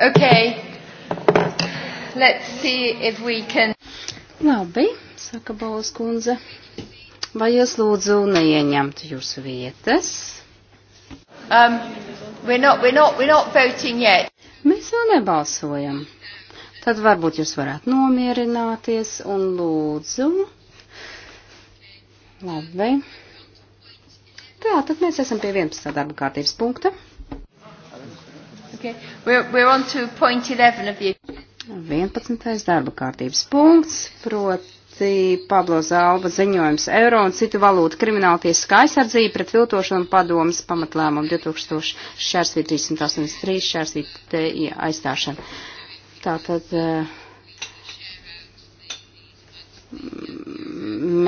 Okay. Let's see if we can. Labi, saka Bolas kundze. Vai jūs lūdzu neieņemtu jūsu vietas? Um, we're not, we're not, we're not voting yet. Mēs vēl nebalsojam. Tad varbūt jūs varētu nomierināties un lūdzu. Labi. Tā, tad mēs esam pie 11. darba kārtības punkta. Okay. We're, we're on to point 11 of you. 11. darba kārtības punkts, proti Pablo Zalba ziņojums eiro un citu valūtu krimināltiesiskā aizsardzība pret viltošanu padomas pamatlēmumu 2000 šķērsvīt 383 šķērsvīt aizstāšana. Tātad eh,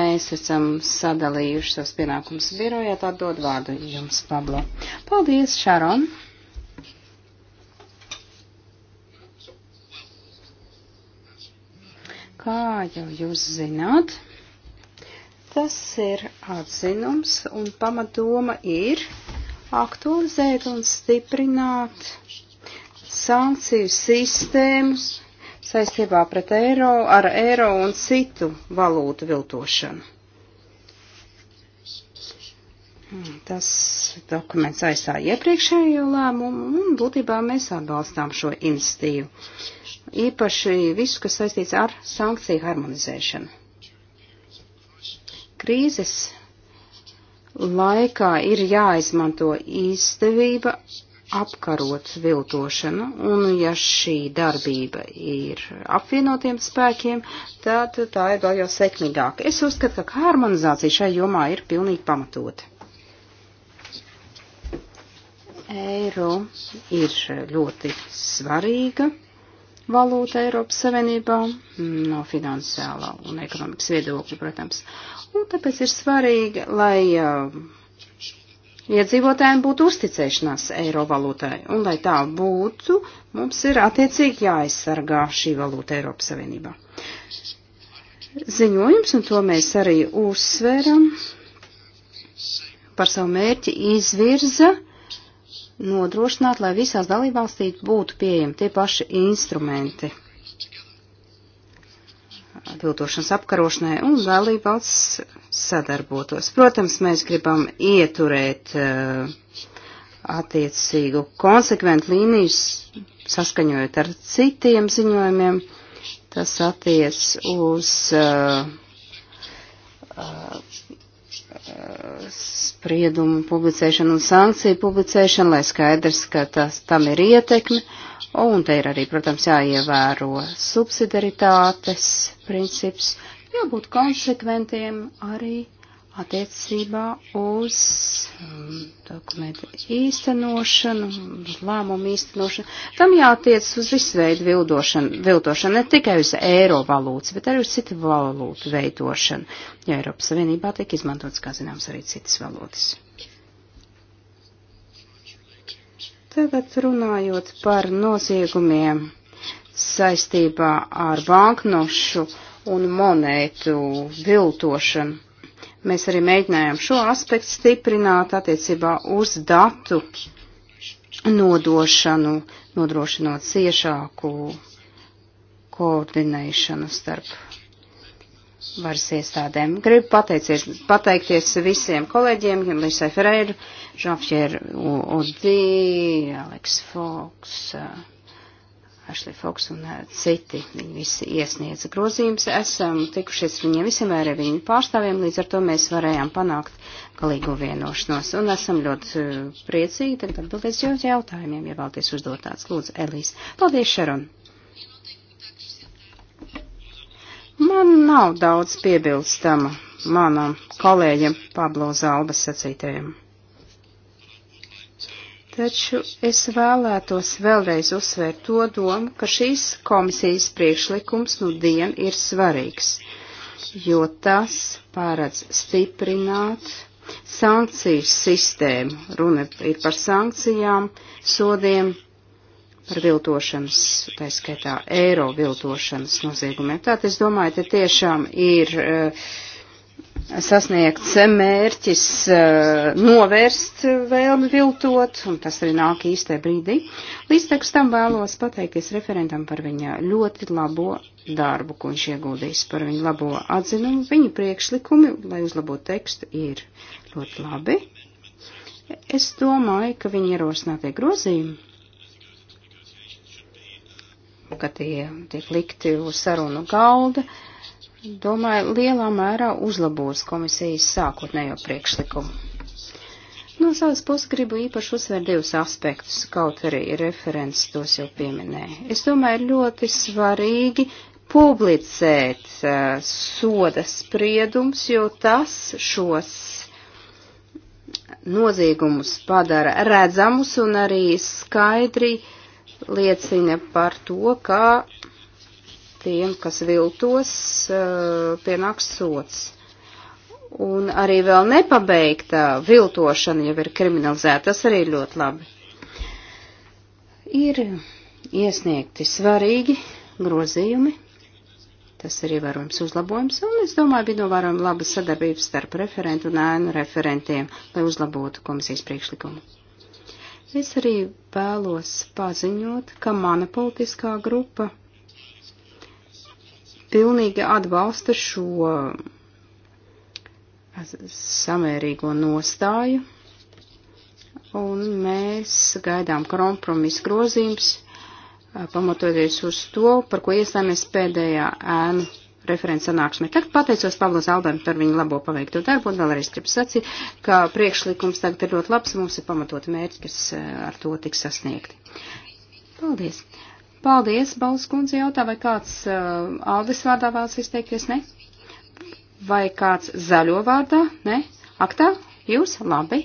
mēs esam sadalījuši savus pienākumus birojā, tad dod vārdu jums, Pablo. Paldies, Šaron! Kā jau jūs zināt, tas ir atzinums un pamatoma ir aktualizēt un stiprināt sankciju sistēmas saistībā pret eiro, ar eiro un citu valūtu viltošanu. Tas dokuments aizstāja iepriekšējo lēmumu, un būtībā mēs atbalstām šo institīvu īpaši visu, kas saistīts ar sankciju harmonizēšanu. Krīzes laikā ir jāizmanto izdevība apkarot viltošanu, un ja šī darbība ir apvienotiem spēkiem, tad tā ir vēl jau sekmīgāka. Es uzskatu, ka harmonizācija šai jomā ir pilnīgi pamatota. Eiro ir ļoti svarīga valūta Eiropas Savienībā mm, no finansiālā un ekonomikas viedokļa, protams. Un tāpēc ir svarīgi, lai uh, iedzīvotājiem būtu uzticēšanās eiro valūtai. Un lai tā būtu, mums ir attiecīgi jāaizsargā šī valūta Eiropas Savienībā. Ziņojums, un to mēs arī uzsveram, par savu mērķi izvirza nodrošināt, lai visās dalībvalstīs būtu pieejami tie paši instrumenti viltošanas apkarošanai un dalībvalsts sadarbotos. Protams, mēs gribam ieturēt uh, attiecīgu konsekventu līniju, saskaņojot ar citiem ziņojumiem. Tas attiec uz uh, uh, spriedumu publicēšanu un sankciju publicēšanu, lai skaidrs, ka tas, tam ir ietekme. Un te ir arī, protams, jāievēro subsidaritātes princips, jābūt konsekventiem arī attiecībā uz um, dokumentu īstenošanu, uz lēmumu īstenošanu. Tam jātiec uz visveidu viltošanu, ne tikai uz eiro valūtas, bet arī uz citu valūtu veidošanu, jo ja Eiropas Savienībā tiek izmantots, kā zināms, arī citas valūtas. Tagad runājot par noziegumiem saistībā ar banknošu un monētu viltošanu Mēs arī mēģinājām šo aspektu stiprināt attiecībā uz datu nodošanu, nodrošinot ciešāku koordinēšanu starp varas iestādēm. Gribu pateikties visiem kolēģiem, Lisai Ferreiru, Žafjeru Udī, Aleks Foks. Uh, Ashley Fox un eh, citi, viņi visi iesniedza grozījumus. Esam tikušies ar viņiem visiem, arī viņu pārstāvjiem, līdz ar to mēs varējām panākt galīgo vienošanos. Un esam ļoti eh, priecīgi tagad atbildēs jūsu jautājumiem, ja vēlties uzdot tāds. Lūdzu, Elīs. Paldies, Šaron! Man nav daudz piebilstama manam kolēģim Pablo Zalba sacītajam. Taču es vēlētos vēlreiz uzsvērt to domu, ka šīs komisijas priekšlikums nu dien ir svarīgs, jo tas pārādz stiprināt sankciju sistēmu. Runa ir par sankcijām, sodiem, par viltošanas, tā skaitā eiro viltošanas noziegumiem. Tātad es domāju, te tiešām ir. Uh, sasniegts mērķis eh, novērst vēlmi viltot, un tas arī nāk īstajā brīdī. Līdz tekstam vēlos pateikties referentam par viņa ļoti labo darbu, ko viņš ieguldījis, par viņu labo atzinumu. Viņa priekšlikumi, lai uzlabotu tekstu, ir ļoti labi. Es domāju, ka viņa ierosinātie grozījumi ka tie tiek likti uz sarunu galda, uh, domāju, lielā mērā uzlabos komisijas sākotnējo priekšlikumu. No savas puses gribu īpaši uzsvērt divus aspektus, kaut arī referents tos jau pieminēja. Es domāju, ir ļoti svarīgi publicēt uh, soda spriedums, jo tas šos noziegumus padara redzamus un arī skaidri liecina par to, ka tiem, kas viltos, eh, pienāks sots. Un arī vēl nepabeigta viltošana jau ir kriminalizēta, tas arī ir ļoti labi. Ir iesniegti svarīgi grozījumi, tas ir ievērojams uzlabojums, un es domāju, bija novērojama laba sadarbība starp referentu un ēnu referentiem, lai uzlabotu komisijas priekšlikumu. Es arī vēlos paziņot, ka mana politiskā grupa pilnīgi atbalsta šo samērīgo nostāju, un mēs gaidām kompromisu grozījums, pamatoties uz to, par ko iestājāmies pēdējā ēnu referents sanāksmē. Tagad pateicos Pavlo Zaldam par viņu labo paveikto darbu, un vēlreiz gribu sacīt, ka priekšlikums tagad ir ļoti labs, mums ir pamatot mērķi, kas ar to tiks sasniegti. Paldies! Paldies, Balas kundze jautā, vai kāds uh, Aldis vārdā vēlas izteikties, ne? Vai kāds zaļo vārdā, ne? Aktā, jūs, labi.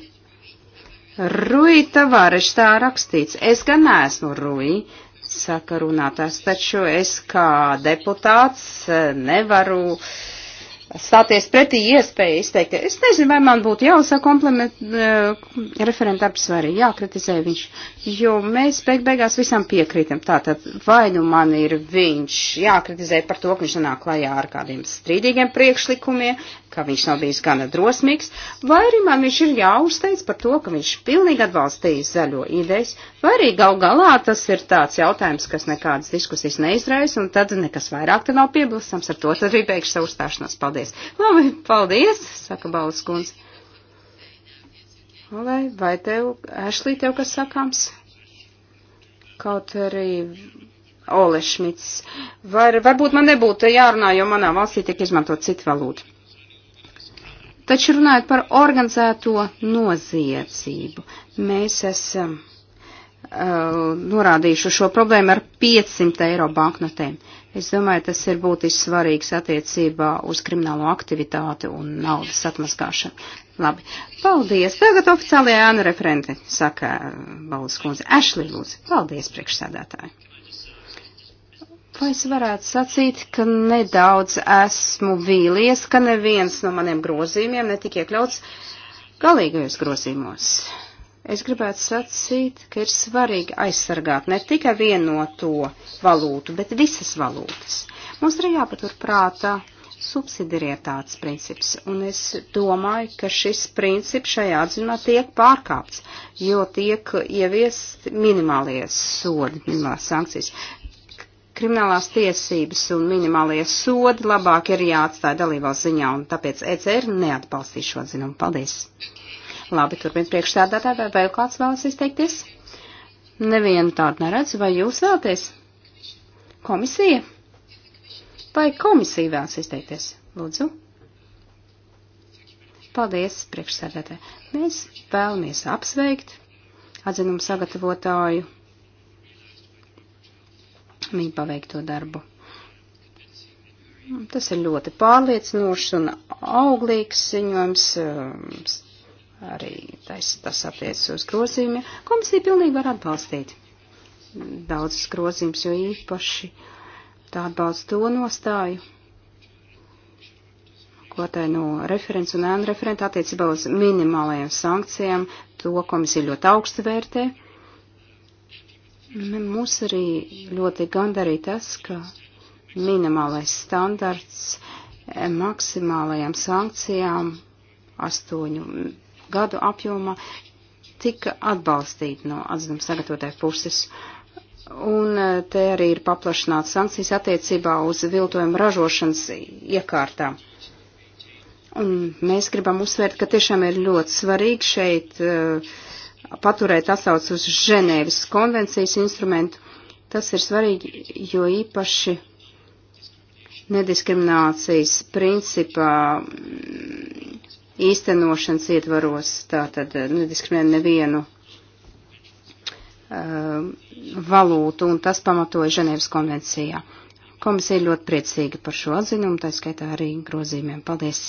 Rui Tavareš tā rakstīts. Es gan neesmu Rui, saka runātājs, taču es kā deputāts uh, nevaru uh, stāties pretī iespēju izteikt. Es nezinu, vai man būtu jāuzsaka kompliment uh, e, referenta darbs vai arī jākritizē viņš, jo mēs beig beigās visam piekrītam. Tātad vai nu man ir viņš jākritizē par to, ka viņš nāk klajā ar kādiem strīdīgiem priekšlikumiem, ka viņš nav bijis gana drosmīgs, vai arī man viņš ir jāuzteic par to, ka viņš pilnīgi atbalstījis zaļo idejas, vai arī gal galā tas ir tāds jautājums, kas nekādas diskusijas neizraisa, un tad nekas vairāk te nav piebilstams, ar to tad arī beigšu savu stāšanos. Paldies! Labi, paldies, saka Balas kundze. Lai, vai tev, Ešlī, tev kas sakāms? Kaut arī Ole Šmits. Var, varbūt man nebūtu jārunā, jo manā valstī tiek izmantot citu valūtu. Taču runājot par organizēto noziedzību, mēs esam uh, norādījuši šo problēmu ar 500 eiro banknotēm. Es domāju, tas ir būtiski svarīgs attiecībā uz kriminālo aktivitāti un naudas atmaskāšanu. Labi, paldies. Tagad oficiālajā ēna referente, saka uh, Balas kundze. Ešlī lūdzu, paldies priekšsēdētāji. Vai es varētu sacīt, ka nedaudz esmu vīlies, ka neviens no maniem grozījumiem netika iekļauts galīgajos grozījumos? Es gribētu sacīt, ka ir svarīgi aizsargāt ne tikai vienu no to valūtu, bet visas valūtas. Mums ir jāpatur prātā subsidirietāts princips, un es domāju, ka šis princips šajā atzinā tiek pārkāpts, jo tiek ieviest minimālie sodi, minimālās sankcijas. Kriminālās tiesības un minimālie sodi labāk ir jāatstāja dalībās ziņā, un tāpēc ECR neatbalstīs šo zinumu. Paldies! Labi, turpin priekšstādātāji, vai vēl kāds vēlas izteikties? Nevienu tādu neredzu, vai jūs vēlaties? Komisija? Vai komisija vēlas izteikties? Lūdzu. Paldies, priekšsēdētāji. Mēs vēlamies apsveikt atzinumu sagatavotāju viņu paveikto darbu. Tas ir ļoti pārliecinošs un auglīgs ziņojums, um, arī tas, tas attiecas uz grozījumiem. Komisija pilnīgi var atbalstīt daudzas grozījumus, jo īpaši tā atbalsta to nostāju, ko tai no referents un ēnu referenta attiecībā uz minimālajām sankcijām. To komisija ļoti augstu vērtē. Mums arī ļoti gandarīja tas, ka minimālais standarts eh, maksimālajām sankcijām astoņu gadu apjomā tika atbalstīta no atzinuma sagatavotāja puses. Un eh, te arī ir paplašināts sankcijas attiecībā uz viltojumu ražošanas iekārtām. Un mēs gribam uzsvērt, ka tiešām ir ļoti svarīgi šeit uh, paturēt atsauc uz Ženēvis konvencijas instrumentu. Tas ir svarīgi, jo īpaši nediskriminācijas principā mm, īstenošanas ietvaros, tātad eh, nediskriminē nevienu um, valūtu, un tas pamatoja Ženēvas konvencijā. Komisija ir ļoti priecīga par šo atzinumu, tā skaitā arī grozījumiem. Paldies!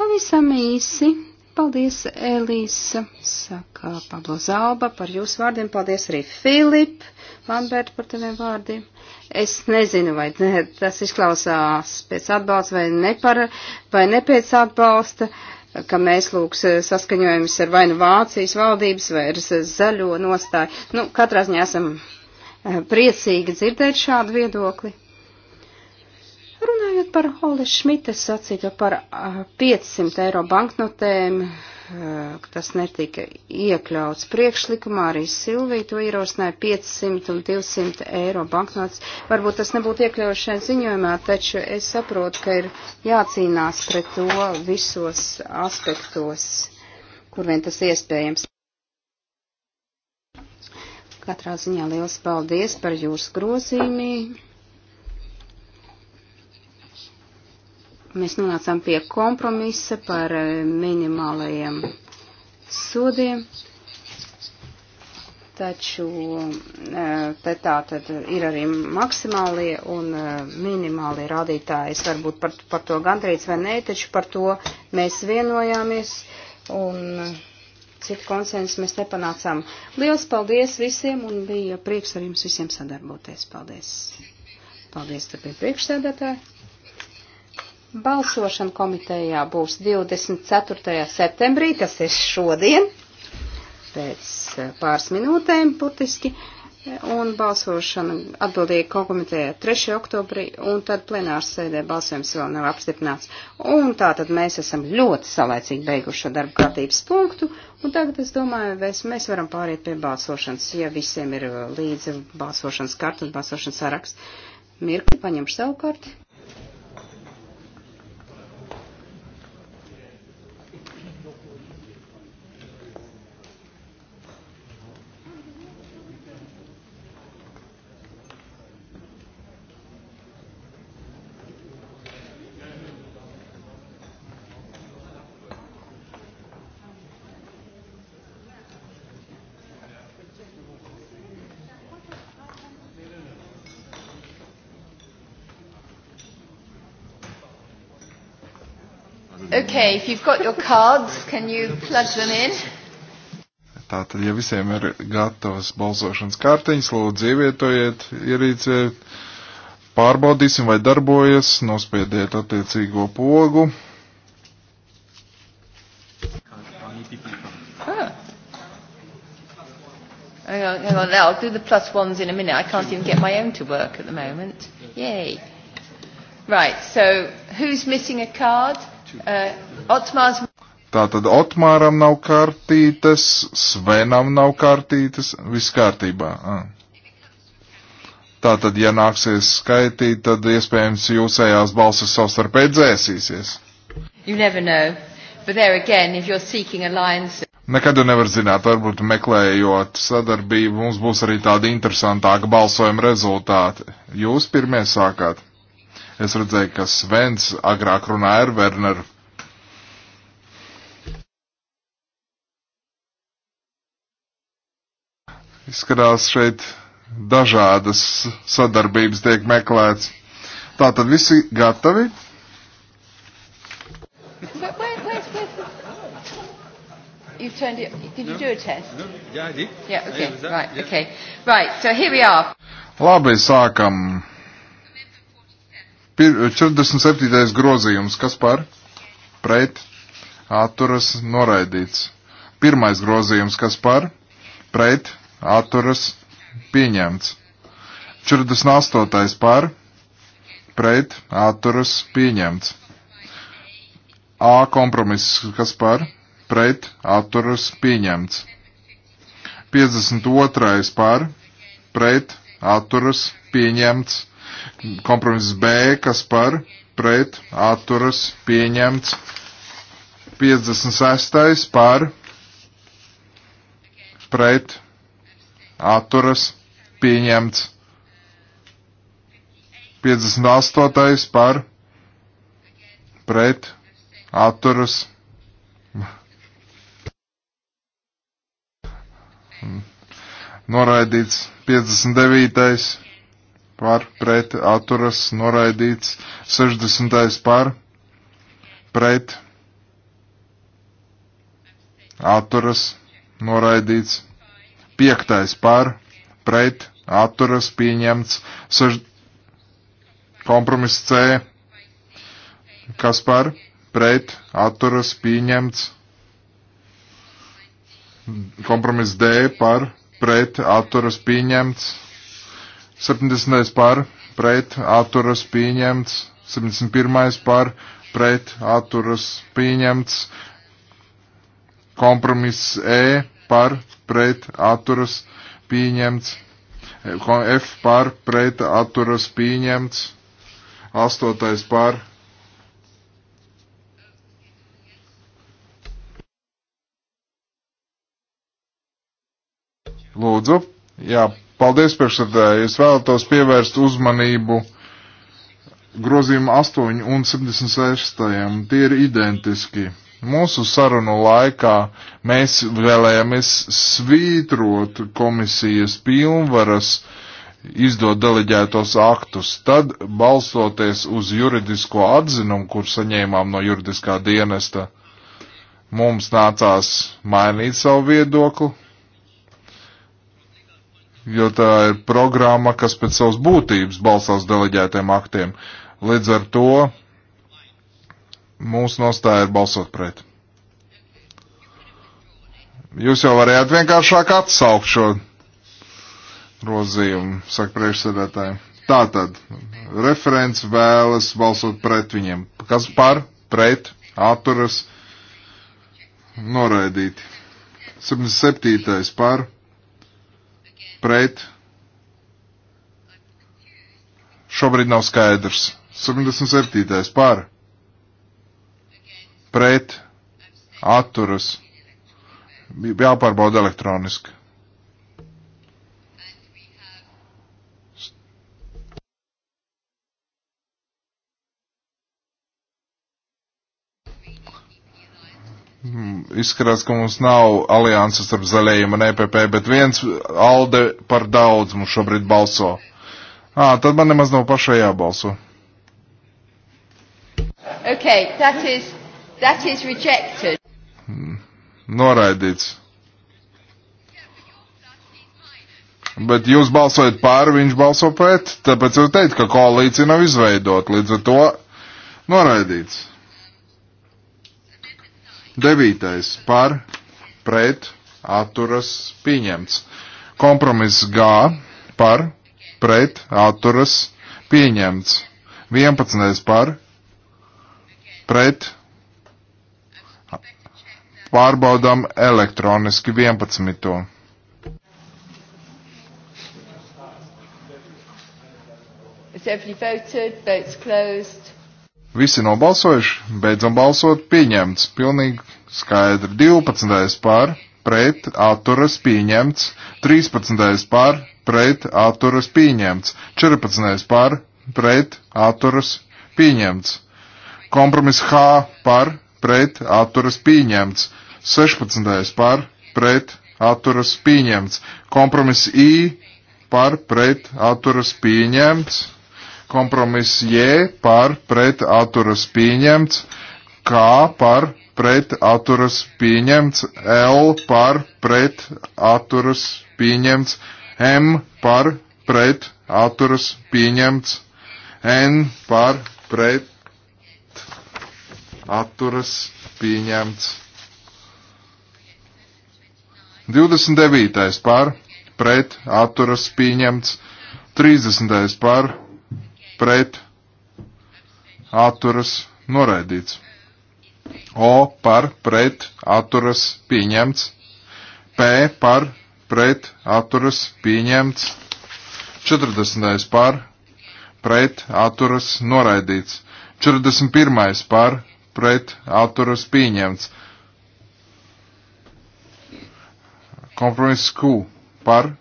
Pavisam īsi Paldies, Elīsa, saka Pablo Zalba par jūsu vārdiem. Paldies arī Filip Lambert par taviem vārdiem. Es nezinu, vai ne, tas izklausās pēc atbalsta vai, ne par, vai ne pēc atbalsta, ka mēs lūgs saskaņojums ar vainu Vācijas valdības vai ar zaļo nostāju. Nu, katrā ziņā esam eh, priecīgi dzirdēt šādu viedokli. Tagad par Holde Šmita sacīto par 500 eiro banknotēm, tas netika iekļauts priekšlikumā, arī Silvija to ierosināja 500 un 200 eiro banknotes. Varbūt tas nebūtu iekļauts šajā ziņojumā, taču es saprotu, ka ir jācīnās pret to visos aspektos, kur vien tas iespējams. Katrā ziņā liels paldies par jūsu grozīmību mēs nonācām pie kompromisa par eh, minimālajiem sodiem. Taču eh, te tā tad ir arī maksimālie un eh, minimālie rādītāji. Es varbūt par, par to gandrīz vai nē, taču par to mēs vienojāmies un citu konsensu mēs nepanācām. Liels paldies visiem un bija prieks ar jums visiem sadarboties. Paldies. Paldies, tāpēc priekšsēdētāji. Balsošana komitejā būs 24. septembrī, tas ir šodien, pēc eh, pāris minūtēm burtiski, un balsošana atbildīja komitejā 3. oktobrī, un tad plenārs sēdē balsojums vēl nav apstiprināts. Un tā tad mēs esam ļoti salaicīgi beiguši šo darba kārtības punktu, un tagad es domāju, mēs, mēs varam pāriet pie balsošanas, ja visiem ir eh, līdzi balsošanas kartas, balsošanas saraksts. Mirkli paņemšu savu karti. Okay, if you've got your cards, can you plug them in? Tātad, ja visiem ir gatavas balsošanas kārtiņas, lūdzu ievietojiet, ierīciet, pārbaudīsim, vai darbojas, nospiediet attiecīgo pogu. Ah. Hang on, hang on, I'll do the plus ones in a minute. I can't even get my own to work at the moment. Yay. Right, so who's missing a card? Uh, Otmārs. Tātad Otmāram nav kartītes, Svenam nav kartītes, viss kārtībā. Tātad, ja nāksies skaitīt, tad iespējams jūsējās balsis savstarpēji dzēsīsies. You never know. But there again, if you're seeking alliances. Nekad jau nevar zināt, varbūt meklējot sadarbību, mums būs arī tādi interesantāki balsojuma rezultāti. Jūs pirmie sākāt. Es redzēju, ka Svens agrāk runāja ar Werneru. Izskatās šeit dažādas sadarbības tiek meklēts. Tā tad visi gatavi. Where, where's, where's the... You turned it. Did you no. do a test? No. Yeah, I did. Yeah. Okay. Yeah, right. Okay. Right. So here we are. Labi, sākam. 47. grozījums, kas par pret atturas noraidīts. Pirmais grozījums, kas par pret atturas pieņemts. 48. par pret atturas pieņemts. A kompromiss, kas par pret atturas pieņemts. 52. par pret atturas pieņemts. Kompromiss B, kas par pret atturas pieņemts. 56. par pret atturas pieņemts. 58. par pret atturas. Noraidīts 59 par pret atturas noraidīts, 60. par pret atturas noraidīts, 5. par pret atturas pieņemts, sež... kompromiss C, kas par pret atturas pieņemts, kompromiss D par pret atturas pieņemts. 70. par pret atturas pieņemts, 71. par pret atturas pieņemts, kompromiss E par pret atturas pieņemts, F par pret atturas pieņemts, 8. par Lūdzu, jā, Paldies, priekšsēdētāji. Es vēlētos pievērst uzmanību grozījumu 8 un 76. Tie ir identiski. Mūsu sarunu laikā mēs vēlējāmies svītrot komisijas pilnvaras izdot deleģētos aktus, tad balstoties uz juridisko atzinumu, kur saņēmām no juridiskā dienesta, mums nācās mainīt savu viedokli, jo tā ir programma, kas pēc savas būtības balsās deleģētiem aktiem. Līdz ar to mūsu nostāja ir balsot pret. Jūs jau varējāt vienkāršāk atsaukt šo grozījumu, saka priekšsēdētāji. Tātad, referents vēlas balsot pret viņiem. Kas par, pret, atturas, noraidīti. 77. par, pret. Šobrīd nav skaidrs. 77. par. Pret. Atturas. Jāpārbauda elektroniski. Izskatās, ka mums nav alianses starp zaļajiem un EPP, bet viens alde par daudz mums šobrīd balso. Ā, tad man nemaz nav pašai jābalso. Okay, that is, that is rejected. Hmm, noraidīts. Bet jūs balsojat pār, viņš balso pret, tāpēc jau teicu, ka koalīcija nav izveidota, līdz ar to noraidīts. Devītais par, pret, atturas pieņemts. Kompromiss G par, pret, atturas pieņemts. 11. par, pret, pārbaudām elektroniski 11. Voted, votes closed. Visi nobalsojuši, beidzam balsot, pieņemts. Pilnīgi skaidri. 12. pār, pret, atturas, pieņemts. 13. pār, pret, atturas, pieņemts. 14. pār, pret, atturas, pieņemts. Kompromiss H par, pret, atturas, pieņemts. 16. par, pret, atturas, pieņemts. Kompromiss I par, pret, atturas, pieņemts. Kompromiss J par pret atturas pieņemts, K par pret atturas pieņemts, L par pret atturas pieņemts, M par pret atturas pieņemts, N par pret atturas pieņemts. 29. par pret atturas pieņemts, 30. par pret atturas noraidīts. O par pret atturas pieņemts. P par pret atturas pieņemts. 40. par pret atturas noraidīts. 41. par pret atturas pieņemts. Kompromiss Q par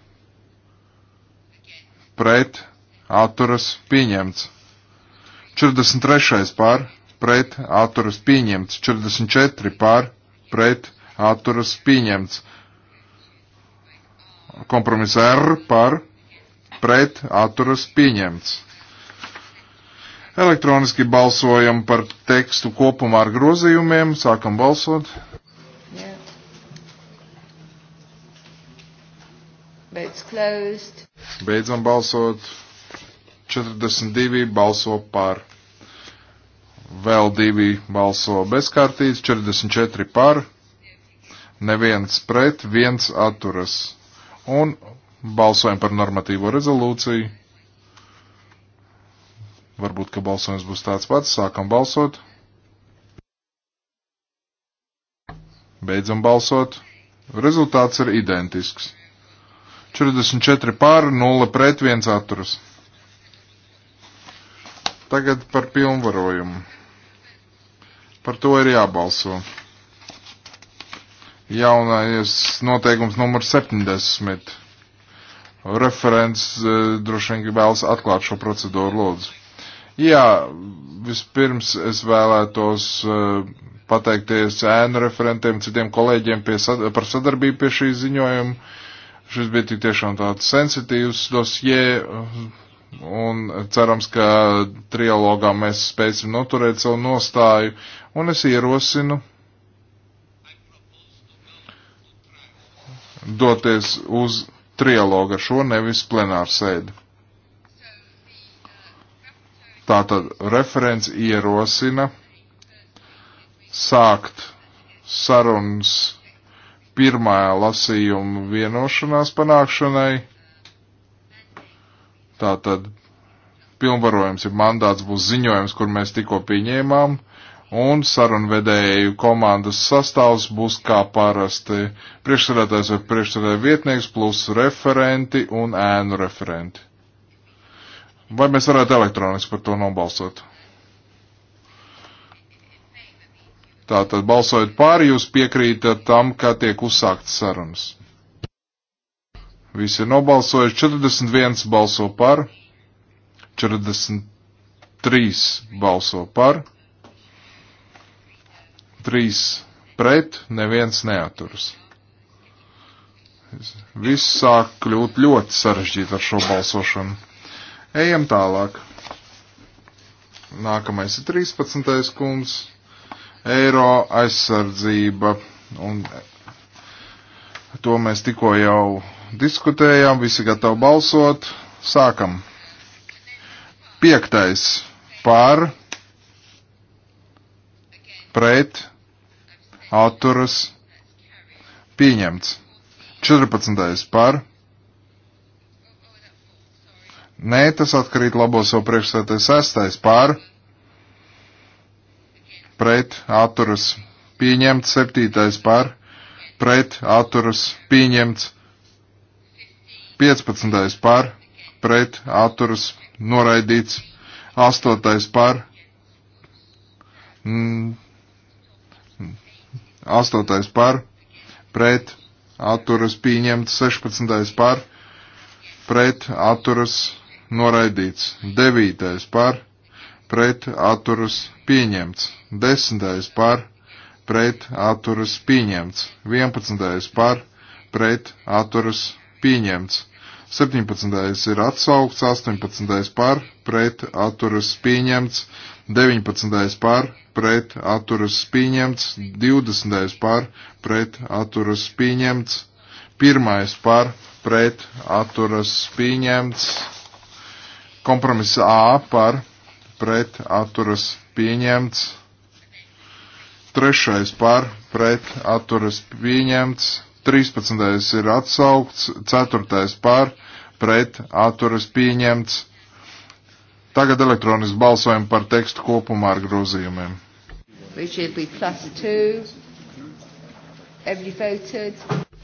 pret atturas pieņemts. 43. pār pret atturas pieņemts. 44. pār pret atturas pieņemts. Kompromiss R par pret atturas pieņemts. Elektroniski balsojam par tekstu kopumā ar grozījumiem. Sākam balsot. Yeah. Beidzam balsot. 42 balso par. Vēl divi balso bezkārtīts, 44 par, neviens pret, viens atturas. Un balsojam par normatīvo rezolūciju. Varbūt, ka balsojums būs tāds pats. Sākam balsot. Beidzam balsot. Rezultāts ir identisks. 44 pār, 0 pret, 1 atturas. Tagad par pilnvarojumu. Par to ir jābalso. Jaunais noteikums numur 70. Referents e, droši vien vēlas atklāt šo procedūru lūdzu. Jā, vispirms es vēlētos e, pateikties ēnu referentiem, citiem kolēģiem pie, par sadarbību pie šī ziņojuma. Šis bija tik tiešām tāds sensitīvs dosjē, un cerams, ka trialogā mēs spēsim noturēt savu nostāju, un es ierosinu doties uz trialogu ar šo, nevis plenāru sēdi. Tātad referents ierosina sākt sarunas pirmā lasījuma vienošanās panākšanai Tātad pilnvarojums ir mandāts, būs ziņojums, kur mēs tikko pieņēmām, un sarunvedēju komandas sastāvs būs kā parasti priekšsēdētājs vai priekšsēdētāja vietnieks plus referenti un ēnu referenti. Vai mēs varētu elektroniski par to nobalsot? Tātad balsojot pāri, jūs piekrītat tam, ka tiek uzsākts sarunas. Visi ir nobalsojuši. 41 balso par, 43 balso par, 3 pret, neviens neaturas. Viss sāk kļūt ļoti sarežģīti ar šo balsošanu. Ejam tālāk. Nākamais ir 13. kungs. Eiro aizsardzība. Un to mēs tikko jau diskutējām, visi gatavi balsot. Sākam. Piektais par, pret, atturas, pieņemts. 14. par. Nē, tas atkarīt labos jau priekšsētais 6. par, pret, atturas, pieņemts. 7. par, pret, atturas, pieņemts. 15. par, pret, atturas, noraidīts. 8. par, 8. par, pret, atturas, pieņemts. 16. par, pret, atturas, noraidīts. 9. par, pret, atturas, pieņemts. 10. par, pret, atturas, pieņemts. 11. par, pret, atturas, pieņemts pieņemts. 17. ir atsaukts, 18. par, pret, atturas pieņemts, 19. par, pret, atturas pieņemts, 20. par, pret, atturas pieņemts, 1. par, pret, atturas pieņemts, kompromiss A par, pret, atturas pieņemts, 3. par, pret, atturas pieņemts, 13. ir atsaukts, 4. par, pret, atturas pieņemts. Tagad elektroniski balsojam par tekstu kopumā ar grozījumiem.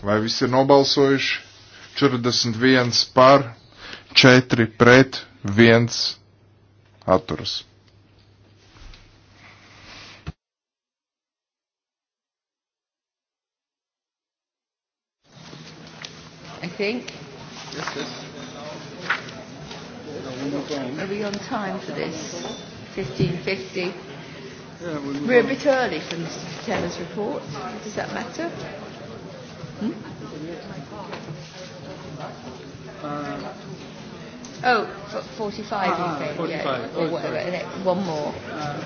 Vai visi ir nobalsojuši? 41 par, 4 pret, 1 atturas. think. Yes, yes. Are we on time for this? 15.50? Yeah, we'll We're on. a bit early for Mr. Taylor's report. Does that matter? Hmm? Uh, oh, 45, ah, you think? 45. Yeah, oh, or whatever. Sorry. One more. Uh.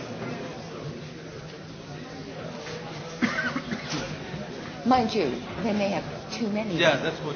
Mind you, they may have too many. Yeah, that's what.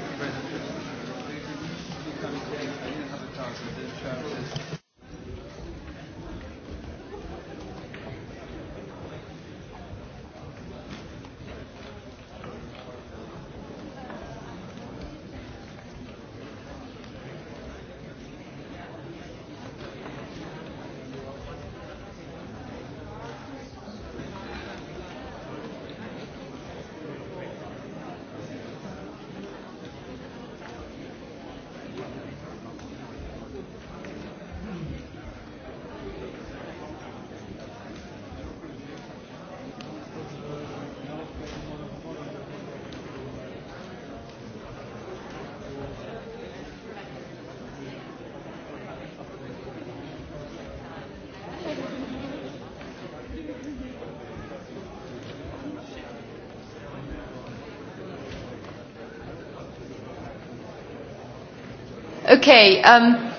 Okay, um,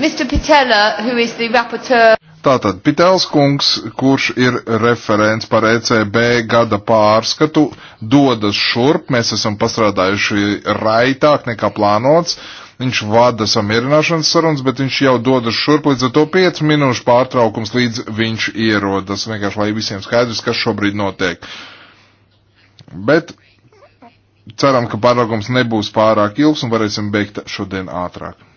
Mr. Pitella, who is the rapporteur. Tātad Pitels kungs, kurš ir referents par ECB gada pārskatu, dodas šurp. Mēs esam pastrādājuši raitāk nekā plānots. Viņš vada samierināšanas sarunas, bet viņš jau dodas šurp līdz ar to 5 minūšu pārtraukums, līdz viņš ierodas. Vienkārši, lai visiem skaidrs, kas šobrīd notiek. Bet Ceram, ka pārtraukums nebūs pārāk ilgs un varēsim beigt šodien ātrāk.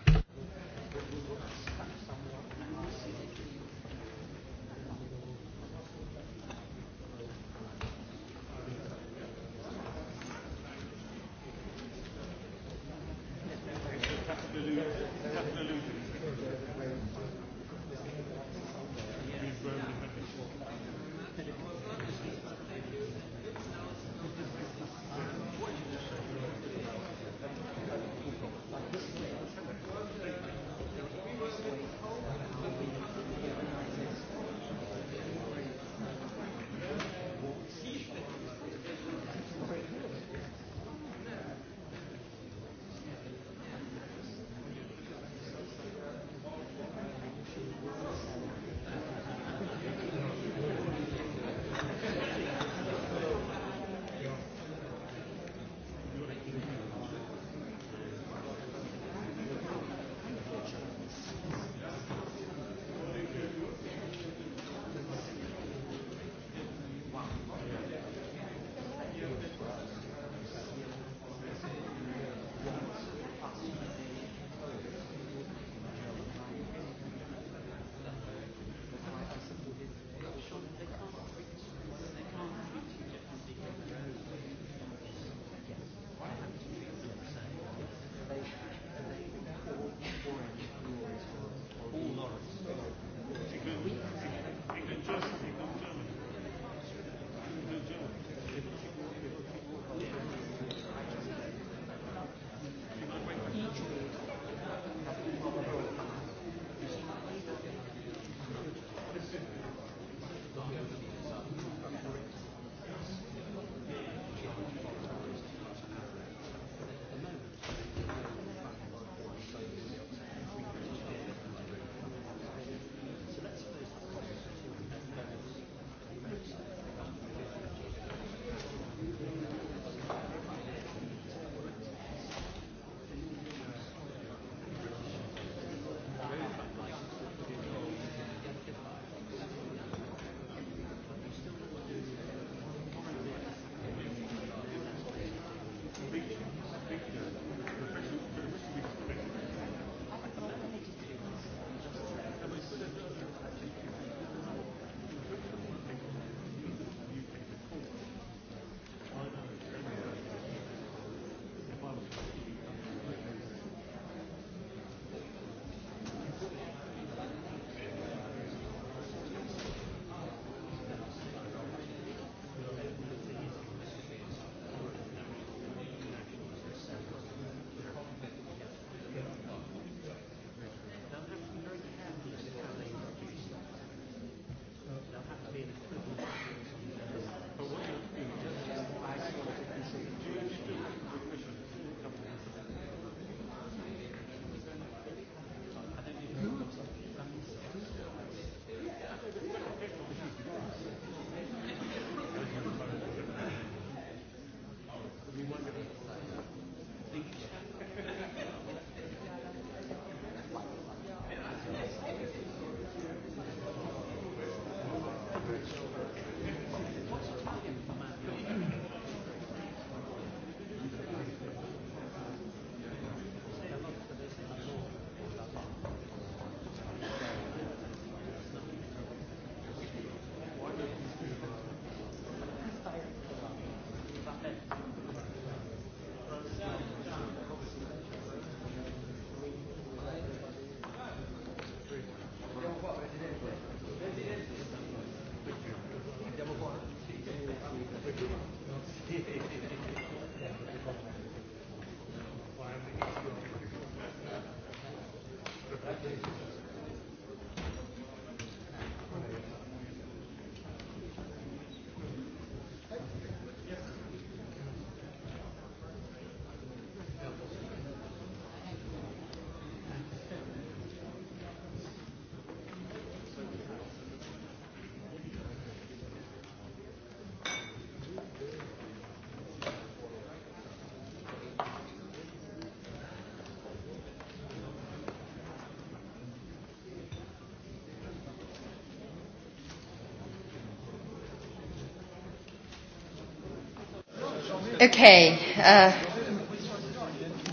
Okay. Uh,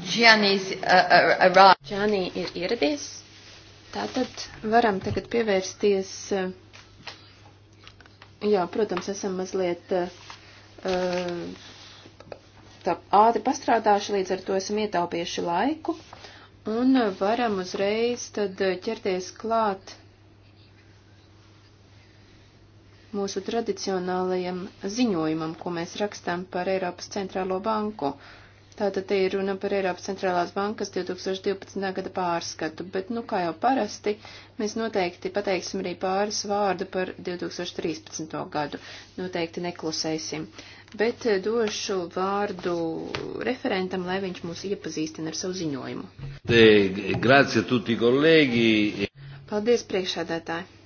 Gianni's uh, uh, uh arrived. Gianni ir ieradies. Tātad varam tagad pievērsties. Uh, jā, protams, esam mazliet uh, tā ātri pastrādājuši, līdz ar to esam ietaupījuši laiku. Un varam uzreiz tad ķerties klāt mūsu tradicionālajam ziņojumam, ko mēs rakstām par Eiropas centrālo banku. Tātad te ir runa par Eiropas centrālās bankas 2012. gada pārskatu, bet, nu, kā jau parasti, mēs noteikti pateiksim arī pāris vārdu par 2013. gadu. Noteikti neklusēsim. Bet eh, došu vārdu referentam, lai viņš mūs iepazīstina ar savu ziņojumu. Te, grazie tutti kolēģi. Paldies, priekšādētāji.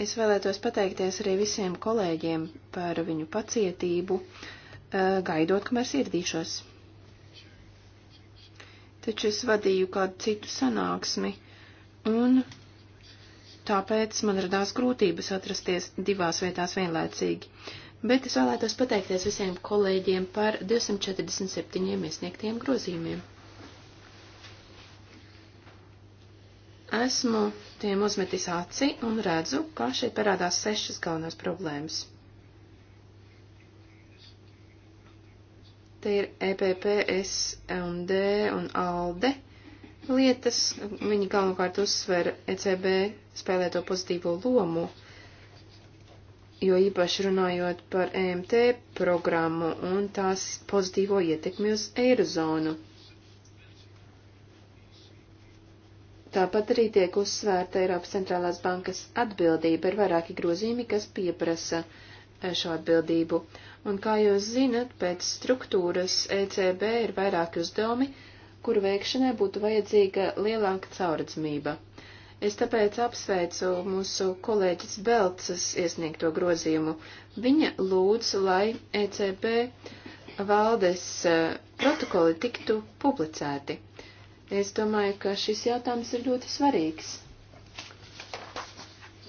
Es vēlētos pateikties arī visiem kolēģiem par viņu pacietību, gaidot, kamēr sirdīšos. Taču es vadīju kādu citu sanāksmi, un tāpēc man radās grūtības atrasties divās vietās vienlaicīgi. Bet es vēlētos pateikties visiem kolēģiem par 247 iesniegtiem grozījumiem. esmu tiem uzmetis aci un redzu, kā šeit parādās sešas galvenās problēmas. Te ir EPP, S&D un ALDE lietas. Viņi galvenokārt uzsver ECB spēlēto pozitīvo lomu, jo īpaši runājot par EMT programmu un tās pozitīvo ietekmi uz eirozonu. Tāpat arī tiek uzsvērta Eiropas centrālās bankas atbildība, ir vairāki grozījumi, kas pieprasa eh, šo atbildību. Un kā jūs zinat, pēc struktūras ECB ir vairāki uzdevumi, kuru veikšanai būtu vajadzīga lielāka cauradzmība. Es tāpēc apsveicu mūsu kolēģis Belcas iesniegto grozījumu. Viņa lūdz, lai ECB valdes eh, protokoli tiktu publicēti. Es domāju, ka šis jautājums ir ļoti svarīgs.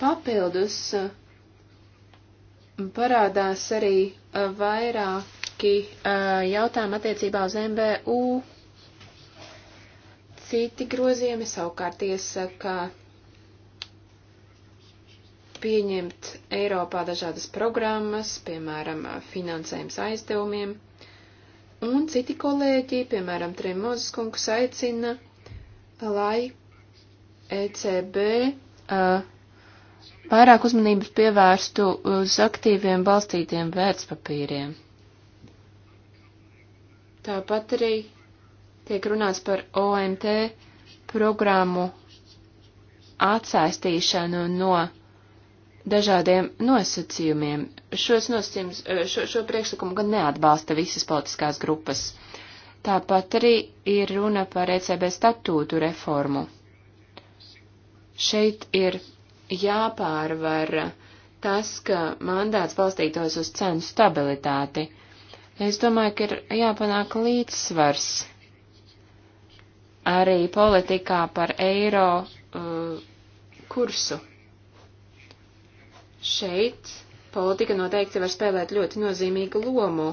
Papildus eh, parādās arī eh, vairāki eh, jautājumi attiecībā uz MBU. Citi grozījumi savukārt iesaka pieņemt Eiropā dažādas programmas, piemēram, finansējums aizdevumiem. Un citi kolēģi, piemēram, Tremozes kungs aicina, lai ECB uh, vairāk uzmanības pievērstu uz aktīviem balstītiem vērtspapīriem. Tāpat arī tiek runāts par OMT programmu atsaistīšanu no dažādiem nosacījumiem. Šos nosacījums, eh, šo, šo priekšlikumu gan neatbalsta visas politiskās grupas. Tāpat arī ir runa par ECB statūtu reformu. Šeit ir jāpārvar tas, ka mandāts balstītos uz cenu stabilitāti. Es domāju, ka ir jāpanāk līdzsvars arī politikā par eiro uh, kursu. Šeit politika noteikti var spēlēt ļoti nozīmīgu lomu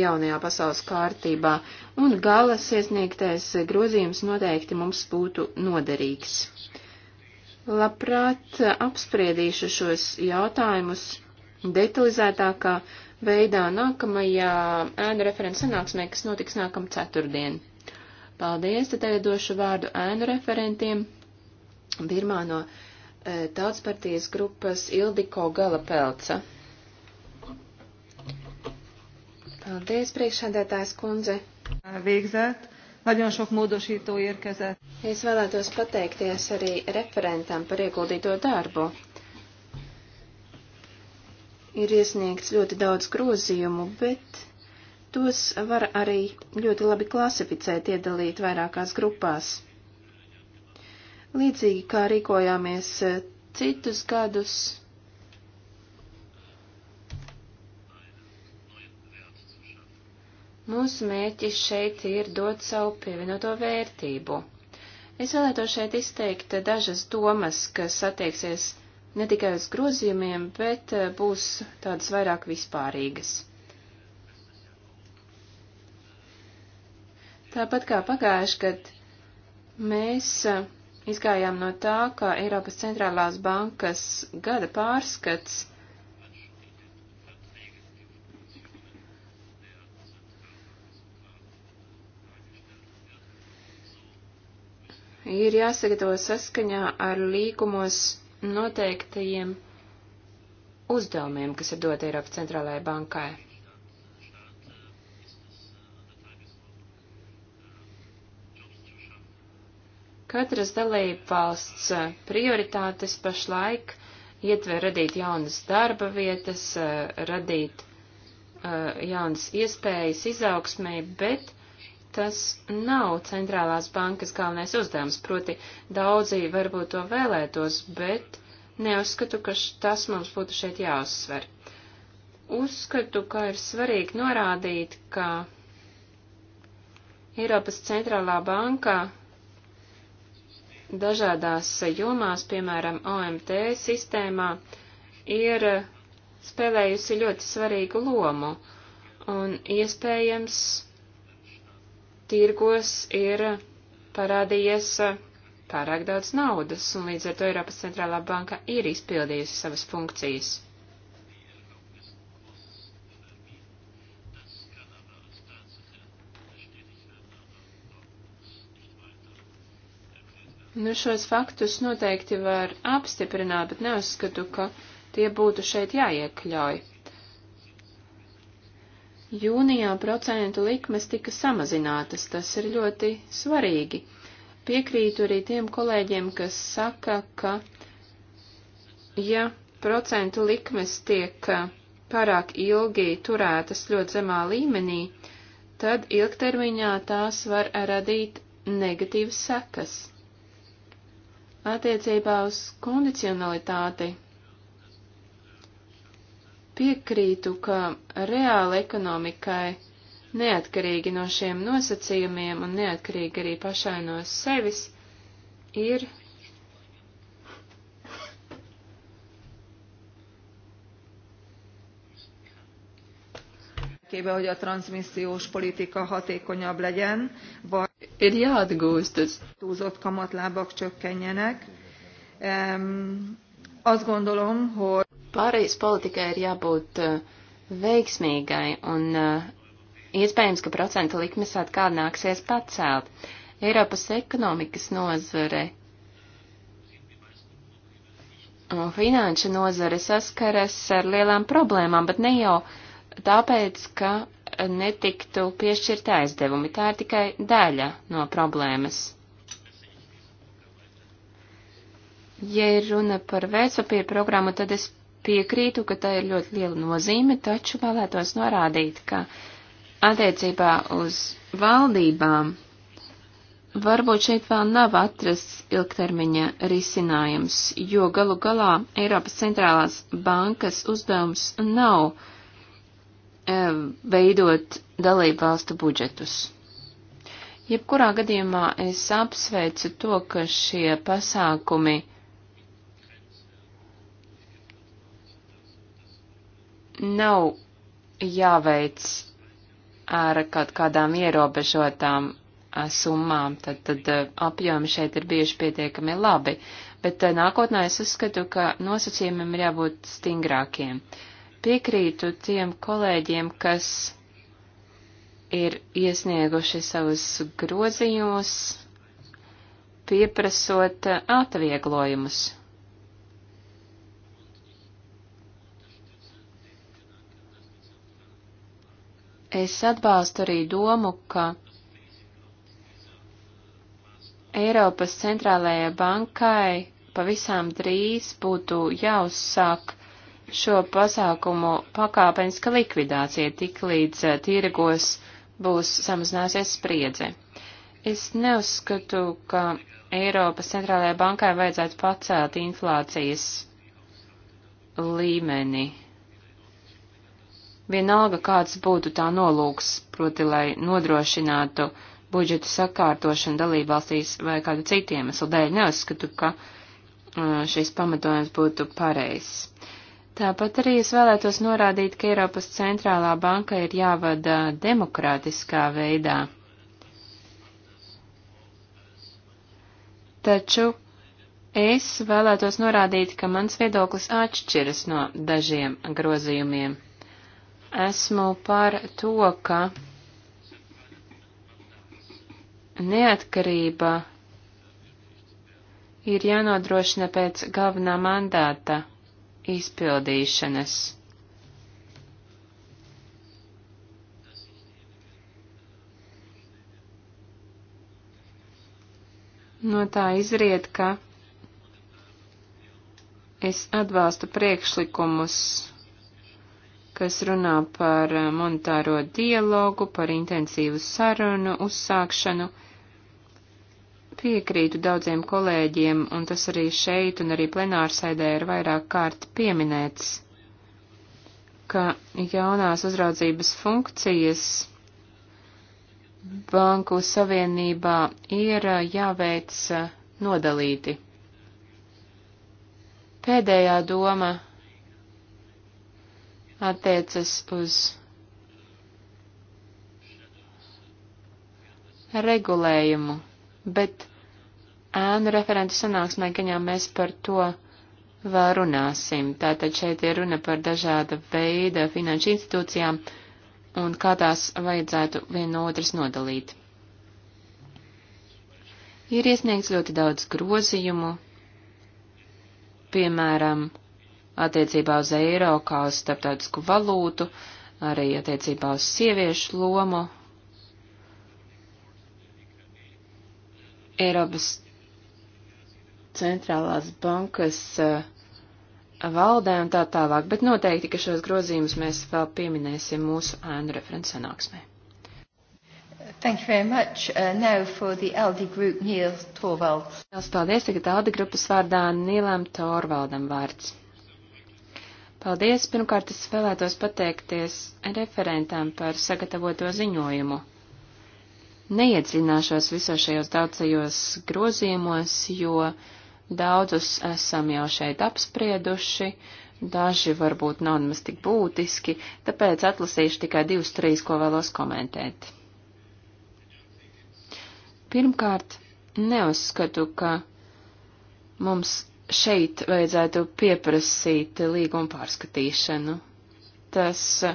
jaunajā pasaules kārtībā, un galas iesniegtais grozījums noteikti mums būtu noderīgs. Labprāt apspriedīšu šos jautājumus detalizētākā veidā nākamajā ēnu referents sanāksmē, kas notiks nākam ceturtdien. Paldies, tad tagad došu vārdu ēnu referentiem. Pirmā no tautspartijas e, grupas Ildiko Galapelca. Paldies, priekšādētājs kundze. Végzett. Nagyon sok módosító érkezett. Es vēlētos pateikties arī referentam par ieguldīto darbu. Ir iesniegts ļoti daudz grozījumu, bet tos var arī ļoti labi klasificēt, iedalīt vairākās grupās. Līdzīgi kā rīkojāmies eh, citus gadus, mūsu mērķis šeit ir dot savu pievienoto vērtību. Es vēlētos šeit izteikt dažas domas, kas attieksies ne tikai uz grozījumiem, bet eh, būs tādas vairāk vispārīgas. Tāpat kā pagājuši, kad mēs eh, Izgājām no tā, ka Eiropas centrālās bankas gada pārskats ir jāsagatavo saskaņā ar līgumos noteiktajiem uzdevumiem, kas ir doti Eiropas centrālajai bankai. Katras dalībvalsts prioritātes pašlaik ietver radīt jaunas darba vietas, eh, radīt eh, jaunas iespējas izaugsmē, bet tas nav centrālās bankas galvenais uzdevums. Proti, daudzi varbūt to vēlētos, bet neuzskatu, ka tas mums būtu šeit jāuzsver. Uzskatu, ka ir svarīgi norādīt, ka Eiropas centrālā bankā dažādās jomās, piemēram, OMT sistēmā, ir spēlējusi ļoti svarīgu lomu, un iespējams tirgos ir parādījies pārāk daudz naudas, un līdz ar to Eiropas centrālā banka ir izpildījusi savas funkcijas. Nu, šos faktus noteikti var apstiprināt, bet neuzskatu, ka tie būtu šeit jāiekļauj. Jūnijā procentu likmes tika samazinātas, tas ir ļoti svarīgi. Piekrītu arī tiem kolēģiem, kas saka, ka, ja procentu likmes tiek eh, pārāk ilgi turētas ļoti zemā līmenī, tad ilgtermiņā tās var radīt negatīvas sekas. Attiecībā uz kondicionalitāti piekrītu, ka reāla ekonomikai neatkarīgi no šiem nosacījumiem un neatkarīgi arī pašai no sevis ir érdekében, hogy a transmissziós politika hatékonyabb legyen, vagy ir jāatgūst tas. Túlzott kamatlábak csökkenjenek. Um, azt gondolom, hogy pārējais politikai ir jābūt eh, veiksmīgai un eh, iespējams, ka procentu likmes atkal nāksies pacelt. Eiropas ekonomikas nozare un finanšu nozare saskaras ar lielām problēmām, bet ne jau uh, tāpēc, ka netiktu piešķirta aizdevumi. Tā ir tikai daļa no problēmas. Ja ir runa par vērtspapīra programmu, tad es piekrītu, ka tā ir ļoti liela nozīme, taču vēlētos norādīt, ka attiecībā uz valdībām varbūt šeit vēl nav atrasts ilgtermiņa risinājums, jo galu galā Eiropas centrālās bankas uzdevums nav E, veidot dalību valstu budžetus. Jebkurā gadījumā es apsveicu to, ka šie pasākumi nav jāveic ar kaut kādām ierobežotām e, summām, tad, tad e, apjomi šeit ir bieži pietiekami labi, bet nākotnē es uzskatu, ka nosacījumiem ir jābūt stingrākiem. Uh, Piekrītu tiem kolēģiem, kas ir iesnieguši savus grozījumus, pieprasot eh, atvieglojumus. Es atbalstu arī domu, ka Eiropas centrālajai bankai pavisam drīz būtu jāuzsāk šo pasākumu pakāpeniska likvidācija tik līdz eh, tirgos būs samazināsies spriedze. Es neuzskatu, ka Eiropas centrālajai bankai vajadzētu pacelt inflācijas līmeni. Vienalga, kāds būtu tā nolūks, proti, lai nodrošinātu budžeta sakārtošanu dalībvalstīs vai kādu citu iemeslu dēļ, neuzskatu, ka eh, šis pamatojums būtu pareizs. Tāpat arī es vēlētos norādīt, ka Eiropas centrālā banka ir jāvada demokrātiskā veidā. Taču es vēlētos norādīt, ka mans viedoklis atšķiras no dažiem grozījumiem. Esmu par to, ka neatkarība ir jānodrošina pēc galvenā mandāta izpildīšanas. No tā izriet, ka es atbalstu priekšlikumus, kas runā par monetāro dialogu, par intensīvu sarunu uzsākšanu piekrītu daudziem kolēģiem, un tas arī šeit un arī plenārsēdē ir vairāk kārt pieminēts, ka jaunās uzraudzības funkcijas Banku Savienībā ir uh, jāveic uh, nodalīti. Pēdējā doma attiecas uz regulējumu, bet ēnu referentu sanāksmē, gaņā mēs par to vēl runāsim. Tātad šeit ir runa par dažāda veida finanšu institūcijām un kā tās vajadzētu vien no otras nodalīt. Ir iesniegts ļoti daudz grozījumu, piemēram, attiecībā uz eiro kā uz starptautisku valūtu, arī attiecībā uz sieviešu lomu. Eiropas centrālās bankas eh, valdē un tā tālāk, bet noteikti, ka šos grozījumus mēs vēl pieminēsim mūsu ēnu referents sanāksmē. Thank you very much. Uh, now for the ALDE group, Niels Torvalds. Liels paldies, tagad ALDE grupas vārdā Nīlam Torvaldam vārds. Paldies, pirmkārt es vēlētos pateikties referentam par sagatavoto ziņojumu. Neiedzināšos visos šajos daudzajos grozījumos, jo uh, Daudzus esam jau šeit apsprieduši, daži varbūt nav nemaz tik būtiski, tāpēc atlasīšu tikai divus, trīs, ko vēlos komentēt. Pirmkārt, neuzskatu, ka mums šeit vajadzētu pieprasīt līguma pārskatīšanu. Tas eh,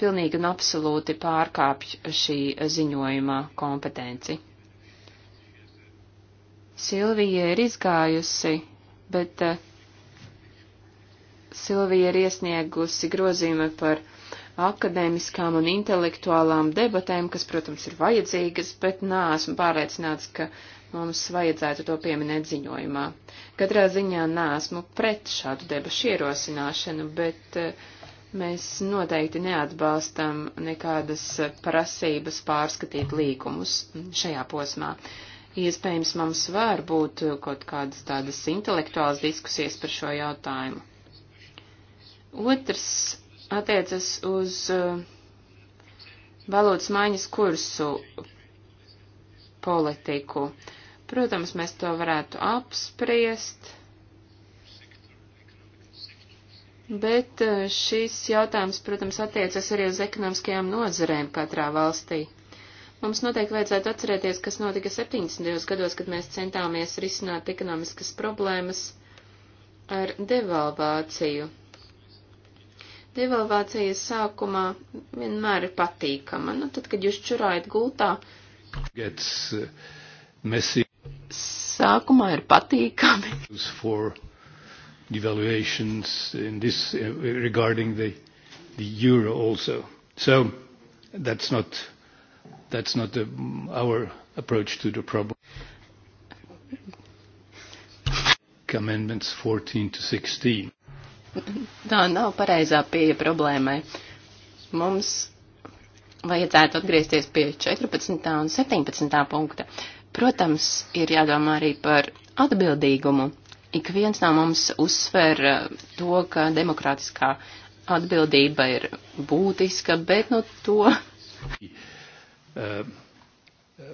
pilnīgi un absolūti pārkāpj šī ziņojuma kompetenci. Silvija ir izgājusi, bet uh, Silvija ir iesniegusi grozījumi par akadēmiskām un intelektuālām debatēm, kas, protams, ir vajadzīgas, bet nāsmu pārliecināts, ka mums vajadzētu to pieminēt ziņojumā. Katrā ziņā nāsmu pret šādu debašu ierosināšanu, bet uh, mēs noteikti neatbalstam nekādas eh, prasības pārskatīt līkumus šajā posmā. Uh, Iespējams, mums var būt kaut kādas tādas intelektuālas diskusijas par šo jautājumu. Otrs attiecas uz uh, valodas maiņas kursu politiku. Protams, mēs to varētu apspriest. Bet uh, šis jautājums, protams, attiecas arī uz ekonomiskajām nozarēm katrā valstī. Mums noteikti vajadzētu atcerēties, kas notika 70. gados, kad mēs centāmies risināt ekonomiskas problēmas ar devalvāciju. Devalvācijas sākumā vienmēr ir patīkama. Nu, tad, kad jūs čurājat gultā, gets, uh, messy. sākumā ir patīkami. Devaluations in this uh, regarding the, the euro also. So that's not that's not the, our approach to the problem. Amendments 14 to 16. Tā nav pareizā pieeja problēmai. Mums vajadzētu atgriezties pie 14. un 17. punkta. Protams, ir jādomā arī par atbildīgumu. Ik viens no mums uzsver eh, to, ka demokrātiskā atbildība ir būtiska, bet nu no to Uh, uh,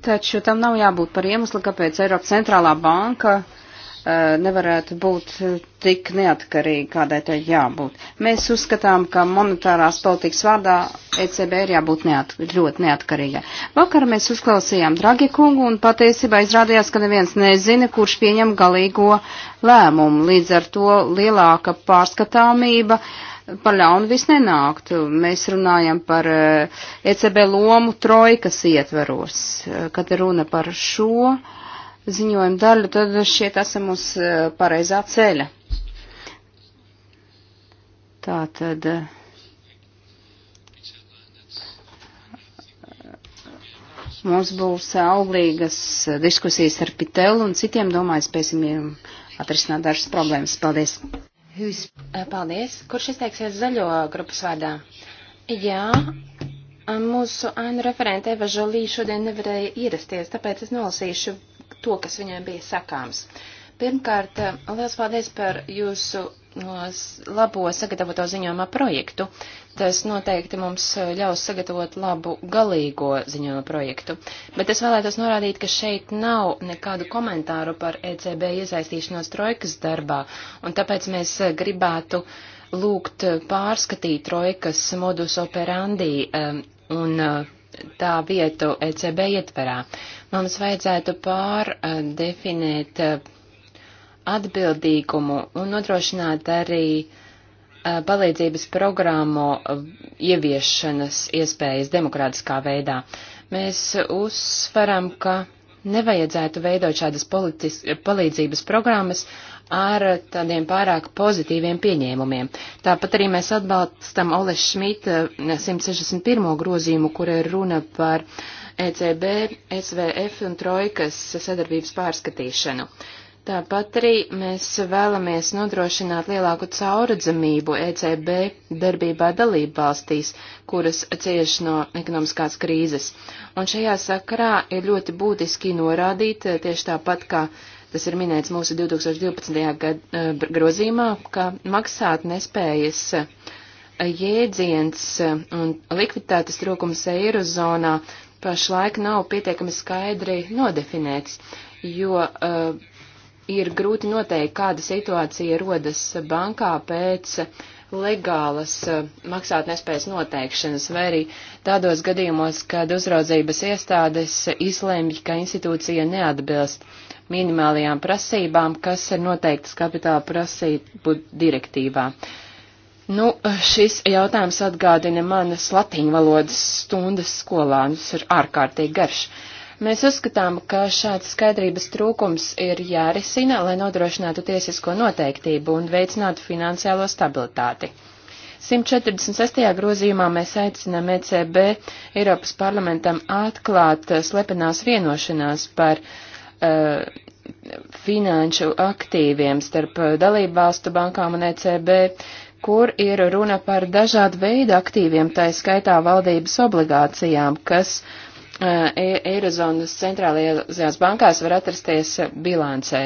Taču tam nav jābūt par iemeslu, kāpēc Eiropas centrālā banka uh, nevarētu būt tik neatkarīga, kādai tai jābūt. Mēs uzskatām, ka monetārās politikas vārdā ECB ir jābūt neat, ļoti neatkarīgai. Vakar mēs uzklausījām Dragi kungu un patiesībā izrādījās, ka neviens nezina, kurš pieņem galīgo lēmumu. Līdz ar to lielāka pārskatāmība uh, par ļaunu vis nenāktu. Mēs runājam par ECB eh, e lomu trojkas ietveros. Eh, kad runa par šo ziņojumu daļu, tad šeit esam uz eh, pareizā ceļa. Tā tad. Mums būs auglīgas diskusijas ar Pitelu un citiem, domāju, spēsim atrisināt dažas problēmas. Paldies! Who's... Eh, paldies. Kurš izteiksies zaļo grupas vārdā? Jā, mūsu ēnu referente Eva Žolī šodien nevarēja ierasties, tāpēc es nolasīšu to, kas viņai bija sakāms. Pirmkārt, eh, liels paldies par jūsu labo sagatavoto ziņojumā projektu. Uh, Tas noteikti mums eh, ļaus sagatavot labu galīgo ziņojumu projektu. Bet es vēlētos norādīt, ka šeit nav nekādu komentāru par ECB iesaistīšanos trojkas darbā, un tāpēc mēs eh, gribētu lūgt eh, pārskatīt trojkas modus operandi um, un tā vietu ECB ietverā. Mums vajadzētu pārdefinēt atbildīgumu un nodrošināt arī Uh, palīdzības programmu uh, ieviešanas iespējas demokrātiskā veidā. Mēs uzsveram, ka nevajadzētu veidot šādas palīdzības programmas ar tādiem pārāk pozitīviem pieņēmumiem. Tāpat arī mēs atbalstam Oles Šmita 161. grozījumu, kur ir runa par ECB, SVF un Trojkas sadarbības pārskatīšanu. Uh, Tāpat arī mēs vēlamies nodrošināt lielāku cauradzamību ECB darbībā dalību valstīs, kuras cieš no ekonomiskās krīzes. Un šajā sakarā ir ļoti būtiski norādīt eh, tieši tāpat, kā tas ir minēts mūsu 2012. gada grozīmā, ka maksāt nespējas eh, jēdziens eh, un likviditātes trūkums eirozonā pašlaik nav pietiekami skaidri nodefinēts, jo uh, ir grūti noteikt, kāda situācija rodas bankā pēc legālas eh, maksātnespējas noteikšanas, vai arī tādos gadījumos, kad uzraudzības iestādes izlemj, ka institūcija neatbilst minimālajām prasībām, kas ir noteiktas kapitāla prasību direktīvā. Nu, šis jautājums atgādina manas latīņu valodas stundas skolā, tas ir ārkārtīgi garš. Uh, Mēs uzskatām, ka šāds skaidrības trūkums ir jārisina, lai nodrošinātu tiesisko noteiktību un veicinātu finansiālo stabilitāti. 146. grozījumā mēs aicinām ECB Eiropas parlamentam atklāt eh, slepenās vienošanās par uh, finanšu aktīviem starp eh, dalību valstu bankām un ECB, kur ir runa par dažādu veidu aktīviem, tā skaitā valdības obligācijām, kas E, Eirozonas centrālajās bankās var atrasties bilancē.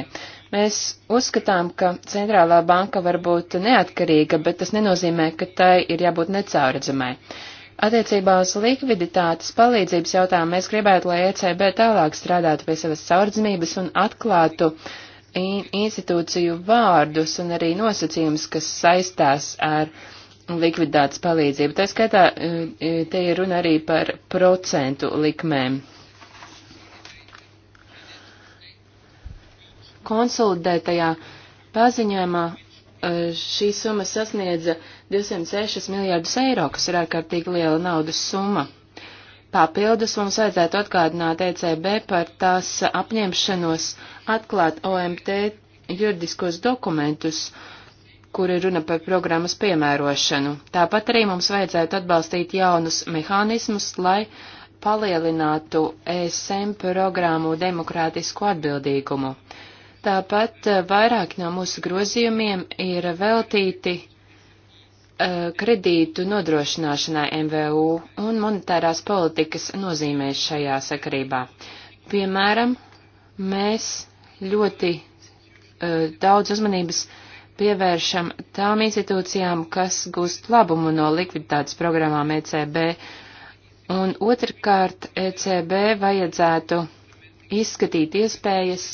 Mēs uzskatām, ka centrālā banka var būt neatkarīga, bet tas nenozīmē, ka tai ir jābūt necauredzamai. Attiecībā uz likviditātes palīdzības jautājumu mēs gribētu, lai ECB tālāk strādātu pie savas caurdzamības un atklātu in institūciju vārdus un arī nosacījumus, kas saistās ar uh, likviditātes palīdzību. Tā skaitā e, e, te ir runa arī par procentu likmēm. Konsolidētajā paziņojumā e, šī summa sasniedza 206 miljārdus eiro, kas ir ārkārtīgi liela naudas summa. Papildus mums vajadzētu atgādināt ECB par tās apņemšanos atklāt OMT juridiskos dokumentus, uh, kur ir runa par programmas piemērošanu. Tāpat arī mums vajadzētu atbalstīt jaunus mehānismus, lai palielinātu ESM programmu demokrātisku atbildīgumu. Tāpat eh, vairāk no mūsu grozījumiem ir veltīti eh, kredītu nodrošināšanai MVU un monetārās politikas nozīmē šajā sakarībā. Piemēram, mēs ļoti uh, daudz uzmanības uh, pievēršam tām institūcijām, kas gūst labumu no likviditātes programmām ECB, un otrkārt ECB vajadzētu izskatīt iespējas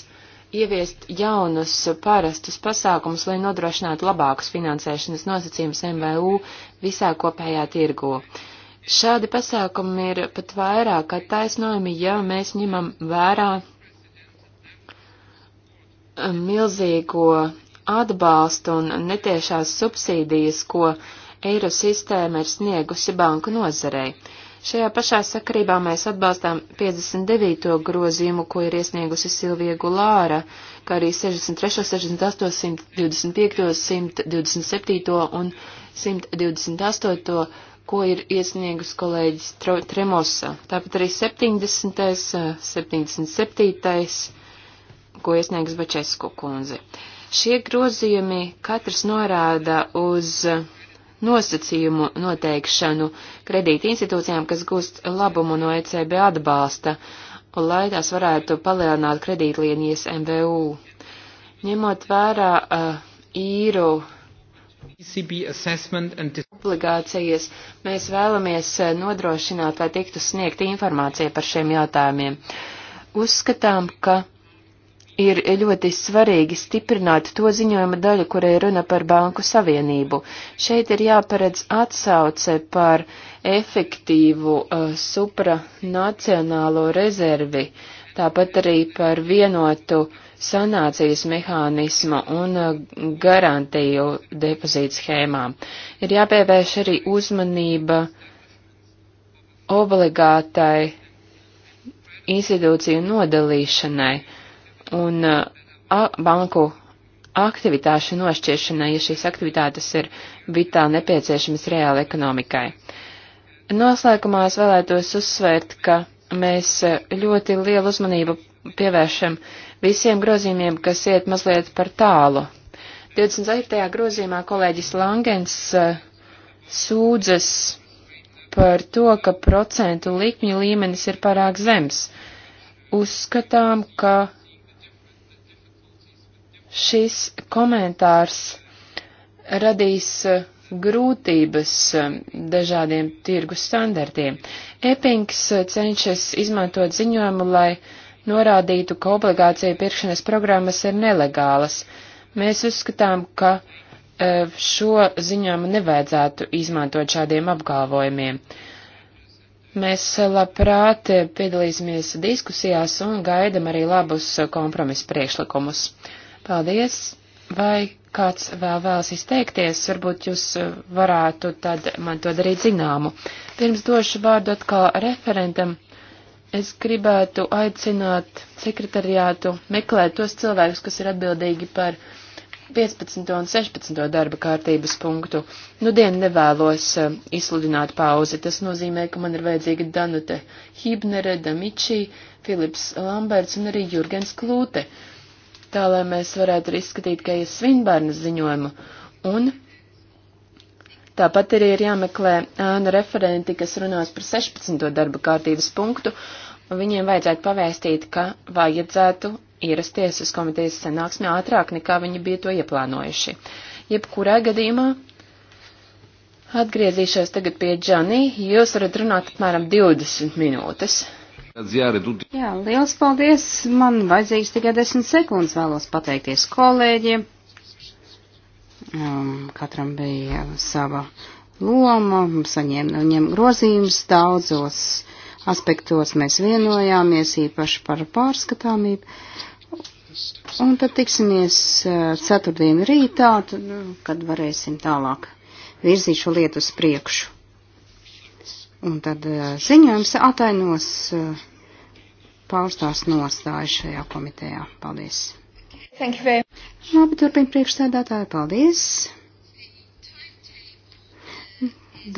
ieviest jaunus parastus pasākumus, lai nodrošinātu labākus finansēšanas nosacījumus MVU visā kopējā tirgū. Šādi pasākumi ir pat vairāk attaisnojumi, ja mēs ņemam vērā um, milzīgo atbalstu un netiešās subsīdijas, ko eiro sistēma ir sniegusi banku nozarei. Šajā pašā sakarībā mēs atbalstām 59. grozījumu, ko ir iesniegusi Silvija Gulāra, kā arī 63., 68., 125., 127. un 128., ko ir iesniegusi kolēģis Tremosa. Tāpat arī 70., 77., ko iesniegs Bačesku kundze. Uh, Šie grozījumi katrs norāda uz nosacījumu noteikšanu kredīti institūcijām, kas gūst labumu no ECB atbalsta, lai tās varētu palielināt kredītlīnijas MVU. Ņemot vērā uh, īru e obligācijas, mēs vēlamies uh, nodrošināt, lai tiktu sniegta informācija par šiem jautājumiem. Uzskatām, ka ir ļoti svarīgi stiprināt to ziņojuma daļu, kurai runa par banku savienību. Šeit ir jāparedz atsauce par efektīvu uh, supranacionālo rezervi, tāpat arī par vienotu sanācijas mehānismu un uh, garantiju depozītu schēmām. Ir jāpievērš arī uzmanība obligātai institūciju nodalīšanai un uh, a, banku aktivitāšu nošķiršanai, ja šīs aktivitātes ir vitāli nepieciešamas reāli ekonomikai. Noslēgumā es vēlētos uzsvērt, ka mēs uh, ļoti lielu uzmanību pievēršam visiem grozījumiem, kas iet mazliet par tālu. 24. grozījumā kolēģis Langens uh, sūdzas par to, ka procentu likmju līmenis ir pārāk zems. Uzskatām, ka Šis komentārs radīs eh, grūtības eh, dažādiem tirgus standartiem. Epings eh, cenšas izmantot ziņojumu, lai norādītu, ka obligācija pirkšanas programmas ir nelegālas. Mēs uzskatām, ka šo ziņojumu nevajadzētu izmantot šādiem apgalvojumiem. Mēs labprāt piedalīsimies diskusijās un gaidam arī labus kompromisu priekšlikumus. Paldies! Vai kāds vēl vēlas izteikties? Varbūt jūs eh, varētu tad man to darīt zināmu. Pirms došu vārdu atkal referentam. Es gribētu aicināt sekretariātu meklēt tos cilvēkus, kas ir atbildīgi par 15. un 16. darba kārtības punktu. Nu, dienu nevēlos uh, izsludināt pauzi. Tas nozīmē, ka man ir vajadzīga Danute Hibnere, Damičī, Filips Lamberts un arī Jurgens Klūte tā lai mēs varētu arī izskatīt Gejas Svinbērnas ziņojumu. Un tāpat arī ir jāmeklē ēna referenti, kas runās par 16. darba kārtības punktu, un viņiem vajadzētu pavēstīt, ka vajadzētu ierasties uz komitejas sanāksmi ātrāk, nekā viņi bija to ieplānojuši. Jebkurā gadījumā atgriezīšos tagad pie Džanī, jūs varat runāt apmēram 20 minūtes. Jā, liels paldies. Man vajadzīgs tikai desmit sekundes. Vēlos pateikties kolēģiem. Um, katram bija sava loma, saņēma viņiem grozījums daudzos aspektos. Mēs vienojāmies īpaši par pārskatāmību. Un tad tiksimies uh, ceturtdien rītā, tad, nu, kad varēsim tālāk virzīt šo lietu uz priekšu. Un tad ziņojums atainos paustās nostāju šajā komitejā. Paldies! Labi, turpina priekšsēdētāji, paldies!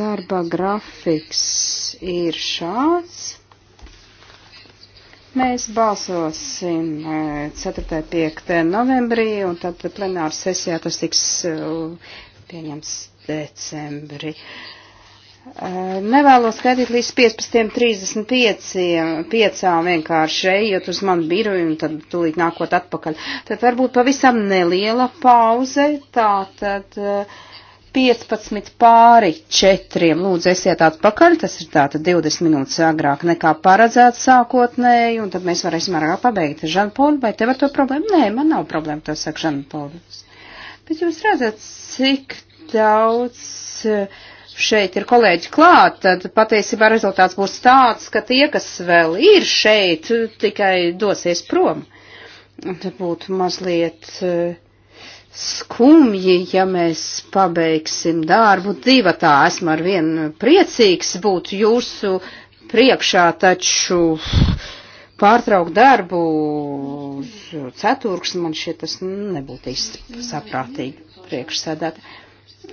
Darba grafiks ir šāds. Mēs balsosim 4. 5. novembrī, un tad plenāra sesijā tas tiks pieņemts decembrī. Eh, nevēlos gaidīt līdz 15.35 vienkārši ejot uz manu biroju un tad tūlīt nākot atpakaļ. Tad varbūt pavisam neliela pauze, tā tad 15 eh, pāri 4. Lūdzu, esiet atpakaļ, tas ir tātad 20 minūtes agrāk nekā paredzēts sākotnēji, un tad mēs varēsim ārā pabeigt. Žanpoli, vai tev ar to problēmu? Nē, man nav problēma, to saka Žanpoli. Bet jūs redzat, cik daudz. Uh, šeit ir kolēģi klāt, tad patiesībā rezultāts būs tāds, ka tie, kas vēl ir šeit, tikai dosies prom. Tad būtu mazliet eh, skumji, ja mēs pabeigsim darbu divatā. Esmu ar vienu priecīgs būt jūsu priekšā, taču pārtraukt darbu uz ceturksni man šķiet tas nebūtu īsti saprātīgi priekšsēdētāji.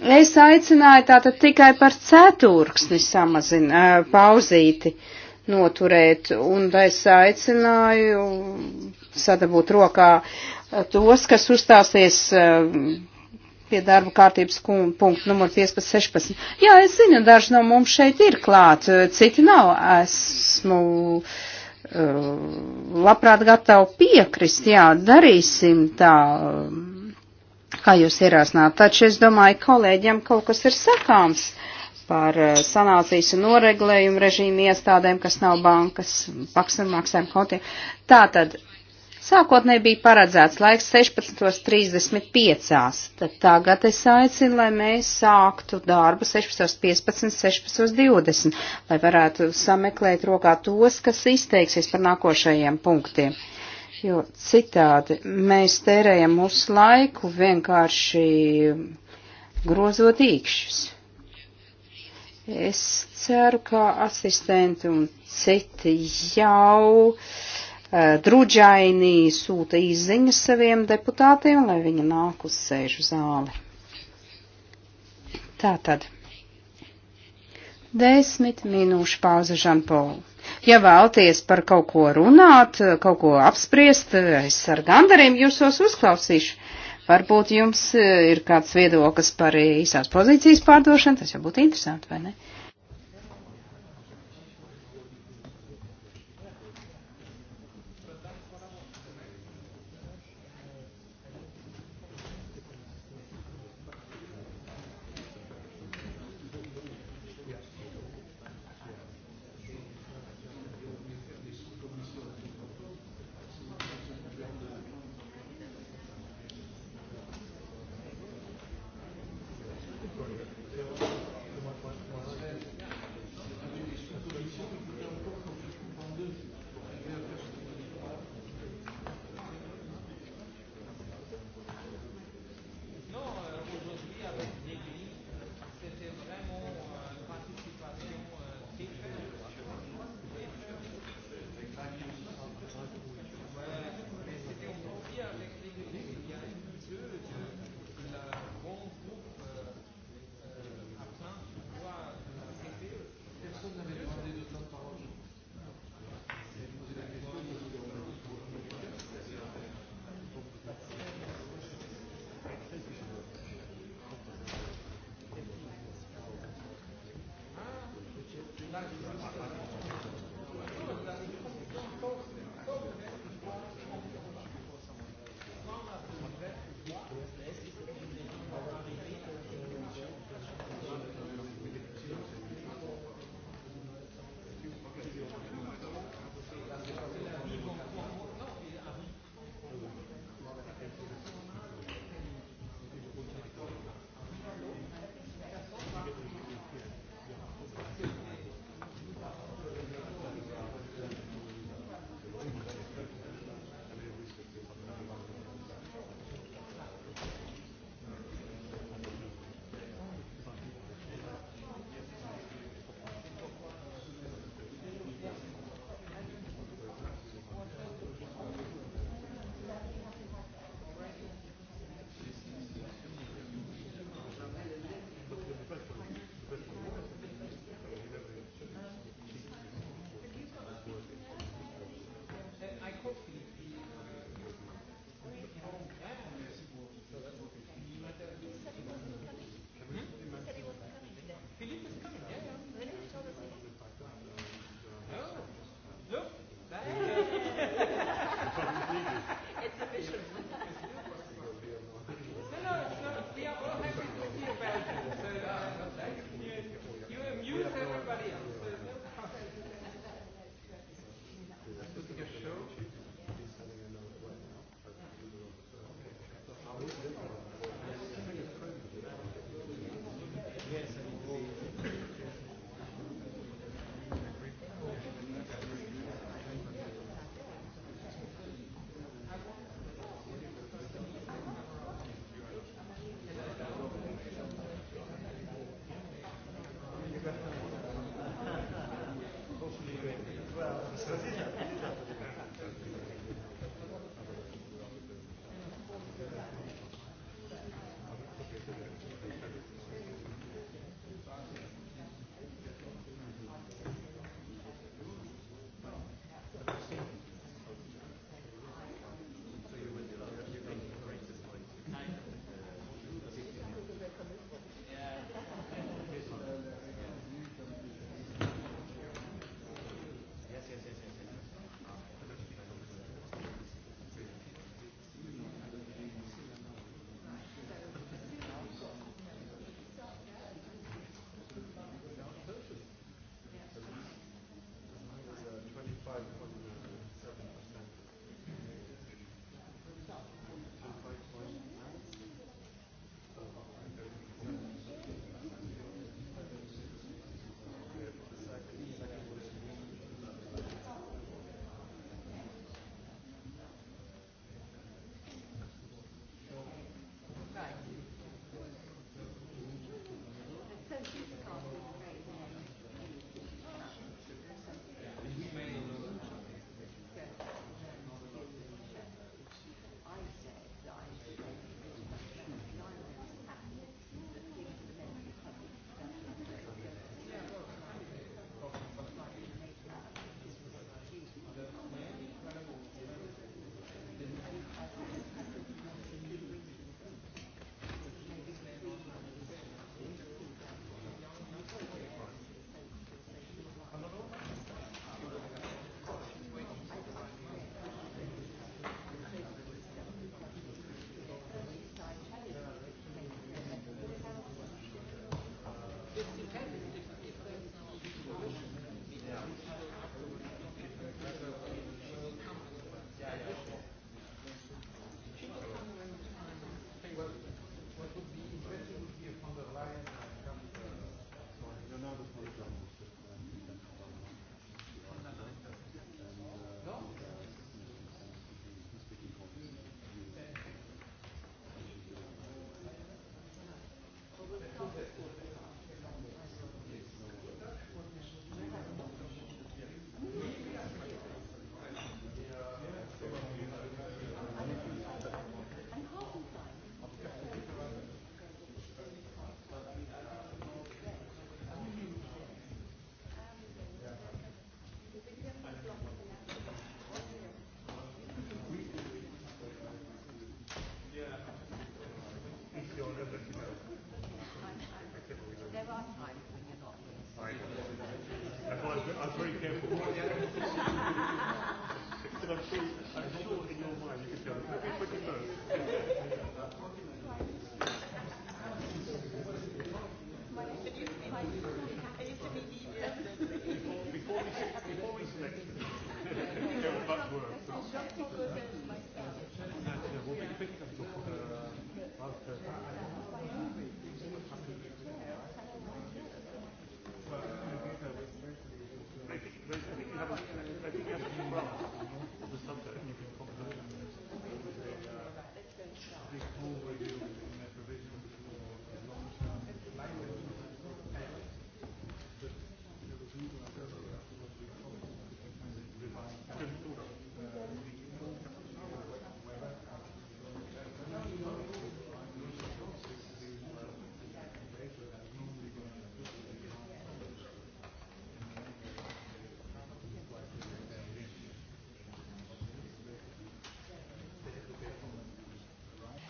Es aicināju tātad tikai par ceturksni samazin, pauzīti noturēt, un es aicināju sadabūt rokā tos, kas uzstāsies pie darba kārtības punktu numur 15, 16. Jā, es zinu, daži no mums šeit ir klāt, citi nav. Esmu labprāt gatavu piekrist, jā, darīsim tā kā jūs ierosināt. Taču es domāju, kolēģiem kaut kas ir sakāms par eh, sanācijas un noreglējumu režīmu iestādēm, kas nav bankas, paksam maksājuma kontiem. Tātad, sākotnēji bija paredzēts laiks 16.35, tad tagad es aicinu, lai mēs sāktu darbu 16.15, 16.20, lai varētu sameklēt rokā tos, kas izteiksies par nākošajiem punktiem jo citādi mēs tērējam mūsu laiku vienkārši grozot īkšķus. Es ceru, ka asistenti un citi jau uh, eh, druģainī sūta izziņas saviem deputātiem, lai viņi nāk uz sēžu zāli. Tātad. Desmit minūšu pauze Žanpolu. Ja vēlties par kaut ko runāt, kaut ko apspriest, es ar gandariem jūsos uzklausīšu. Varbūt jums ir kāds viedoklis par īsās pozīcijas pārdošanu, tas jau būtu interesanti, vai ne?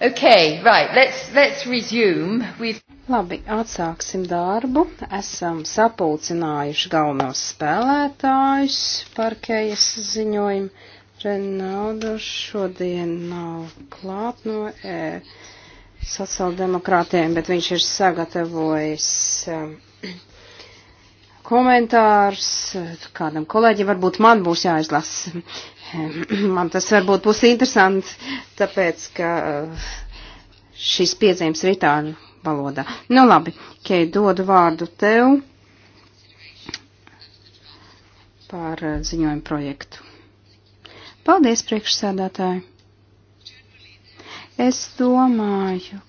Okay, right, let's, let's resume. We've... Labi, atsāksim darbu. Esam sapulcinājuši galvenos spēlētājus par kejas ziņojumu. Renauda šodien nav klāt no e, sociāldemokrātiem, bet viņš ir sagatavojis e, komentārs kādam kolēģim, varbūt man būs jāizlas. Man tas varbūt būs interesants, tāpēc, ka uh, šis piezīmes ir itāļu valodā. Nu labi, Kei, dodu vārdu tev par uh, ziņojumu projektu. Paldies, priekšsēdētāji! Es domāju,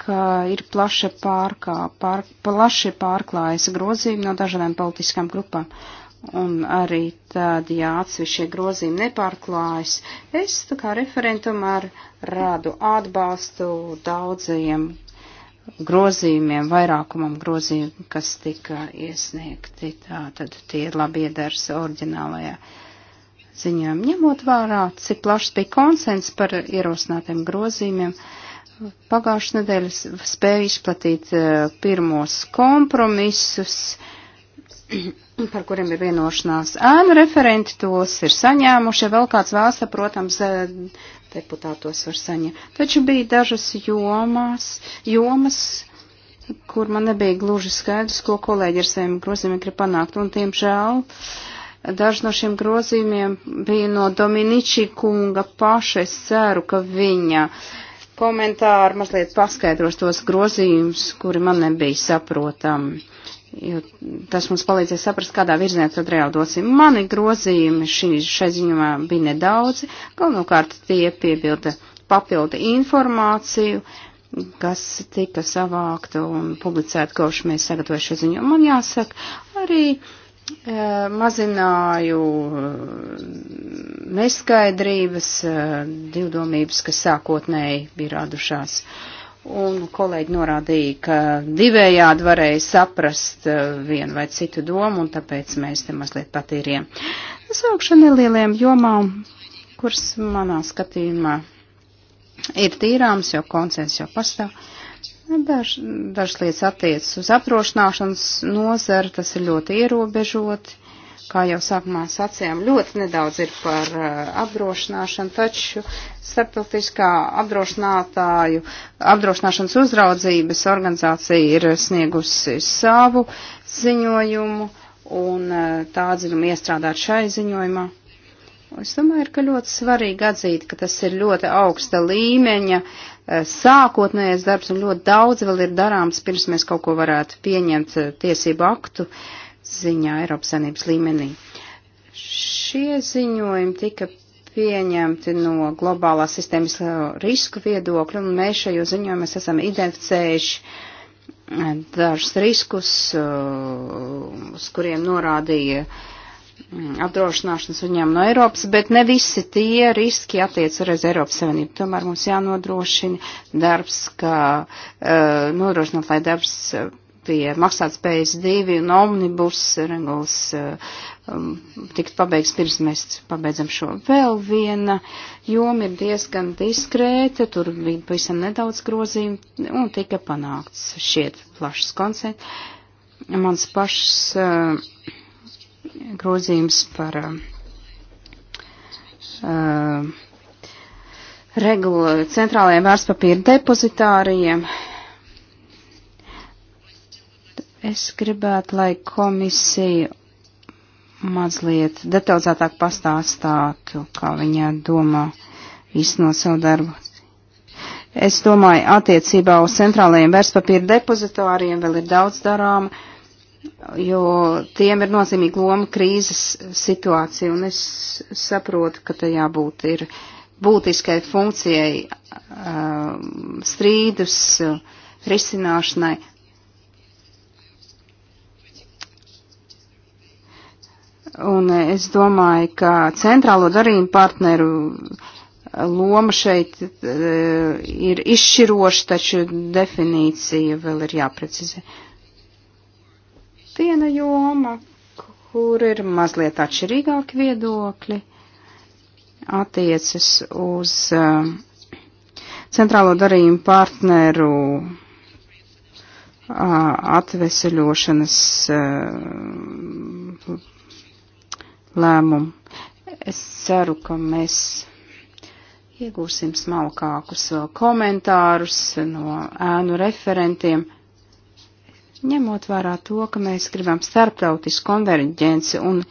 ka ir plaša pārkā, pār, plaši pārklājas grozījumi no dažādām politiskām grupām. Uh, Un arī tad, ja atsevišķie grozījumi nepārklājas, es tā kā referentum ar rādu atbalstu daudziem grozījumiem, vairākumam grozījumu, kas tika iesniegti. Tā tad tie ir labi iedars oriģinālajā ziņām. Ņemot vērā, cik plašs bija konsens par ierosinātiem grozījumiem, pagājušas nedēļas spēja izplatīt eh, pirmos kompromisus, uh, par kuriem ir vienošanās ēnu referenti, tos ir saņēmuši, vēl kāds vēsta, protams, eh, deputātos var saņemt. Taču bija dažas jomas, jomas, kur man nebija gluži skaidrs, ko kolēģi ar saviem grozījumiem grib panākt, un tiem žēl. Daži no šiem grozījumiem bija no Dominiči kunga paša. Es ceru, ka viņa komentāri mazliet paskaidros tos grozījumus, kuri man nebija saprotami jo tas mums palīdzēs saprast, kādā virzienā tad reāli dosim. Mani grozījumi šī, šai ziņumā bija nedaudzi, galvenokārt tie piebilda papildu informāciju, kas tika savākta un publicēta, kopš mēs sagatavoju šo ziņu. Man jāsaka, arī e, mazināju e, neskaidrības, e, divdomības, kas sākotnēji bija radušās. E, Un kolēģi norādīja, ka divējādi varēja saprast eh, vienu vai citu domu, un tāpēc mēs te mazliet patīriem. Es augšu nelieliem jomām, kuras manā skatījumā ir tīrāms, jo konsens jau pastāv. Daž, dažas lietas attiecas uz apdrošināšanas nozaru, tas ir ļoti ierobežoti kā jau sākumā sacījām, ļoti nedaudz ir par uh, apdrošināšanu, taču starptautiskā apdrošinātāju, apdrošināšanas uzraudzības organizācija ir sniegusi savu ziņojumu un uh, tā atziņuma iestrādāt šai ziņojumā. Es domāju, ka ļoti svarīgi atzīt, ka tas ir ļoti augsta līmeņa uh, sākotnējais darbs un ļoti daudz vēl ir darāms, pirms mēs kaut ko varētu pieņemt tiesību aktu uh, ziņā Eiropas Sanības līmenī. Šie ziņojumi tika pieņemti no globālā sistēmas uh, risku viedokļa, un mēs šajos ziņojumos esam identificējuši uh, dažus riskus, uh, uz kuriem norādīja mm, apdrošināšanas uzņēmumu no Eiropas, bet ne visi tie riski attiec arī uz Eiropas Savienību. Tomēr mums jānodrošina darbs, kā nodrošināt, lai darbs pie maksātspējas divi un omnibus regulas eh, um, tikt pabeigts pirms mēs pabeidzam šo. Vēl viena joma ir diezgan diskrēta, tur bija pavisam nedaudz grozījumu un tika panākts šiet plašs koncepts. Mans pašs uh, grozījums par uh, eh, regulu centrālajiem vērtspapīra depozitāriem. Uh, Es gribētu, lai komisija mazliet detalizētāk pastāstātu, kā viņa domā īstenot savu darbu. Es domāju, attiecībā uz centrālajiem vērtspapīra depozitāriem vēl ir daudz darām, jo tiem ir nozīmīga loma krīzes situācija, un es saprotu, ka te jābūt ir būtiskai funkcijai um, strīdus risināšanai, Un es domāju, ka centrālo darījumu partneru loma šeit eh, ir izšķiroša, taču definīcija vēl ir jāprecizē. Viena joma, kur ir mazliet atšķirīgāki viedokļi, attiecas uz eh, centrālo darījumu partneru eh, atveseļošanas lēmumu. Es ceru, ka mēs iegūsim smalkākus uh, komentārus no ēnu referentiem, ņemot vērā to, ka mēs gribam starptautisku konverģenci un,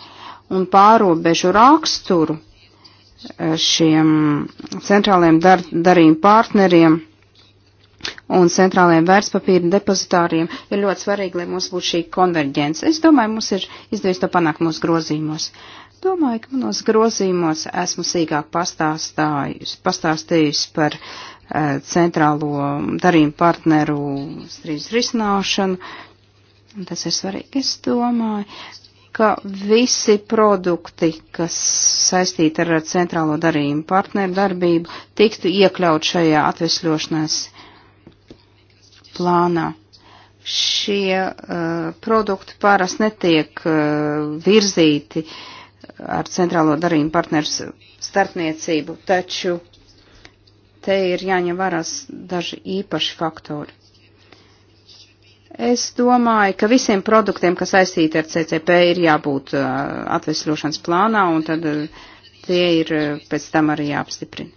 un pārobežu raksturu uh, šiem centrāliem dar, darījuma partneriem un centrālajiem vērtspapīra depozitāriem ir ļoti svarīgi, lai mums būtu šī konverģence. Es domāju, mums ir izdevies to panākt mūsu grozījumos. Domāju, ka manos grozījumos esmu sīkāk pastāstījusi par uh, centrālo darījumu partneru strīdus risināšanu. Tas ir svarīgi. Es domāju, ka visi produkti, kas saistīti ar centrālo darījumu partneru darbību, tiktu iekļaut šajā atvesļošanās uh, plānā. Šie uh, produkti parasti netiek uh, virzīti ar centrālo darījumu partners starpniecību, taču te ir jāņem varas daži īpaši faktori. Es domāju, ka visiem produktiem, kas saistīti ar CCP, ir jābūt uh, atvesļošanas plānā, un tad uh, tie ir uh, pēc tam arī jāapstiprina.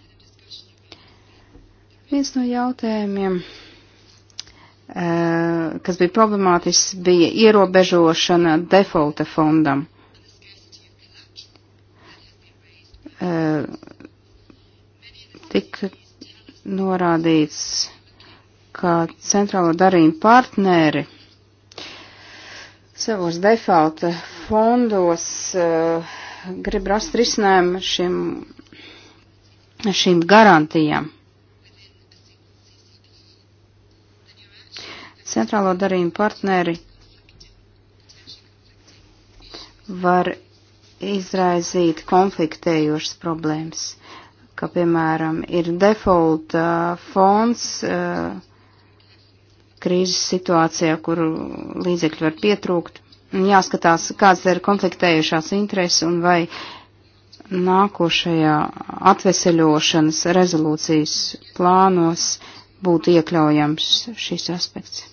Viens no jautājumiem. Ja Eh, kas bija problemātisks, bija ierobežošana defaulta fondam. Eh, tik norādīts, ka centrālo darījumu partneri savos defaulta fondos eh, grib rast risinājumu šim, šīm garantijām centrālo darījumu partneri var izraizīt konfliktējošas problēmas, ka, piemēram, ir default uh, fonds uh, krīzes situācijā, kur līdzekļi var pietrūkt. Jāskatās, kāds ir konfliktējušās intereses un vai nākošajā atveseļošanas rezolūcijas plānos būtu iekļaujams šis aspekts.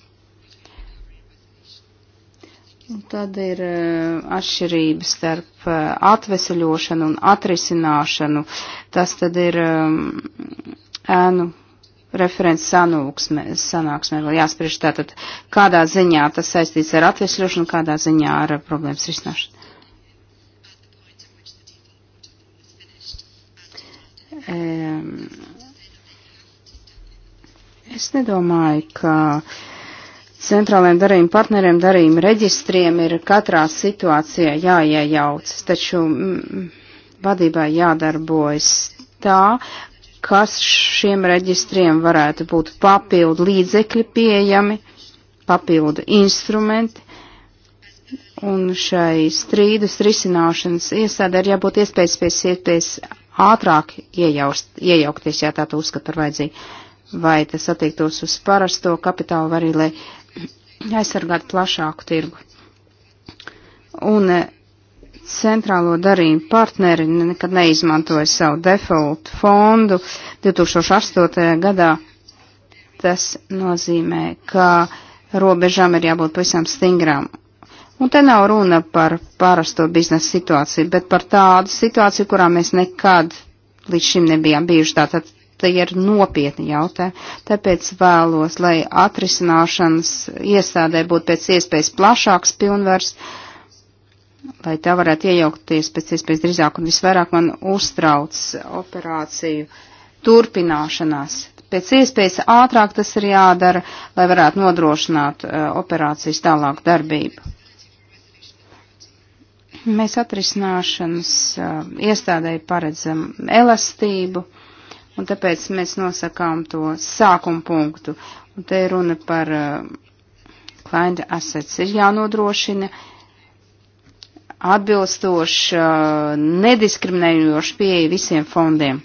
Un nu, tad ir eh, atšķirība starp eh, atveseļošanu un atrisināšanu. Tas tad ir eh, ēnu referents sanūksme, sanāksme, vēl jāspriež tātad, kādā ziņā tas saistīts ar atvesļošanu, kādā ziņā ar problēmas risināšanu. Es nedomāju, ka uh, centrāliem darījuma partneriem, darījuma reģistriem ir katrā situācijā jāiejaucas, taču mm, vadībai jādarbojas tā, kas šiem reģistriem varētu būt papildu līdzekļi pieejami, papildu instrumenti, un šai strīdus risināšanas iestādē ir jābūt iespējas pēc iespējas ātrāk iejaust, iejaukties, ja tā tu uzskat par vajadzīgu. Vai tas attiektos uz parasto kapitālu, vai arī, lai aizsargāt plašāku tirgu. Un e, centrālo darījumu partneri nekad neizmantoja savu default fondu 2008. gadā. Tas nozīmē, ka robežām ir jābūt pavisam stingrām. Un te nav runa par parasto biznesa situāciju, bet par tādu situāciju, kurā mēs nekad līdz šim nebijām bijuši. Tātad tie ir nopietni jautājumi. Tāpēc vēlos, lai atrisināšanas iestādē būtu pēc iespējas plašāks pilnvars, lai tā varētu iejaukties pēc iespējas drīzāk un visvairāk man uztrauc operāciju turpināšanās. Pēc iespējas ātrāk tas ir jādara, lai varētu nodrošināt uh, operācijas tālāku darbību. Mēs atrisināšanas uh, iestādēji paredzam elastību. Uh, un tāpēc mēs nosakām to sākumu punktu. Un te ir runa par uh, client assets. Ir jānodrošina atbilstoši, uh, nediskriminējoši pieeja visiem fondiem.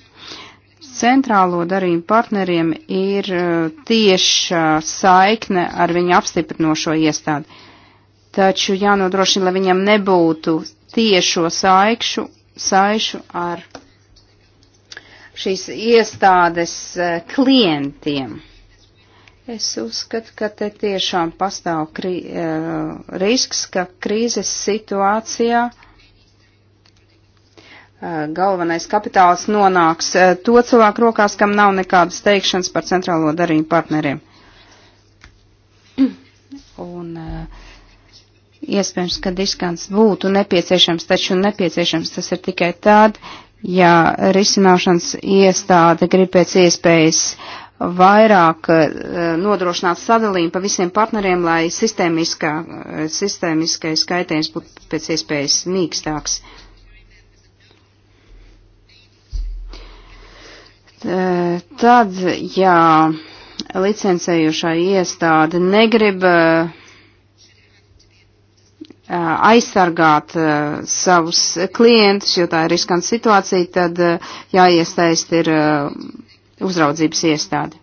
Centrālo darījumu partneriem ir uh, tieša saikne ar viņu apstiprinošo iestādi. Taču jānodrošina, lai viņam nebūtu tiešo saikšu, saišu ar šīs iestādes e, klientiem. Es uzskatu, ka te tiešām pastāv krī, e, risks, ka krīzes situācijā e, galvenais kapitāls nonāks to cilvēku rokās, kam nav nekādas teikšanas par centrālo darījumu partneriem. Un iespējams, ka diskants būtu nepieciešams, taču nepieciešams tas ir tikai tad, ja risināšanas iestāde grib pēc iespējas vairāk eh, nodrošināt sadalījumu pa visiem partneriem, lai eh, sistēmiskais skaitējums būtu pēc iespējas mīkstāks. Eh, tad, ja licencējušā iestāde negrib aizsargāt uh, savus klientus, jo tā ir riskanta situācija, tad uh, jāiestaist ir uh, uzraudzības iestādi.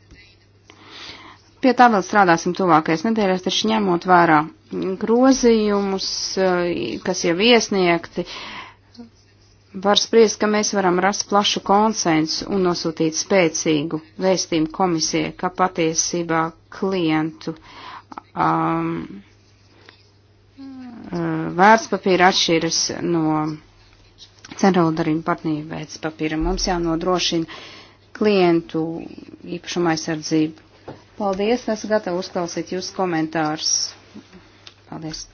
Pie tā vēl strādāsim tuvākais nedēļas, taču ņemot vērā grozījumus, kas jau iesniegti, var spriest, ka mēs varam rast plašu konsensu un nosūtīt spēcīgu vēstījumu komisijai, ka patiesībā klientu um, vērtspapīra atšķiras no centrāla darījuma partneru vērtspapīra. Mums jānodrošina klientu īpašuma aizsardzību. Paldies, esmu gatava uzklausīt jūsu komentārus. Paldies.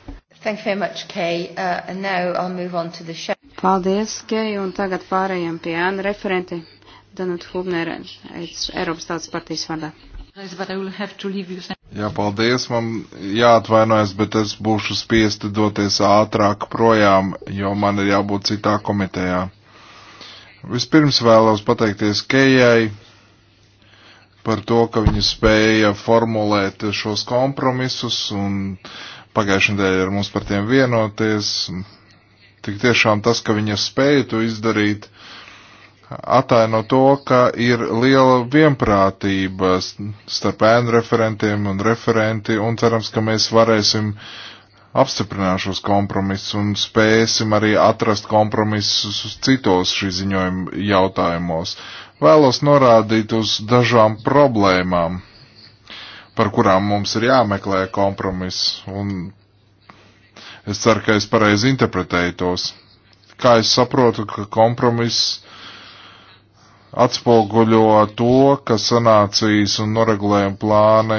Thank you very much, Kay. Uh, and now I'll move on to the show. Paldies, Kay, un tagad pārējām pie Anna referenti. Danut Hubner, Eiropas tautas partijas vārdā. Jā, paldies, man jāatvainojas, bet es būšu spiesti doties ātrāk projām, jo man ir jābūt citā komitejā. Vispirms vēlos pateikties Kejai par to, ka viņa spēja formulēt šos kompromisus un pagājušajā nedēļā ar mums par tiem vienoties. Tik tiešām tas, ka viņa spēja to izdarīt ataino to, ka ir liela vienprātība starp ēnu referentiem un referenti, un cerams, ka mēs varēsim apstiprināt šos kompromisus un spēsim arī atrast kompromisus citos šī ziņojuma jautājumos. Vēlos norādīt uz dažām problēmām, par kurām mums ir jāmeklē kompromiss, un es ceru, ka es pareizi interpretēju tos. Kā es saprotu, ka kompromiss atspoguļo to, ka sanācijas un noregulējuma plāni,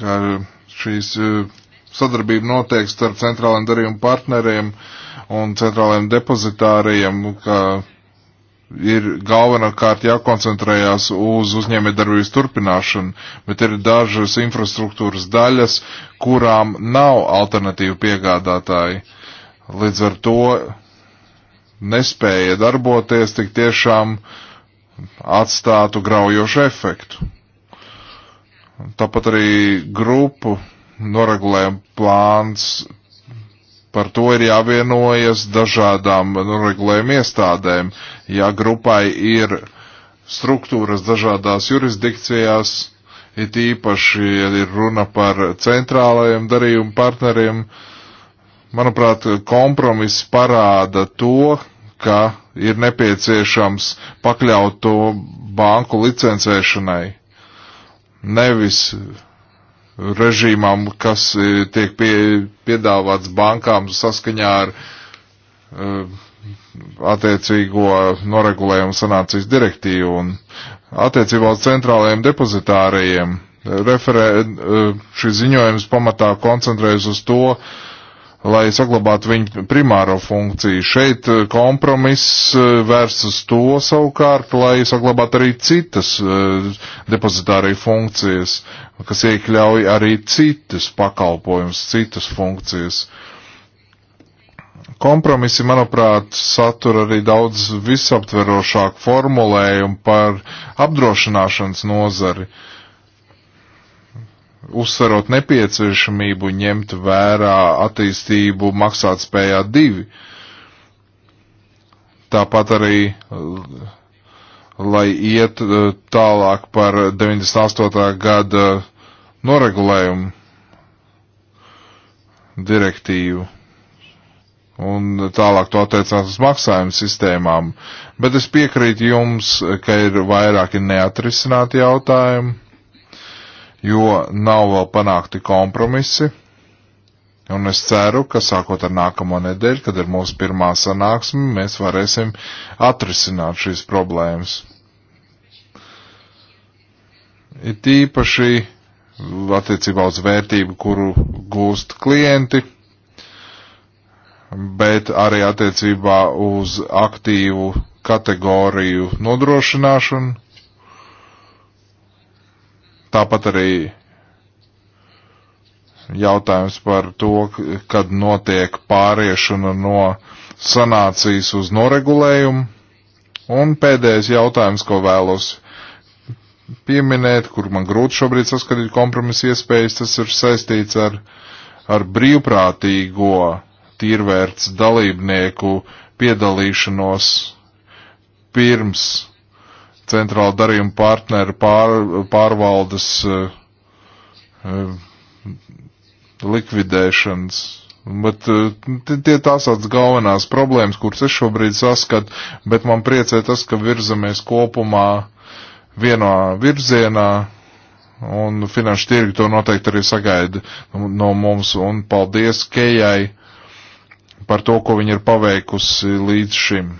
ka šīs e, sadarbība notiek starp centrālajiem darījumu partneriem un centrālajiem depozitāriem, ka ir galvenokārt jākoncentrējās uz uzņēmējdarbības turpināšanu, bet ir dažas infrastruktūras daļas, kurām nav alternatīvu piegādātāji. Līdz ar to nespēja darboties, tik tiešām atstātu graujošu efektu. Tāpat arī grupu noregulējuma plāns Par to ir jāvienojas dažādām noregulējuma iestādēm. Ja grupai ir struktūras dažādās jurisdikcijās, it īpaši, ja ir runa par centrālajiem darījumu partneriem, manuprāt, kompromiss parāda to, ka ir nepieciešams pakļaut to banku licencēšanai, nevis režīmam, kas e, tiek pie, piedāvāts bankām saskaņā ar uh, attiecīgo noregulējumu sanācijas direktīvu un attiecībā uz centrālajiem depozitārajiem. Referē, uh, šis ziņojums pamatā koncentrējas uz to, uh, lai saglabātu viņu primāro funkciju. Šeit eh, kompromiss eh, vērsts uz to savukārt, lai saglabātu arī citas eh, depozitāriju funkcijas, kas iekļauj arī citas pakalpojumus, citas funkcijas. Kompromisi, manuprāt, satura arī daudz visaptverošāku formulējumu par apdrošināšanas nozari. Uh, uzsverot nepieciešamību ņemt vērā attīstību maksātspējā divi. Tāpat arī, lai iet eh, tālāk par 98. gada noregulējumu direktīvu un tālāk to attiecās uz maksājumu sistēmām. Bet es piekrītu jums, ka ir vairāki neatrisināti jautājumi jo nav vēl panākti kompromisi. Un es ceru, ka sākot ar nākamo nedēļu, kad ir mūsu pirmā sanāksme, mēs varēsim atrisināt šīs problēmas. Ir tīpaši attiecībā uz vērtību, kuru gūst klienti, bet arī attiecībā uz aktīvu kategoriju nodrošināšanu Tāpat arī jautājums par to, kad notiek pāriešana no sanācijas uz noregulējumu. Un pēdējais jautājums, ko vēlos pieminēt, kur man grūti šobrīd saskatīt kompromisu iespējas, tas ir saistīts ar, ar brīvprātīgo tīrvērts dalībnieku piedalīšanos pirms centrāla darījuma partneru pār, pārvaldes eh, eh, likvidēšanas. Bet eh, tie tās tāds galvenās problēmas, kuras es šobrīd saskatu, bet man priecē tas, ka virzamies kopumā vienā virzienā, un finanšu tirgi to noteikti arī sagaida no mums, un paldies Kejai par to, ko viņa ir paveikusi līdz šim.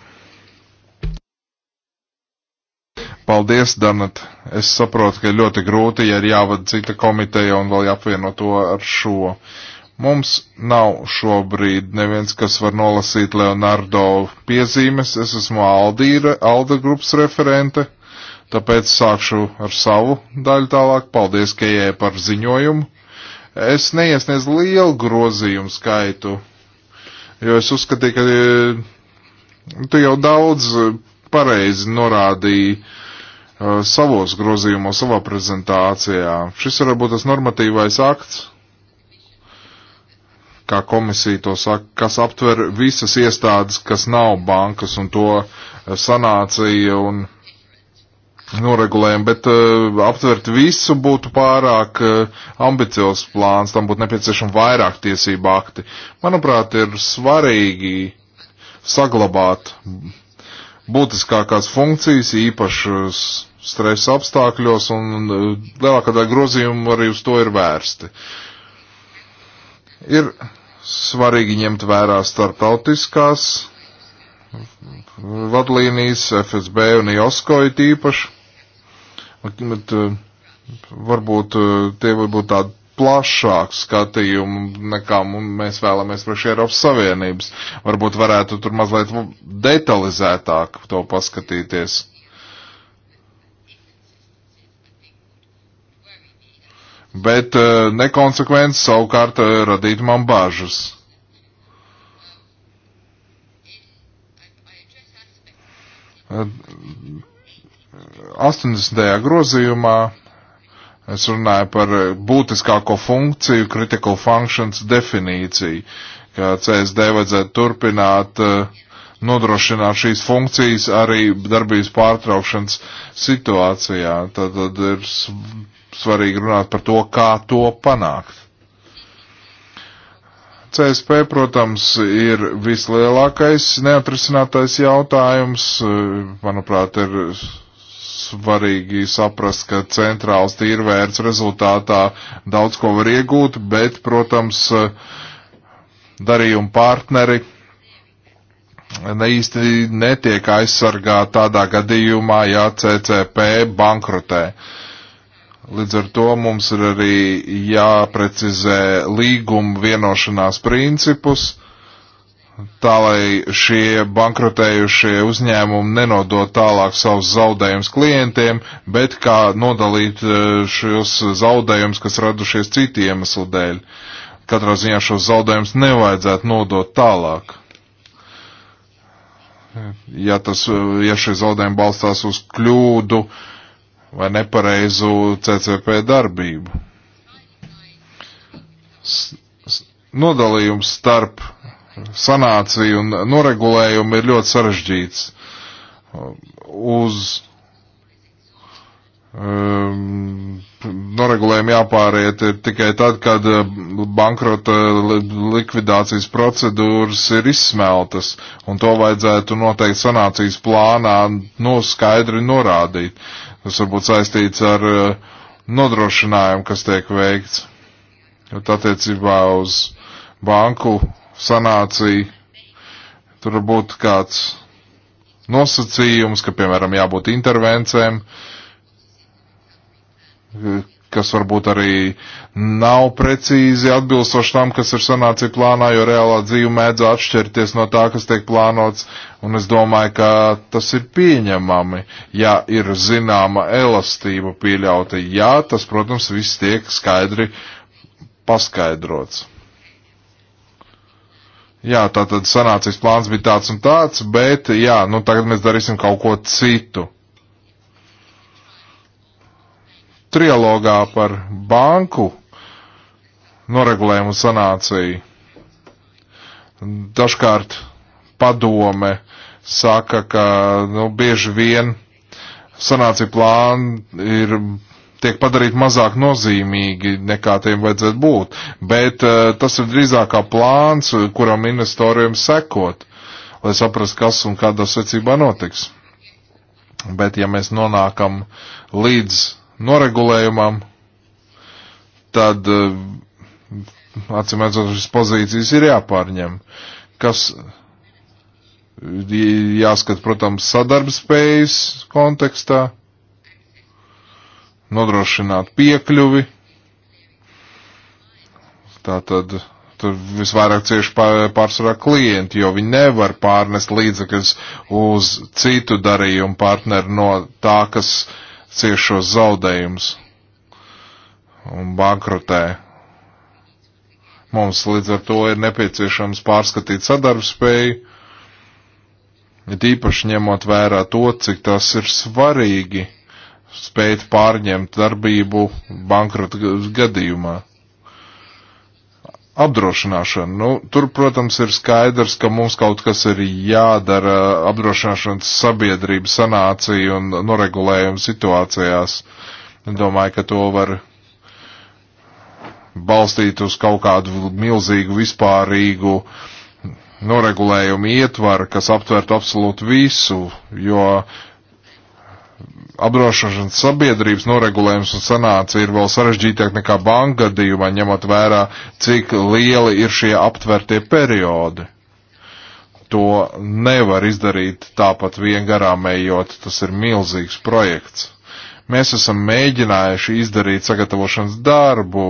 Paldies, Danat. Es saprotu, ka ļoti grūti, ja ir jāvada cita komiteja un vēl jāapvieno to ar šo. Mums nav šobrīd neviens, kas var nolasīt Leonardo piezīmes. Es esmu Aldīra, Alda grupas referente, tāpēc sākšu ar savu daļu tālāk. Paldies, Kejai, par ziņojumu. Es neiesniedzu lielu grozījumu skaitu, jo es uzskatīju, ka e, tu jau daudz pareizi norādīji Uh, savos grozījumos, savā prezentācijā. Šis var būt tas normatīvais akts, kā komisija to saka, kas aptver visas iestādes, kas nav bankas un to uh, sanācija un noregulējumu, bet uh, aptvert visu būtu pārāk uh, ambiciozs plāns, tam būtu nepieciešama vairāk tiesību akti. Manuprāt, ir svarīgi saglabāt būtiskākās funkcijas, īpašas stresa apstākļos, un uh, lielākā daļa grozījumu arī uz to ir vērsti. Ir svarīgi ņemt vērā starptautiskās vadlīnijas, FSB un IOSCO it īpaši, bet uh, varbūt uh, tie varbūt tādi plašāku skatījumu nekā mēs vēlamies priekš Eiropas Savienības. Varbūt varētu tur mazliet detalizētāk to paskatīties. bet eh, nekonsekvence savukārt eh, radītu man bāžas. Uh, eh, 80. grozījumā es runāju par būtiskāko funkciju, critical functions definīciju, ka CSD vajadzētu turpināt uh, nodrošināt šīs funkcijas arī darbības pārtraukšanas situācijā. Tad, tad ir svarīgi runāt par to, kā to panākt. CSP, protams, ir vislielākais neatrisinātais jautājums. Manuprāt, ir svarīgi saprast, ka centrāls tīrvērts rezultātā daudz ko var iegūt, bet, protams, darījuma partneri ne īsti netiek aizsargāti tādā gadījumā, ja CCP bankrotē. Uh, Līdz ar to mums ir arī jāprecizē līguma vienošanās principus, tā lai šie bankrotējušie uzņēmumi nenodot tālāk savus zaudējumus klientiem, bet kā nodalīt e, šos zaudējumus, kas radušies citu iemeslu dēļ. Katrā ziņā šos zaudējumus nevajadzētu nodot tālāk ja, tas, e, ja šie zaudējumi balstās uz kļūdu vai nepareizu CCP darbību. S nodalījums starp sanāciju un noregulējumu ir ļoti sarežģīts. Uz Um, noregulējumi jāpāriet tikai tad, kad eh, bankrota likvidācijas procedūras ir izsmeltas, un to vajadzētu noteikti sanācijas plānā noskaidri norādīt. Tas varbūt saistīts ar eh, nodrošinājumu, kas tiek veikts. Attiecībā uz banku sanāciju tur būtu kāds nosacījums, ka, piemēram, jābūt intervencēm, uh, kas varbūt arī nav precīzi atbilstoši tam, kas ir sanācija plānā, jo reālā dzīve mēdz atšķirties no tā, kas tiek plānots, un es domāju, ka tas ir pieņemami, ja ir zināma elastība pieļauta. Jā, tas, protams, viss tiek skaidri paskaidrots. Jā, tātad sanācijas plāns bija tāds un tāds, bet jā, nu tagad mēs darīsim kaut ko citu. trialogā par banku noregulējumu sanāciju. Dažkārt padome saka, ka nu, bieži vien sanācija plāni ir tiek padarīti mazāk nozīmīgi, nekā tiem vajadzētu būt. Bet uh, tas ir drīzāk kā plāns, kuram investoriem sekot, lai saprastu, kas un kādā secībā notiks. Bet ja mēs nonākam līdz noregulējumam, tad eh, acīm redzot, šis pozīcijas ir jāpārņem, kas jāskat, protams, sadarbspējas kontekstā, nodrošināt piekļuvi. Tātad tur visvairāk cieši pārsvarā klienti, jo viņi nevar pārnest līdzekļus uz citu darījumu partneri no tā, kas ciešos zaudējumus un bankrotē. Mums līdz ar to ir nepieciešams pārskatīt sadarbspēju, it īpaši ņemot vērā to, cik tas ir svarīgi spēt pārņemt darbību bankrota gadījumā apdrošināšana. Nu, tur, protams, ir skaidrs, ka mums kaut kas ir jādara apdrošināšanas sabiedrība sanācija un noregulējuma situācijās. Domāju, ka to var balstīt uz kaut kādu milzīgu vispārīgu noregulējumu ietvaru, kas aptvertu absolūti visu, jo apdrošināšanas sabiedrības noregulējums un sanāca ir vēl sarežģītāk nekā banka gadījumā, ņemot vērā, cik lieli ir šie aptvērtie periodi. To nevar izdarīt tāpat vien garām ejot, tas ir milzīgs projekts. Mēs esam mēģinājuši izdarīt sagatavošanas darbu,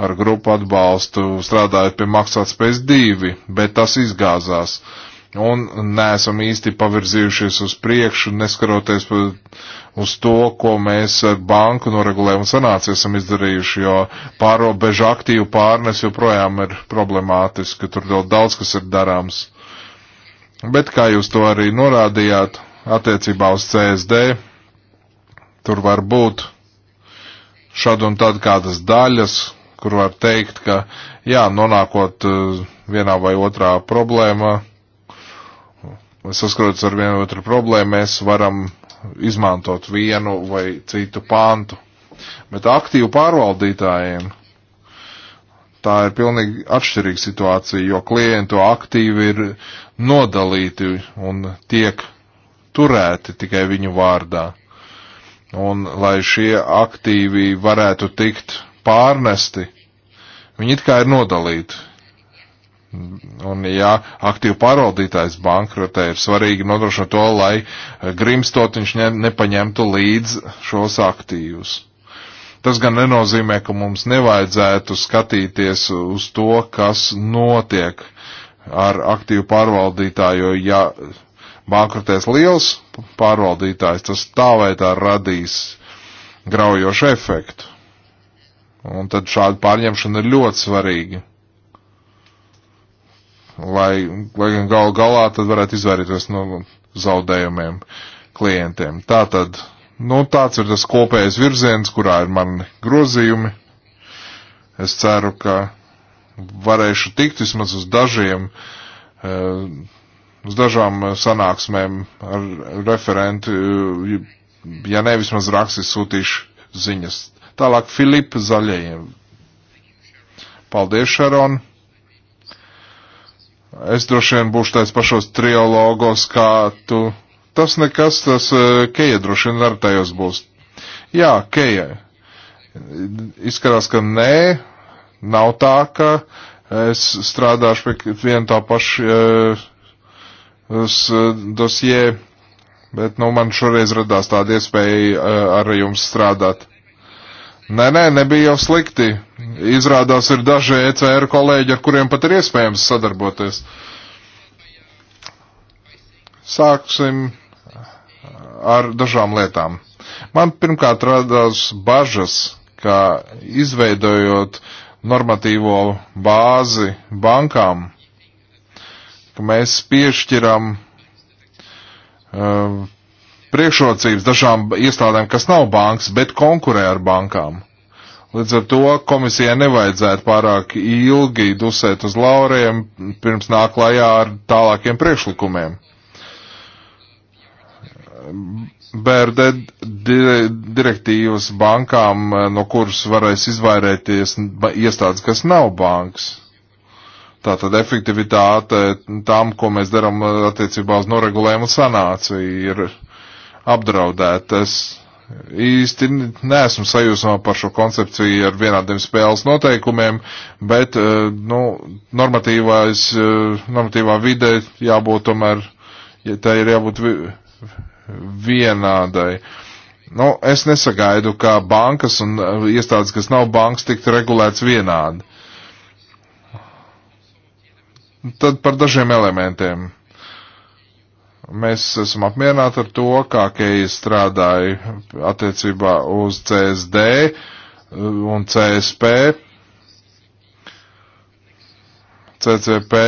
ar grupu atbalstu strādājot pie maksātspējas divi, bet tas izgāzās. Un neesam īsti pavirzījušies uz priekšu, neskaroties uz to, ko mēs ar banku noregulējumu sanāciju esam izdarījuši, jo pārobežu aktīvu pārnes joprojām ir problemātiski, tur vēl daudz kas ir darāms. Bet kā jūs to arī norādījāt attiecībā uz CSD, tur var būt šad un tad kādas daļas, kur var teikt, ka jā, nonākot eh, vienā vai otrā problēmā, saskaroties ar vienu otru problēmu, mēs varam izmantot vienu vai citu pāntu. Bet aktīvu pārvaldītājiem tā ir pilnīgi atšķirīga situācija, jo klientu aktīvi ir nodalīti un tiek turēti tikai viņu vārdā. Un lai šie aktīvi varētu tikt pārnesti, viņi it kā ir nodalīti Un, ja aktīvu pārvaldītājs bankrotē, ir svarīgi nodrošināt to, lai eh, grimstot viņš ne, nepaņemtu līdz šos aktīvus. Tas gan nenozīmē, ka mums nevajadzētu skatīties uz to, kas notiek ar aktīvu pārvaldītāju, jo, ja bankrotēs liels pārvaldītājs, tas tā vai tā radīs graujošu efektu. Un tad šāda pārņemšana ir ļoti svarīga lai, lai gan gal galā tad varētu izvairīties no zaudējumiem klientiem. Tātad, nu, tāds ir tas kopējais virziens, kurā ir mani grozījumi. Es ceru, ka varēšu tikt vismaz uz dažiem, eh, uz dažām sanāksmēm ar referentu, eh, ja ne vismaz raksti sūtīšu ziņas. Tālāk Filipa Zaļajiem. Paldies, Šaron! Es droši vien būšu tāds pašos trialogos, kā tu. Tas nekas, tas e, Keja droši vien ar tajos būs. Jā, Keja. Izskatās, ka nē, nav tā, ka es strādāšu pie viena tā paša uh, dosie, bet nu man šoreiz radās tāda iespēja uh, ar jums strādāt. Nē, nē, nebija jau slikti Izrādās ir daži ECR kolēģi, ar kuriem pat ir iespējams sadarboties. Sāksim eh, ar dažām lietām. Man pirmkārt radās bažas, ka izveidojot normatīvo bāzi bankām, ka mēs piešķiram uh, priekšrocības dažām iestādēm, kas nav bankas, bet konkurē ar bankām. Līdz ar to komisijai nevajadzētu pārāk ilgi dusēt uz lauriem, pirms nāk lajā ar tālākiem priekšlikumiem. BRD direktīvas bankām, no kuras varēs izvairēties iestādes, kas nav bankas. Tātad efektivitāte tam, ko mēs darām attiecībā uz noregulējumu sanāciju, ir apdraudētas īsti neesmu sajūsmā par šo koncepciju ar vienādiem spēles noteikumiem, bet eh, nu, normatīvās, eh, normatīvā vide jābūt tomēr, ja tā ir jābūt vienādai. Nu, es nesagaidu, ka bankas un eh, iestādes, kas nav bankas, tiktu regulēts vienādi. Tad par dažiem elementiem Mēs esam apmierināti ar to, kā Keija strādāja attiecībā uz CSD uh, un CSP. CCP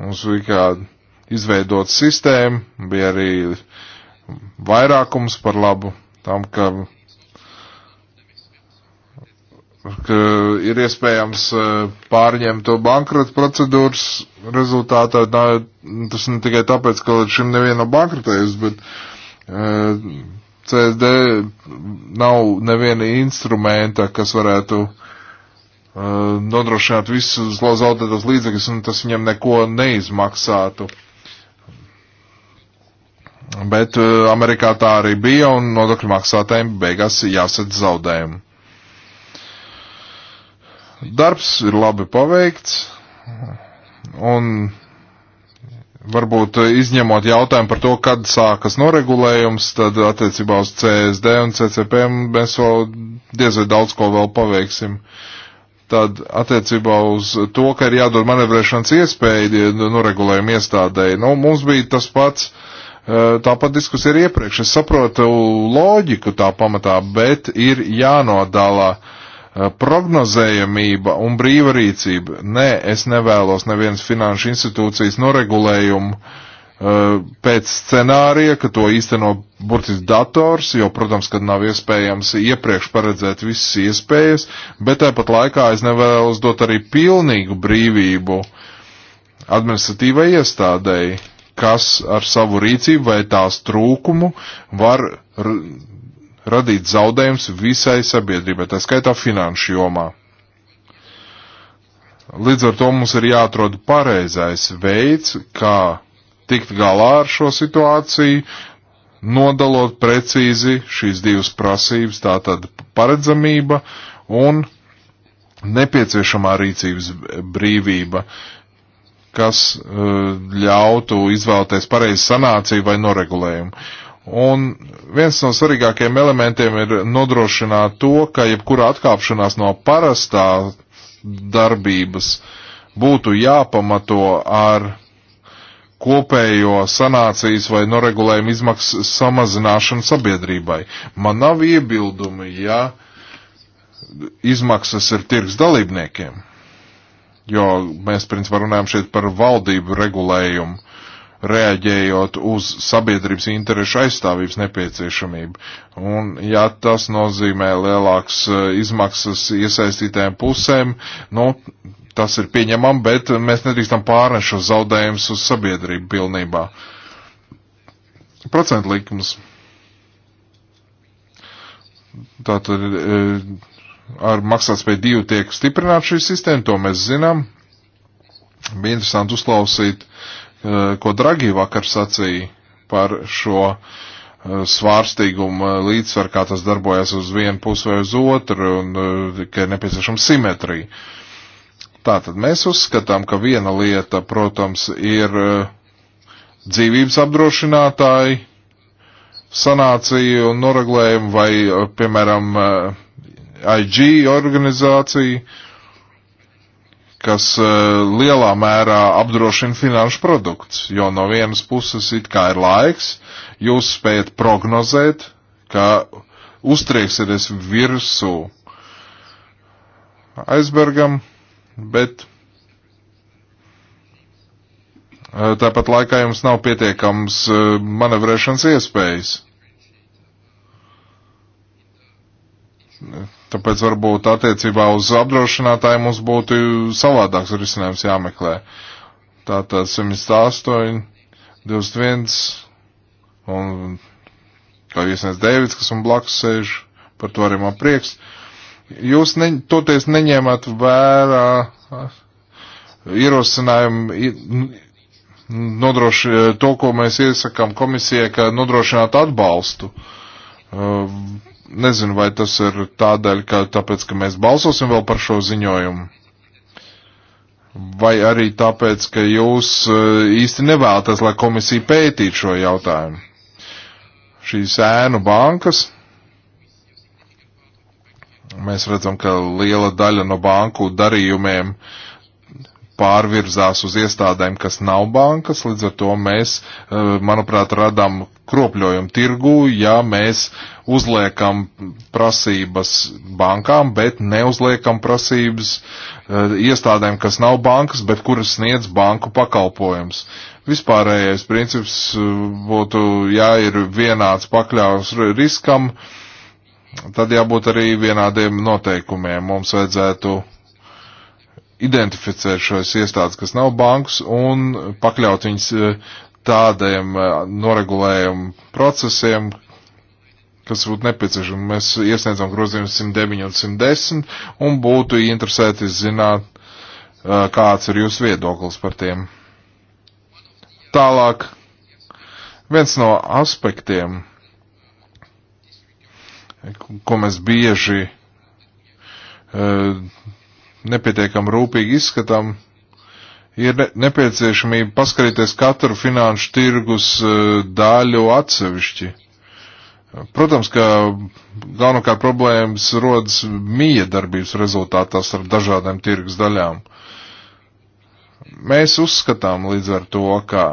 mums bija kāda izveidot sistēmu, bija arī vairākums par labu tam, ka ir iespējams eh, pārņemt to bankrota procedūras rezultātā. Nā, tas ne tikai tāpēc, ka līdz šim neviena nav bankrotējusi, bet uh, eh, CSD nav neviena instrumenta, kas varētu uh, nodrošināt visus zaudētos līdzekļus, un tas viņam neko neizmaksātu. Bet uh, Amerikā tā arī bija, un nodokļu maksātājiem beigās jāsadz zaudējumu. Darbs ir labi paveikts, un varbūt eh, izņemot jautājumu par to, kad sākas noregulējums, tad attiecībā uz CSD un CCP mēs vēl diez vai daudz ko vēl paveiksim. Tad attiecībā uz to, ka ir jādod manevrēšanas iespēja noregulējuma iestādēji, nu, mums bija tas pats. Eh, tāpat diskusija ir iepriekš. Es saprotu loģiku tā pamatā, bet ir jānodalā uh, Eh, prognozējamība un brīvarīcība. Nē, es nevēlos nevienas finanšu institūcijas noregulējumu eh, pēc scenārija, ka to īsteno burtiski dators, jo, protams, kad nav iespējams iepriekš paredzēt visas iespējas, bet tāpat laikā es nevēlos dot arī pilnīgu brīvību administratīvai iestādēji, kas ar savu rīcību vai tās trūkumu var radīt zaudējums visai sabiedrībai, tā skaitā finanšu jomā. Līdz ar to mums ir jāatrod pareizais veids, kā tikt galā ar šo situāciju, nodalot precīzi šīs divas prasības, tātad paredzamība un nepieciešamā rīcības brīvība, kas eh, ļautu izvēlēties pareizi sanāciju vai noregulējumu. Un viens no svarīgākajiem elementiem ir nodrošināt to, ka jebkura atkāpšanās no parastā darbības būtu jāpamato ar kopējo sanācijas vai noregulējumu izmaksu samazināšanu sabiedrībai. Man nav iebildumi, ja izmaksas ir tirgs dalībniekiem, jo mēs, principā, runājam šeit par valdību regulējumu reaģējot uz sabiedrības interešu aizstāvības nepieciešamību. Un, ja tas nozīmē lielāks eh, izmaksas iesaistītēm pusēm, nu, tas ir pieņemam, bet mēs nedrīkstam pārnešo zaudējumus uz sabiedrību pilnībā. Procentu likums. Tātad eh, ar maksātspēju divu tiek stiprināta šī sistēma, to mēs zinām. Bija interesanti uzklausīt uh, Eh, ko Dragi vakar sacīja par šo eh, svārstīgumu līdzsvaru, kā tas darbojas uz vienu pusi vai uz otru, un eh, ka ir nepieciešama simetrija. Tātad mēs uzskatām, ka viena lieta, protams, ir dzīvības apdrošinātāji, sanācija un noraglējumi vai, piemēram, IG organizācija, uh, kas eh, lielā mērā apdrošina finanšu produkts, jo no vienas puses it kā ir laiks, jūs spējat prognozēt, ka uztrieksieties virsū aizbergam, bet eh, tāpat laikā jums nav pietiekams eh, manevrēšanas iespējas Tāpēc varbūt attiecībā uz apdrošinātājiem mums būtu savādāks risinājums jāmeklē. Tātad 108, 21 un kā iesniedz Dēvids, kas un blakus sēž, par to arī man prieks. Jūs ne, toties neņēmāt vērā ierosinājumu nodroši, to, ko mēs iesakām komisijai, ka nodrošināt atbalstu. Uh, Nezinu, vai tas ir tādēļ, ka tāpēc, ka mēs balsosim vēl par šo ziņojumu. Vai arī tāpēc, ka jūs e, īsti nevēlaties, lai komisija pētītu šo jautājumu. Šīs ēnu bankas. Mēs redzam, ka liela daļa no banku darījumiem uh, pārvirzās uz iestādēm, kas nav bankas, līdz ar to mēs, e, manuprāt, radām kropļojumu tirgu, ja mēs uzliekam prasības bankām, bet neuzliekam prasības uh, iestādēm, kas nav bankas, bet kuras sniedz banku pakalpojums. Vispārējais princips eh, būtu, ja ir vienāds pakļaus riskam, tad jābūt arī vienādiem noteikumiem. Mums vajadzētu identificēt šos iestādes, kas nav bankas, un pakļaut viņus eh, tādiem noregulējumu procesiem, kas būtu nepieciešams. Mēs iesniedzām grozījumus 109 un 110 un būtu interesēti zināt, kāds ir jūsu viedoklis par tiem. Tālāk, viens no aspektiem, ko mēs bieži nepietiekam rūpīgi izskatām, ir nepieciešamība paskarīties katru finanšu tirgus daļu atsevišķi Protams, ka galvenokārt problēmas rodas mīja darbības rezultātā starp dažādām tirgus daļām. Mēs uzskatām līdz ar to, ka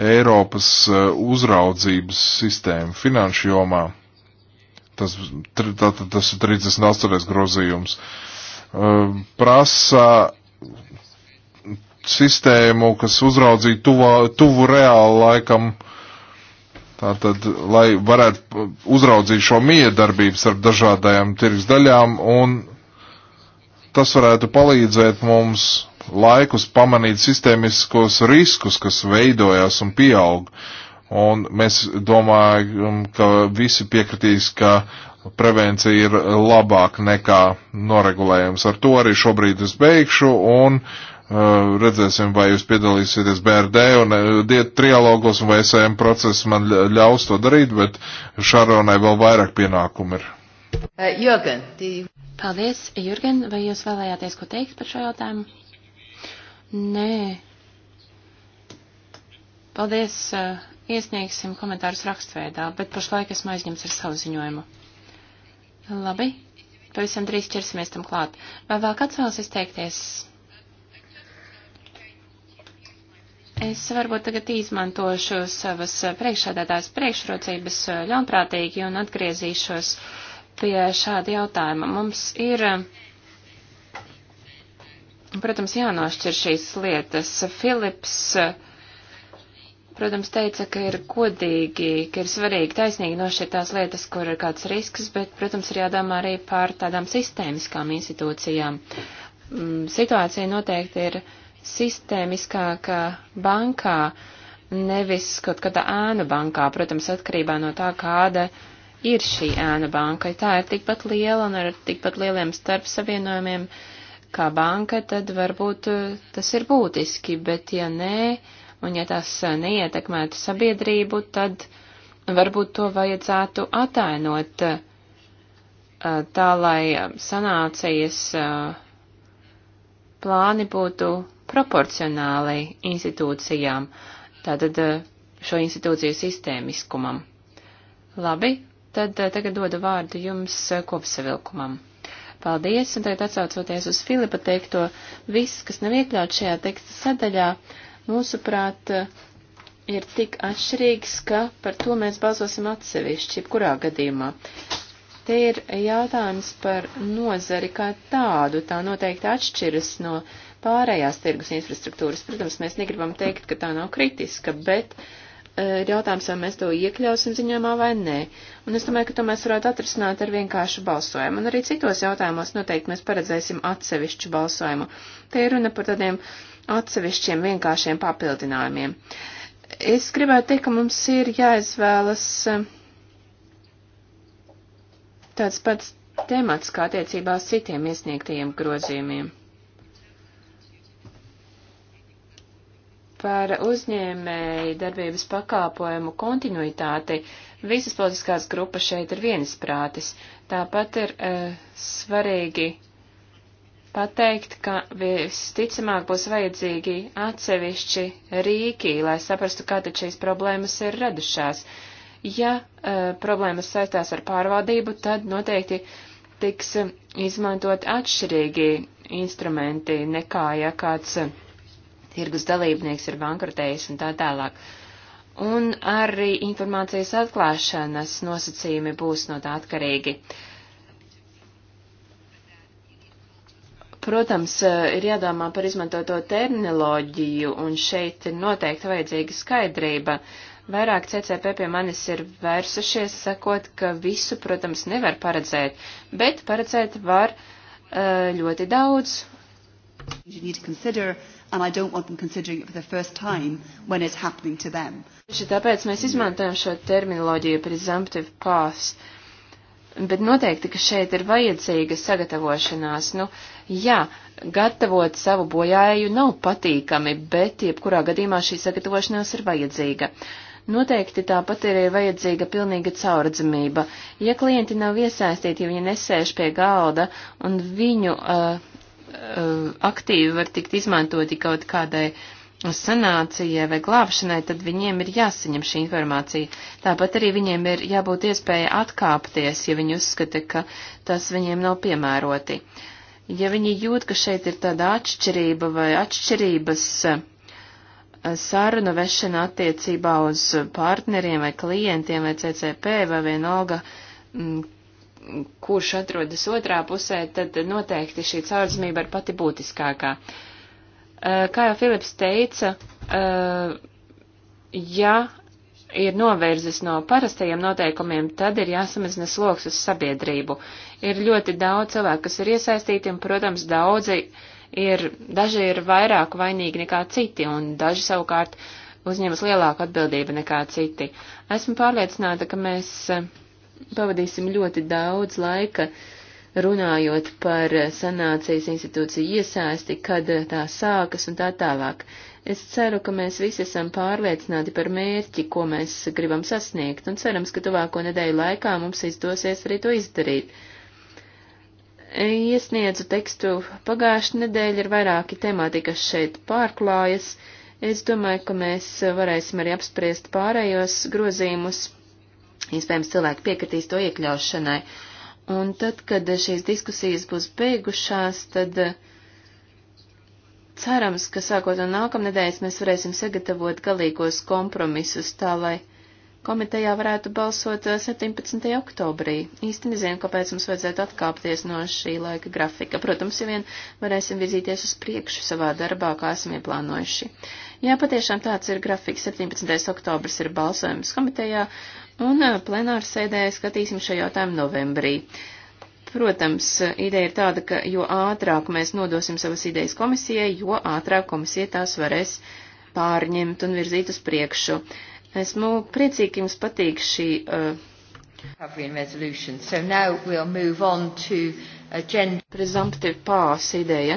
Eiropas eh, uzraudzības sistēma finanšu jomā, tas, tā, tas ir 38. grozījums, eh, prasa sistēmu, kas uzraudzīja tuvu reāli laikam uh, Tātad, lai varētu uzraudzīt šo miedarbības ar dažādajām tirgus daļām, un tas varētu palīdzēt mums laikus pamanīt sistēmiskos riskus, kas veidojas un pieaug. Un mēs domājam, ka visi piekritīs, ka prevencija ir labāk nekā noregulējums. Ar to arī šobrīd es beigšu un uh, Uh, redzēsim, vai jūs piedalīsieties BRD un uh, trialogos un vai SM process man ļaus to darīt, bet Šaronai vēl vairāk pienākumu ir. Uh, Jurgen, tī... Paldies, Jurgen, vai jūs vēlējāties ko teikt par šo jautājumu? Nē. Paldies, iesniegsim komentārus rakstveidā, bet pašlaik esmu aizņemts ar savu ziņojumu. Labi, pavisam drīz ķersimies tam klāt. Vai vēl kāds vēlas izteikties? Es varbūt tagad izmantošu savas priekšsēdētājas priekšrocības eh, ļaunprātīgi un atgriezīšos pie šāda jautājuma. Mums ir, protams, jānošķir šīs lietas. Filips, eh, protams, teica, ka ir godīgi, ka ir svarīgi taisnīgi nošķirt tās lietas, kur ir kāds risks, bet, protams, ir jādomā arī par tādām sistēmiskām institūcijām. Mm, situācija noteikti ir sistēmiskākā bankā, nevis kaut kādā ēnu bankā, protams, atkarībā no tā, kāda ir šī ēnu banka. Ja tā ir tikpat liela un ar tikpat lieliem starpsavienojumiem kā banka, tad varbūt uh, tas ir būtiski, bet ja nē, un ja tas neietekmētu sabiedrību, tad varbūt to vajadzētu atainot uh, tā, lai sanācijas uh, plāni būtu proporcionāli institūcijām, tātad eh, šo institūciju sistēmiskumam. Labi, tad eh, tagad dodu vārdu jums eh, kopsavilkumam. Paldies, un tagad atsaucoties uz Filipa teikto, viss, kas nav iekļauts šajā teksta sadaļā, mūsuprāt, ir tik atšķirīgs, ka par to mēs balsosim atsevišķi, jebkurā gadījumā. Te ir jautājums par nozari kā tādu, tā noteikti atšķiras no pārējās tirgus infrastruktūras. Protams, mēs negribam teikt, ka tā nav kritiska, bet e, ir jautājums, vai mēs to iekļausim ziņojumā vai nē. Un es domāju, ka to mēs varētu atrisināt ar vienkāršu balsojumu. Un arī citos jautājumos noteikti mēs paredzēsim atsevišķu balsojumu. Te ir runa par tādiem atsevišķiem vienkāršiem papildinājumiem. Es gribētu teikt, ka mums ir jāizvēlas e, tāds pats temats kā attiecībā uz citiem iesniegtajiem grozījumiem. par uzņēmēju darbības pakāpojumu kontinuitāti. Visas politiskās grupas šeit ir vienisprātis. Tāpat ir e, svarīgi pateikt, ka visticamāk būs vajadzīgi atsevišķi rīki, lai saprastu, kā tad šīs problēmas ir radušās. Ja e, problēmas saistās ar pārvaldību, tad noteikti tiks izmantot atšķirīgi instrumenti nekā, ja kāds tirgus dalībnieks ir bankrotējis un tā tālāk. Un arī informācijas atklāšanas nosacījumi būs no tā atkarīgi. Protams, eh, ir jādomā par izmantoto terminoloģiju, un šeit ir noteikti vajadzīga skaidrība. Vairāk CCP pie manis ir vērsušies, sakot, ka visu, protams, nevar paredzēt, bet paredzēt var eh, ļoti daudz. You need to consider uh, and I don't want them considering it for the first time when it's happening to them. Tieši tāpēc mēs izmantojam šo terminoloģiju presumptive pass. Bet noteikti, ka šeit ir vajadzīga sagatavošanās. Nu, jā, gatavot savu bojāju nav patīkami, bet jebkurā gadījumā šī sagatavošanās ir vajadzīga. Noteikti tāpat ir vajadzīga pilnīga caurdzamība. Ja klienti nav iesaistīti, ja viņi nesēž pie galda un viņu uh, Eh, aktīvi var tikt izmantoti kaut kādai sanācijai vai glābšanai, tad viņiem ir jāsaņem šī informācija. Tāpat arī viņiem ir jābūt iespēja atkāpties, ja viņi uzskata, ka tas viņiem nav piemēroti. Ja viņi jūt, ka šeit ir tāda atšķirība vai atšķirības eh, sarunu vešana attiecībā uz partneriem vai klientiem vai CCP vai vienalga, mm, kurš atrodas otrā pusē, tad noteikti šī caurzmība ir pati būtiskākā. Eh, kā jau Filips teica, eh, ja ir novērzis no parastajiem noteikumiem, tad ir jāsamazina sloks uz sabiedrību. Ir ļoti daudz cilvēku, kas ir iesaistīti, un, protams, daudzi ir, daži ir vairāk vainīgi nekā citi, un daži savukārt uzņemas lielāku atbildību nekā citi. Esmu pārliecināta, ka mēs eh, pavadīsim ļoti daudz laika runājot par sanācijas institūciju iesaisti, kad tā sākas un tā tālāk. Es ceru, ka mēs visi esam pārliecināti par mērķi, ko mēs gribam sasniegt, un cerams, ka tuvāko nedēļu laikā mums izdosies arī to izdarīt. Iesniedzu tekstu pagājušajā nedēļā, ir vairāki temati, kas šeit pārklājas. Es domāju, ka mēs varēsim arī apspriest pārējos grozījumus Iespējams, cilvēki piekritīs to iekļaušanai. Un tad, kad šīs diskusijas būs beigušās, tad eh, cerams, ka sākot no nākamnedēļas mēs varēsim sagatavot galīgos kompromisus tā, lai komitejā varētu balsot 17. Eh, oktobrī. Īsti nezinu, kāpēc mums vajadzētu atkāpties no šī laika grafika. Protams, ja vien varēsim virzīties uz priekšu savā darbā, kā esam ieplānojuši. Jā, patiešām tāds ir grafiks. 17. oktobris ir balsojums komitejā, Un plenāra sēdē skatīsim šo jautājumu novembrī. Protams, ideja ir tāda, ka jo ātrāk mēs nodosim savas idejas komisijai, jo ātrāk komisija tās varēs pārņemt un virzīt uz priekšu. Esmu priecīgi, ka jums patīk šī. Uh, so we'll Presumptive pās ideja.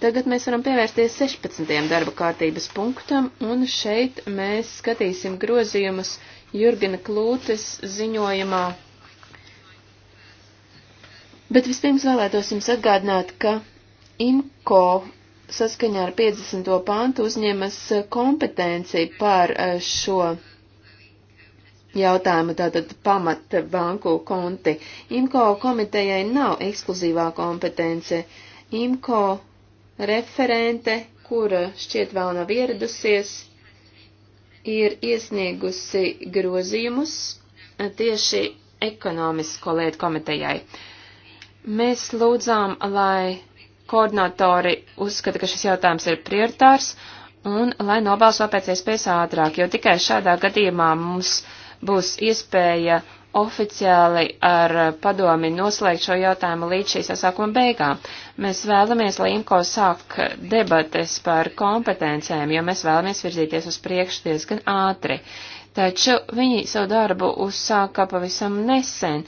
Tagad mēs varam pievērsties 16. darba kārtības punktam, un šeit mēs skatīsim grozījumus Jurgena Klūtes ziņojumā. Bet vispirms vēlētos jums atgādināt, ka IMCO saskaņā ar 50. pantu uzņemas eh, kompetenci par eh, šo jautājumu, tātad pamata banku konti. IMCO komitejai nav ekskluzīvā kompetence. IMCO referente, kura šķiet vēl nav ieradusies, ir iesniegusi grozījumus tieši ekonomisko lietu komitejai. Mēs lūdzām, lai koordinatori uzskata, ka šis jautājums ir prioritārs un lai nobalso pēc iespējas ātrāk, jo tikai šādā gadījumā mums būs iespēja oficiāli ar padomi noslēgt šo jautājumu līdz šī sasākuma beigām. Mēs vēlamies, lai IMCO sāk debates par kompetencēm, jo mēs vēlamies virzīties uz priekšu diezgan ātri. Taču viņi savu darbu uzsāka pavisam nesen,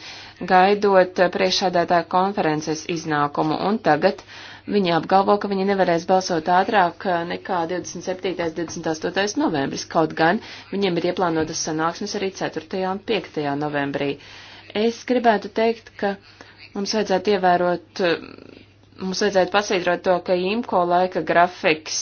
gaidot priekšādātāju konferences iznākumu, un tagad uh, Viņi apgalvo, ka viņi nevarēs balsot ātrāk eh, nekā 27. 28. novembris, kaut gan viņiem ir ieplānotas sanāksmes arī 4. un 5. novembrī. Es gribētu teikt, ka mums vajadzētu ievērot, eh, mums vajadzētu pasvītrot to, ka IMCO laika grafiks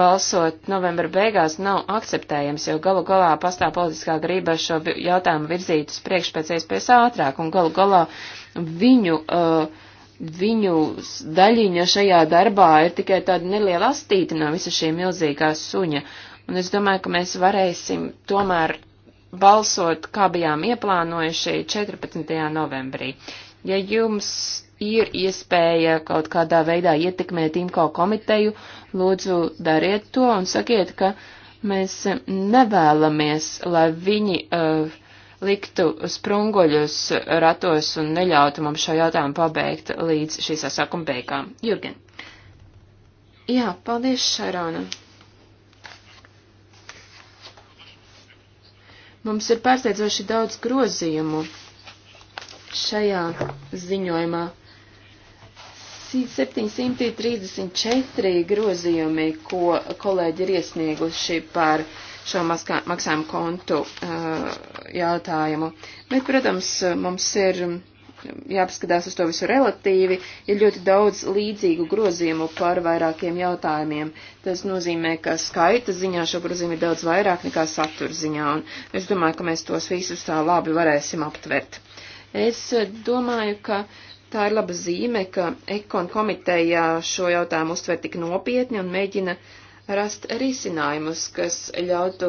balsot novembra beigās nav akceptējams, jo galu galā pastāv politiskā grība šo jautājumu virzīt uz priekšu pēc iespējas ātrāk, un galu galā viņu uh, viņu daļiņa šajā darbā ir tikai tāda neliela astīta no visa šī milzīgā suņa. Un es domāju, ka mēs varēsim tomēr balsot, kā bijām ieplānojuši 14. novembrī. Ja jums ir iespēja kaut kādā veidā ietekmēt IMCO komiteju, lūdzu dariet to un sakiet, ka mēs nevēlamies, lai viņi uh, liktu sprungoļus ratos un neļautu mums šo jautājumu pabeigt līdz šī sasākuma beigām. Jurgen. Jā, paldies, Šarona. Mums ir pārsteidzoši daudz grozījumu šajā ziņojumā. 734 grozījumi, ko kolēģi ir iesnieguši par uh, šo maskā, maksājumu kontu uh, jautājumu. Bet, protams, mums ir um, jāpaskatās uz to visu relatīvi, ir ļoti daudz līdzīgu grozījumu par vairākiem jautājumiem. Tas nozīmē, ka skaita ziņā šo grozījumu ir daudz vairāk nekā satura ziņā, un es domāju, ka mēs tos visus tā labi varēsim aptvert. Es uh, domāju, ka tā ir laba zīme, ka ekon komiteja šo jautājumu uztver tik nopietni un mēģina uh, rast risinājumus, kas ļautu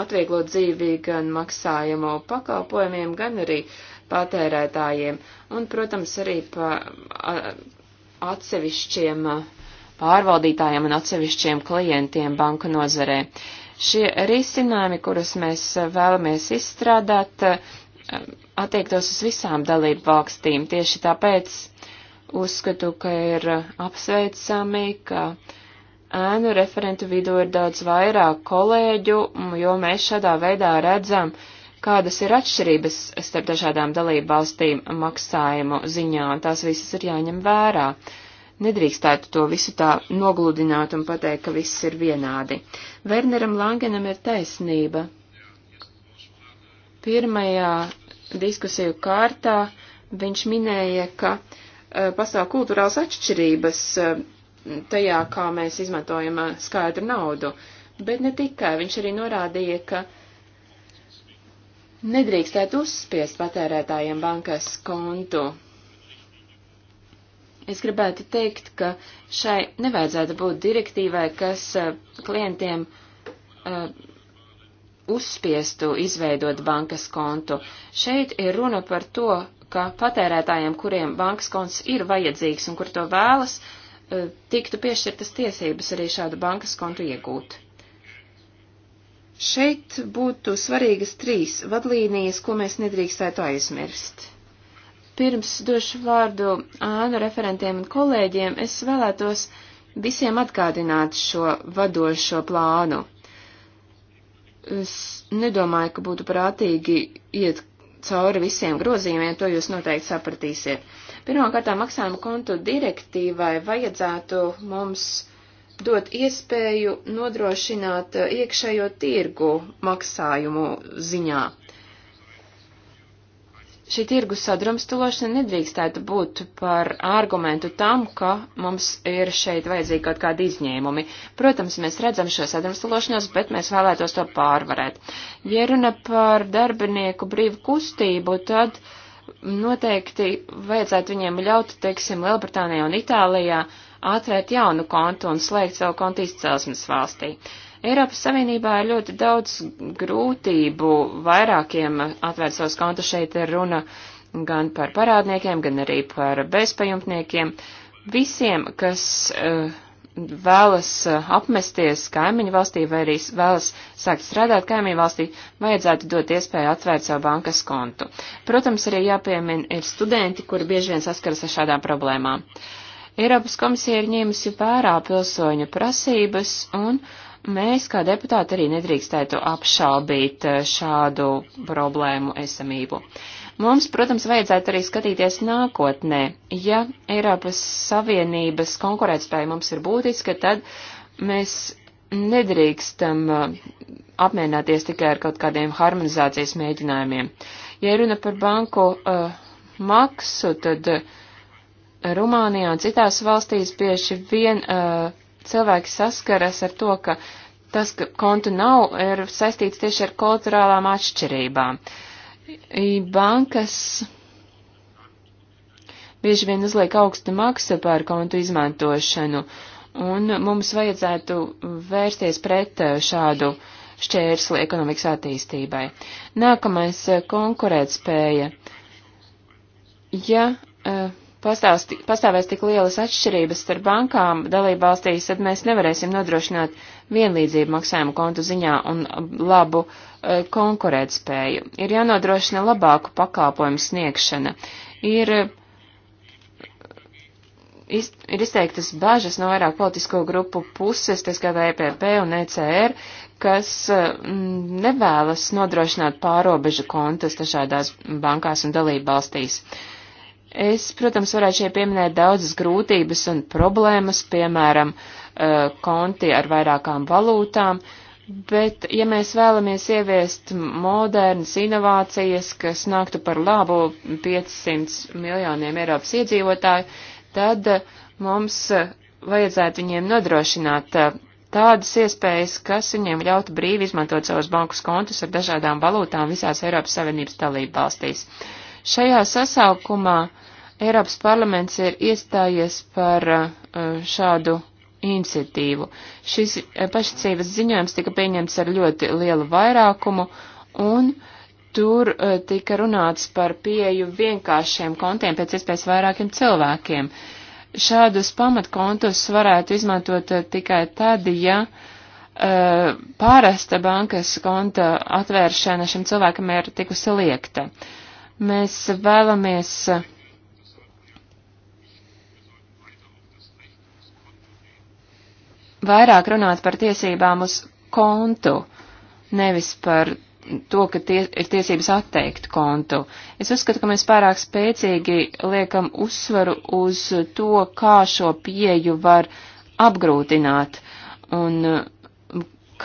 atvieglot dzīvi gan maksājumu pakalpojumiem, gan arī patērētājiem un, protams, arī pa atsevišķiem pārvaldītājiem un atsevišķiem klientiem banku nozarē. Šie risinājumi, kurus mēs vēlamies izstrādāt, attiektos uz visām dalību valstīm. Tieši tāpēc uzskatu, ka ir apsveicami, ka uh, ēnu referentu vidū ir daudz vairāk kolēģu, jo mēs šādā veidā redzam, kādas ir atšķirības starp dažādām dalību valstīm maksājumu ziņā, un tās visas ir jāņem vērā. Nedrīkstētu to visu tā nogludināt un pateikt, ka viss ir vienādi. Werneram Langenam ir taisnība. Pirmajā diskusiju kārtā viņš minēja, ka eh, pastāv kultūrāls atšķirības eh, tajā, kā mēs izmantojam uh, skaidru naudu. Bet ne tikai, viņš arī norādīja, ka nedrīkstētu uzspiest patērētājiem bankas kontu. Es gribētu teikt, ka šai nevajadzētu būt direktīvai, kas uh, klientiem uh, uzspiestu izveidot bankas kontu. Šeit ir runa par to, ka patērētājiem, kuriem bankas konts ir vajadzīgs un kur to vēlas, uh, E, tiktu piešķirtas tiesības arī šādu bankas kontu iegūt. Šeit būtu svarīgas trīs vadlīnijas, ko mēs nedrīkstētu aizmirst. Pirms došu vārdu ānu referentiem un kolēģiem, es vēlētos visiem atgādināt šo vadošo plānu. Es nedomāju, ka būtu prātīgi iet cauri visiem grozījumiem, to jūs noteikti sapratīsiet. Pirmkārt, maksājuma kontu direktīvai vajadzētu mums dot iespēju nodrošināt uh, iekšējo tirgu maksājumu ziņā. Šī tirgus sadrumstalošana nedrīkstētu būt par argumentu tam, ka mums ir šeit vajadzīgi kaut kādi izņēmumi. Protams, mēs redzam šo sadrumstalošanos, bet mēs vēlētos to pārvarēt. Ja runa par darbinieku brīvu kustību, tad uh, noteikti vajadzētu viņiem ļaut, teiksim, Lielbritānijā un Itālijā atvērt jaunu kontu un slēgt savu kontu izcelsmes valstī. Eiropas Savienībā ir ļoti daudz grūtību vairākiem atvērt savus kontus. Šeit ir runa gan par parādniekiem, gan arī par bezpajumtniekiem. Visiem, kas uh, vēlas eh, apmesties kaimiņu valstī vai arī vēlas sākt strādāt kaimiņu valstī, vajadzētu dot iespēju atvērt savu bankas kontu. Protams, arī jāpiemin ir studenti, kuri bieži vien saskaras ar šādām problēmām. Eiropas komisija ir ņēmusi vērā pilsoņu prasības un mēs kā deputāti arī nedrīkstētu apšaubīt eh, šādu problēmu esamību. Uh, Mums, protams, vajadzētu arī skatīties nākotnē. Ja Eiropas Savienības konkurētspēja mums ir būtiska, tad mēs nedrīkstam uh, apmierināties tikai ar kaut kādiem harmonizācijas mēģinājumiem. Ja runa par banku uh, maksu, tad uh, Rumānijā un citās valstīs bieži vien uh, cilvēki saskaras ar to, ka tas, ka konta nav, ir saistīts tieši ar kulturālām atšķirībām. Bankas bieži vien uzliek augstu maksu par kontu izmantošanu, un mums vajadzētu vērsties pret eh, šādu šķērsli ekonomikas attīstībai. Nākamais eh, - konkurētspēja. Ja uh, eh, pastāvs, pastāvēs tik lielas atšķirības starp bankām dalībvalstīs, tad mēs nevarēsim nodrošināt vienlīdzību maksājumu kontu ziņā un labu uh, Eh, konkurētspēju, ir jānodrošina labāku pakalpojumu sniegšana, ir, eh, iz, ir izteiktas bažas no vairāk politisko grupu puses, tas kā VPP e un ECR, kas eh, m, nevēlas nodrošināt pārobežu kontas dažādās bankās un dalību valstīs. Es, protams, varētu šeit pieminēt daudzas grūtības un problēmas, piemēram, konti ar vairākām valūtām, uh, Bet, ja mēs vēlamies ieviest modernas inovācijas, kas nāktu par labu 500 miljoniem Eiropas iedzīvotāju, tad eh, mums eh, vajadzētu viņiem nodrošināt eh, tādas iespējas, kas viņiem ļautu brīvi izmantot savus bankas kontus ar dažādām valūtām visās Eiropas Savienības dalību valstīs. Šajā sasaukumā Eiropas parlaments ir iestājies par šādu iniciatīvu. Šis eh, pašcības ziņojums tika pieņemts ar ļoti lielu vairākumu un tur eh, tika runāts par pieju vienkāršiem kontiem pēc iespējas vairākiem cilvēkiem. Šādus pamatkontus varētu izmantot eh, tikai tad, ja uh, pārasta bankas konta atvēršana šim cilvēkam ir tikusi liekta. Mēs vēlamies uh, vairāk runāt par tiesībām uz kontu, nevis par to, ka tie, ir tiesības atteikt kontu. Es uzskatu, ka mēs pārāk spēcīgi liekam uzsvaru uz to, kā šo pieju var apgrūtināt un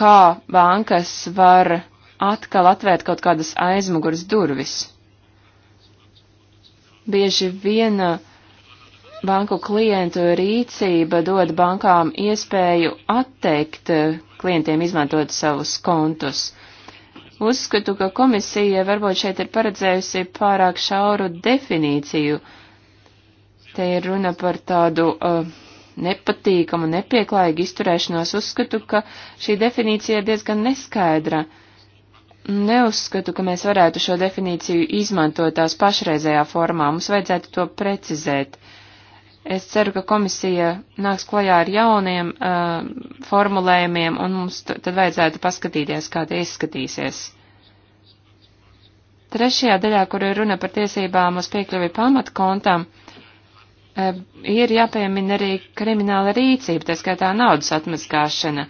kā bankas var atkal atvērt kaut kādas aizmuguras durvis. Bieži viena banku klientu rīcība dod bankām iespēju atteikt eh, klientiem izmantot savus kontus. Uzskatu, ka komisija varbūt šeit ir paredzējusi pārāk šauru definīciju. Te ir runa par tādu uh, nepatīkamu, nepieklājīgu izturēšanos. Uzskatu, ka šī definīcija ir diezgan neskaidra. Neuzskatu, ka mēs varētu šo definīciju izmantot tās pašreizējā formā. Mums vajadzētu to precizēt. Uh, Es ceru, ka komisija nāks klajā ar jauniem uh, formulējumiem, un mums tad vajadzētu paskatīties, kā tie izskatīsies. Trešajā daļā, kur ir runa par tiesībām uz piekļuvi pamatkontam, uh, ir jāpiemina arī krimināla rīcība, tā skaitā naudas atmazgāšana.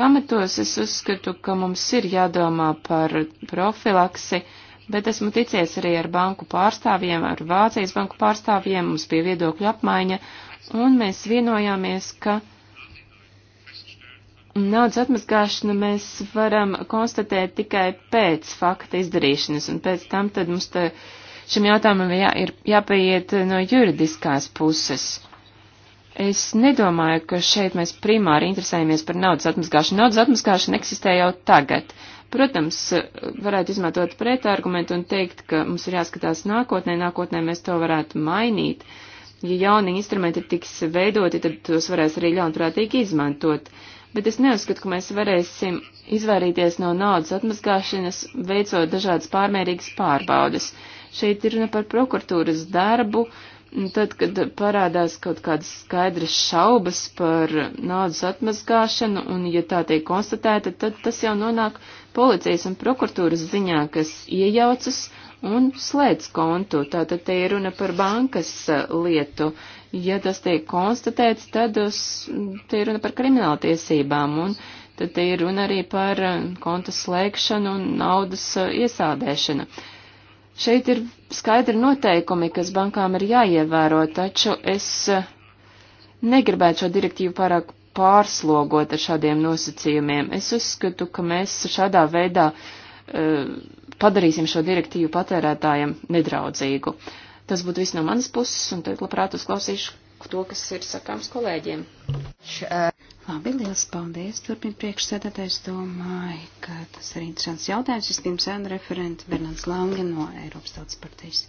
Pamatos es uzskatu, ka mums ir jādomā par profilaksi, uh, bet esmu ticies arī ar banku pārstāvjiem, ar Vācijas banku pārstāvjiem, mums bija viedokļu apmaiņa, un mēs vienojāmies, ka naudas atmazgāšanu mēs varam konstatēt tikai pēc fakta izdarīšanas, un pēc tam tad mums te, šim jautājumam jā, ir jāpaiet no juridiskās puses. Es nedomāju, ka šeit mēs primāri interesējamies par naudas atmazgāšanu. Naudas atmazgāšana eksistē jau tagad Protams, varētu izmantot pretargumentu un teikt, ka mums ir jāskatās nākotnē, nākotnē mēs to varētu mainīt. Ja jauni instrumenti tiks veidoti, tad tos varēs arī ļaunprātīgi izmantot. Bet es neuzskatu, ka mēs varēsim izvairīties no naudas atmazgāšanas, veicot dažādas pārmērīgas pārbaudas. Šeit ir runa par prokuratūras darbu, uh, Tad, kad parādās kaut kādas skaidras šaubas par naudas atmazgāšanu, un ja tā tiek konstatēta, tad tas jau nonāk policijas un prokuratūras ziņā, kas iejaucas un slēdz kontu. Tātad te ir runa par bankas lietu. Ja tas tiek konstatēts, tad uz, te ir runa par krimināla tiesībām, un tad te ir runa arī par konta slēgšanu un naudas iesādēšanu. Šeit ir skaidri noteikumi, kas bankām ir jāievēro, taču es eh, negribētu šo direktīvu pārāk pārslogot ar šādiem nosacījumiem. Es uzskatu, ka mēs šādā veidā uh, padarīsim šo direktīvu patērētājiem nedraudzīgu. Tas būtu viss no manas puses, un tad labprāt uzklausīšu to, kas ir sakāms kolēģiem. Labi, liels paldies. Turpin priekšsēdētājs domāju, ka tas ir interesants jautājums. Vispirms ēna referenta Bernards Lange no Eiropas Tautas partijas.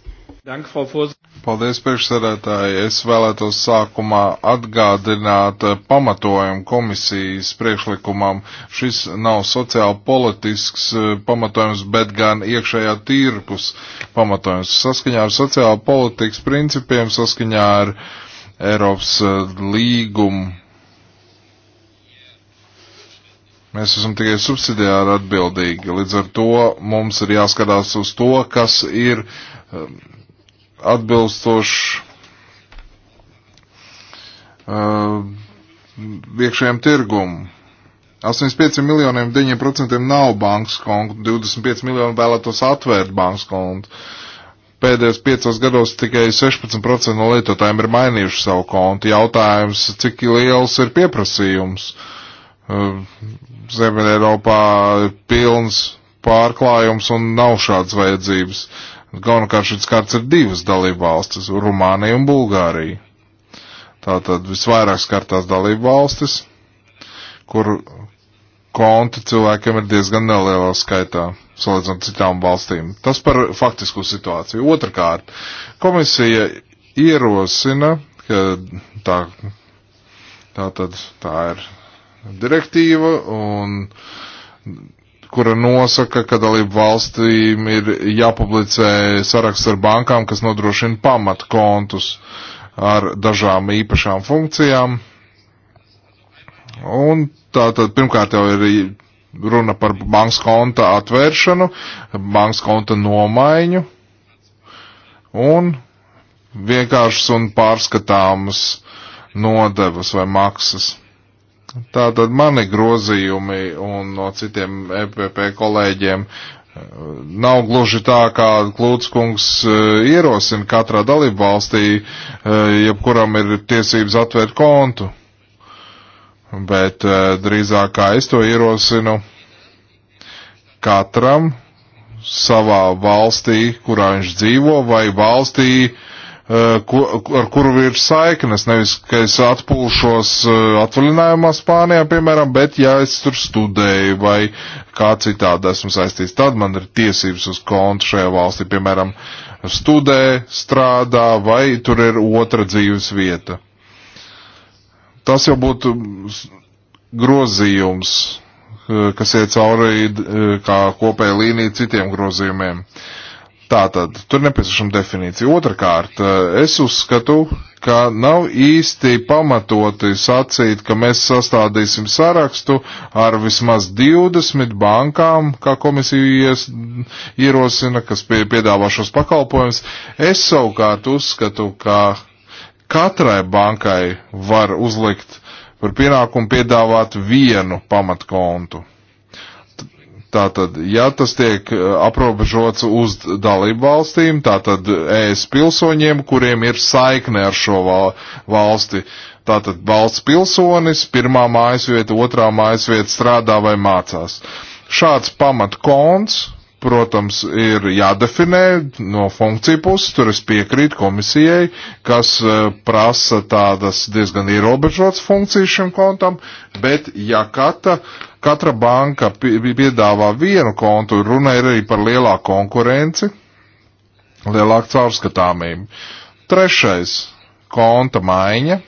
Dank, Frau Fos. Paldies, priekšsēdētāji. Es vēlētos sākumā atgādināt eh, pamatojumu komisijas priekšlikumam. Šis nav sociāli politisks eh, pamatojums, bet gan iekšējā tirpus pamatojums. Saskaņā ar sociāli politikas principiem, saskaņā ar uh, Eiropas eh, līgumu. Mēs esam tikai subsidiāri atbildīgi, līdz ar to mums ir jāskatās uz to, kas ir ehm, atbilstoši uh, ehm, iekšējiem tirgumam. 85 miljoniem 9% nav bankas konta, 25 miljoni vēlētos atvērt bankas kontu. Uh, pēdējos piecos gados tikai 16% no lietotājiem ir mainījuši savu kontu. Jautājums, cik liels ir pieprasījums? Ehm, Ziemeļa Eiropā ir pilns pārklājums un nav šādas vajadzības. Galvenokārt šis kārts ir divas dalībvalstis - Rumānija un Bulgārija. Tātad visvairāk skartās dalībvalstis, kur kontu cilvēkiem ir diezgan nelielā skaitā, salīdzinot citām valstīm. Tas par faktisko situāciju. Otrakārt, komisija ierosina, ka tā, tā tad tā ir direktīva un kura nosaka, ka dalību valstīm ir jāpublicē saraksts ar bankām, kas nodrošina pamatkontus ar dažām īpašām funkcijām Un tātad pirmkārt jau ir runa par bankas konta atvēršanu, bankas konta nomaiņu un vienkāršas un pārskatāmas nodevas vai maksas. Tātad mani grozījumi un no citiem EPP kolēģiem eh, nav gluži tā, kā Klūtskungs eh, ierosina katrā dalību valstī, eh, jebkuram ir tiesības atvērt kontu bet eh, drīzāk kā es to ierosinu katram savā valstī, kurā viņš dzīvo, vai valstī, eh, ko, ar kuru ir saiknes. Nevis, ka es atpūšos eh, atvaļinājumā Spānijā, piemēram, bet ja es tur studēju vai kā citādi esmu saistīts, tad man ir tiesības uz kontu šajā valstī, piemēram, studē, strādā vai tur ir otra dzīves vieta. Tas jau būtu grozījums, e, kas iet cauri e, kā kopēja līnija citiem grozījumiem. Tātad, tur nepieciešama definīcija. Otrakārt, e, es uzskatu, ka nav īsti pamatoti sacīt, ka mēs sastādīsim sarakstu ar vismaz 20 bankām, kā komisija ies, ierosina, kas pie, piedāvā šos pakalpojumus. Es savukārt uzskatu, ka katrai bankai var uzlikt par pienākumu piedāvāt vienu pamatkontu. Tātad, ja tas tiek e, aprobežots uz dalību valstīm, tātad ES pilsoņiem, kuriem ir saikne ar šo valsti, tātad valsts pilsonis, pirmā mājas vieta, otrā mājas vieta strādā vai mācās. Šāds pamatkonts protams, ir jādefinē no funkcija puses, tur es piekrītu komisijai, kas e, prasa tādas diezgan ierobežotas funkcijas šim kontam, bet ja kata, katra banka piedāvā vienu kontu, runa ir arī par lielāku konkurenci, lielāku caurskatāmību. Trešais - konta maiņa.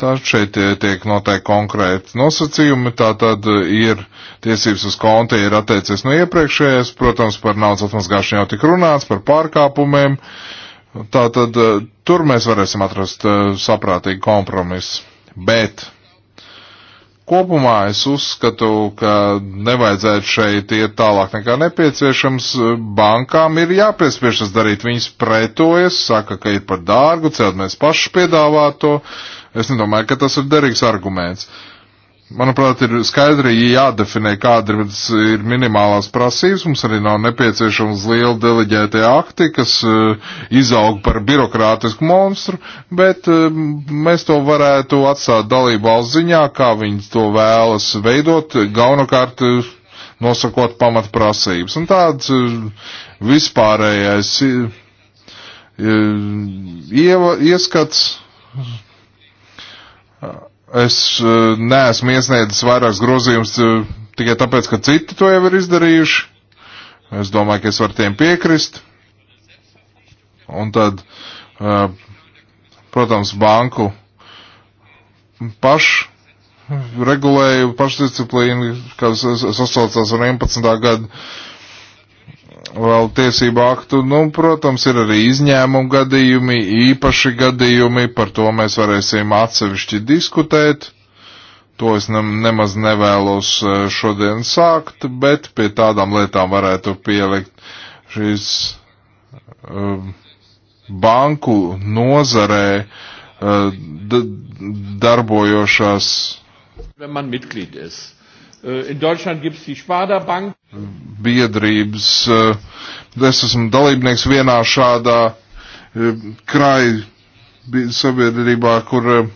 Tā šeit tiek noteikti konkrēti nosacījumi, tā tad ir uh, tiesības uz konta ir atteicies no iepriekšējās, protams, par naudas atmazgāšanu jau tik runāts, par pārkāpumiem. Tā tad eh, tur mēs varēsim atrast eh, saprātīgu kompromisu. Bet kopumā es uzskatu, ka nevajadzētu šeit iet tālāk nekā nepieciešams. Bankām ir jāpiespiešas darīt. Viņas pretojas, saka, ka ir par dārgu, celt mēs paši piedāvāto. Es nedomāju, ka tas ir derīgs arguments. Uh, Manuprāt, ir skaidri jādefinē, kāda ir minimālās prasības. Mums arī nav nepieciešams liela deleģētie akti, kas uh, izaug par birokrātisku monstru, bet uh, mēs to varētu atstāt dalību valsts ziņā, kā viņi to vēlas veidot, galvenokārt uh, nosakot pamatprasības. Un tāds vispārējais ieva, ieskats Es eh, neesmu iesniedzis vairākas grozījumus eh, tikai tāpēc, ka citi to jau ir izdarījuši. Es domāju, ka es varu tiem piekrist. Un tad, eh, protams, banku pašu regulēju pašdisciplīnu, kas sasaucās ar 11. gadu vēl tiesību aktu. Nu, protams, ir arī izņēmumu gadījumi, īpaši gadījumi, par to mēs varēsim atsevišķi diskutēt. To es ne, nemaz nevēlos eh, šodien sākt, bet pie tādām lietām varētu pielikt šīs uh, banku nozarē uh, darbojošās. Wenn man Mitglied ist. Äh, in Deutschland gibt es die Sparda Bank. Mm biedrības. Eh, es esmu dalībnieks vienā šādā eh, krāju sabiedrībā, kur eh,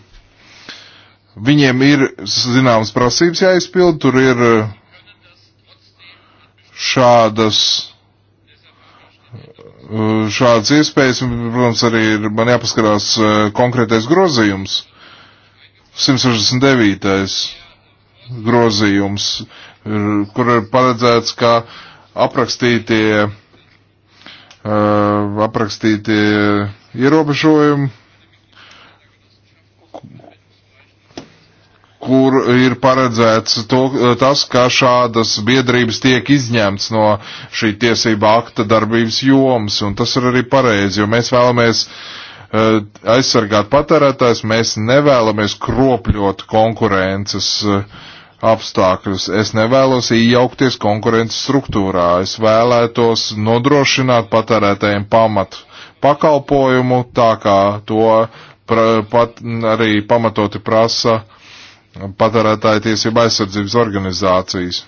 viņiem ir zināmas prasības jāizpild, tur ir šādas šādas iespējas, un, protams, arī ir, man jāpaskarās konkrētais grozījums. 169 grozījums, kur ir paredzēts, ka aprakstītie, eh, aprakstītie ierobežojumi, kur ir paredzēts to, tas, ka šādas biedrības tiek izņemts no šī tiesība akta darbības jomas, un tas ir arī pareizi, jo mēs vēlamies uh, aizsargāt patērētājs, mēs nevēlamies kropļot konkurences uh, apstākļus. Es nevēlos iejaukties konkurences struktūrā. Es vēlētos nodrošināt patērētējiem pamatu pakalpojumu, tā kā to pra, pat, arī pamatoti prasa patērētāja tiesība aizsardzības organizācijas.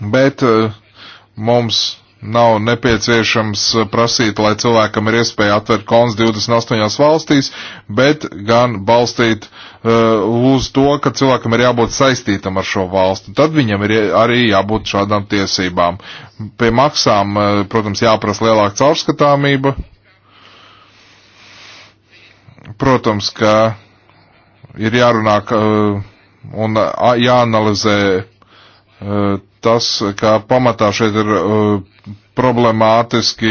Bet eh, mums nav nepieciešams prasīt, lai cilvēkam ir iespēja atvērt konts 28 valstīs, bet gan balstīt uh, Uh, uz to, ka cilvēkam ir jābūt saistītam ar šo valstu. Tad viņam ir arī jābūt šādām tiesībām. Pie maksām, uh, protams, jāprasa lielāka caurskatāmība. Protams, ka ir jārunā uh, un jāanalizē tas, ka pamatā šeit ir problemātiski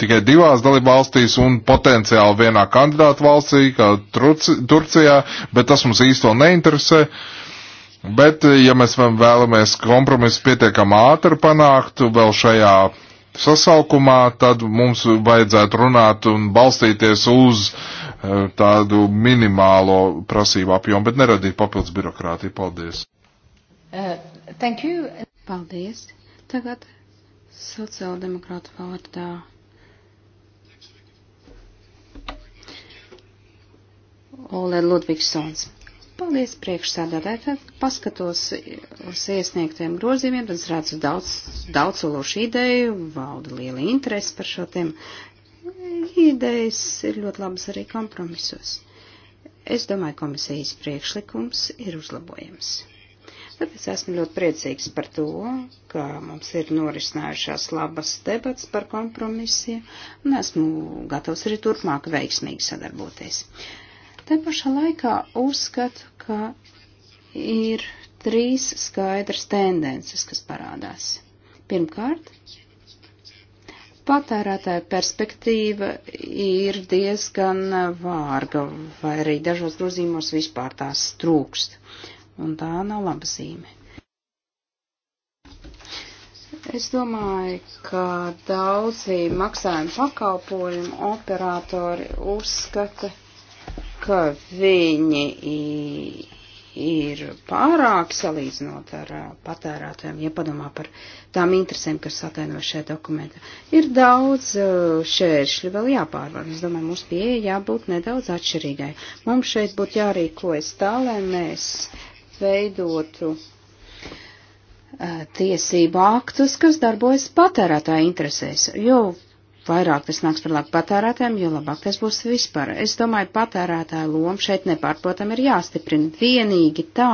tikai divās dalībvalstīs un potenciāli vienā kandidātu valstī, kā Turcijā, bet tas mums īsto neinteresē. Bet, ja mēs vēlamies kompromisu pietiekam ātri panākt vēl šajā sasaukumā, tad mums vajadzētu runāt un balstīties uz eh, tādu minimālo prasību apjomu, bet neradīt papildus birokrātiju. Paldies! Uh, thank you. Paldies. Tagad sociāldemokrātu vārdā. Ole Ludvigsons. Paldies priekšsādātāji, tad paskatos uz iesniegtiem grozījumiem, tad es redzu daudz, daudz sološu ideju, valda liela interese par šo tiem. Idejas ir ļoti labas arī kompromisos. Es domāju, komisijas priekšlikums ir uzlabojams. Tāpēc esmu ļoti priecīgs par to, ka mums ir norisinājušās labas debats par kompromisiem, un esmu gatavs arī turpmāk veiksmīgi sadarboties. Te pašā laikā uzskatu, ka ir trīs skaidras tendences, kas parādās. Pirmkārt, patērētāja perspektīva ir diezgan vārga, vai arī dažos grozījumos vispār tās trūkst un tā nav laba zīme. Es domāju, ka daudzi maksājumu pakalpojumu operatori uzskata, ka viņi ir pārāk salīdzinot ar patērētājiem, ja padomā par tām interesēm, kas ataino šajā dokumentā. Ir daudz šēršļu vēl jāpārvar. Es domāju, mums pieeja jābūt nedaudz atšķirīgai. Mums šeit būtu jārīkojas tā, lai mēs veidotu tiesību aktus, kas darbojas patērētāja interesēs, jo vairāk tas nāks par labu patērētājiem, jo labāk tas būs vispār. Es domāju, patērētāja loma šeit nepārprotam ir jāstiprina. Vienīgi tā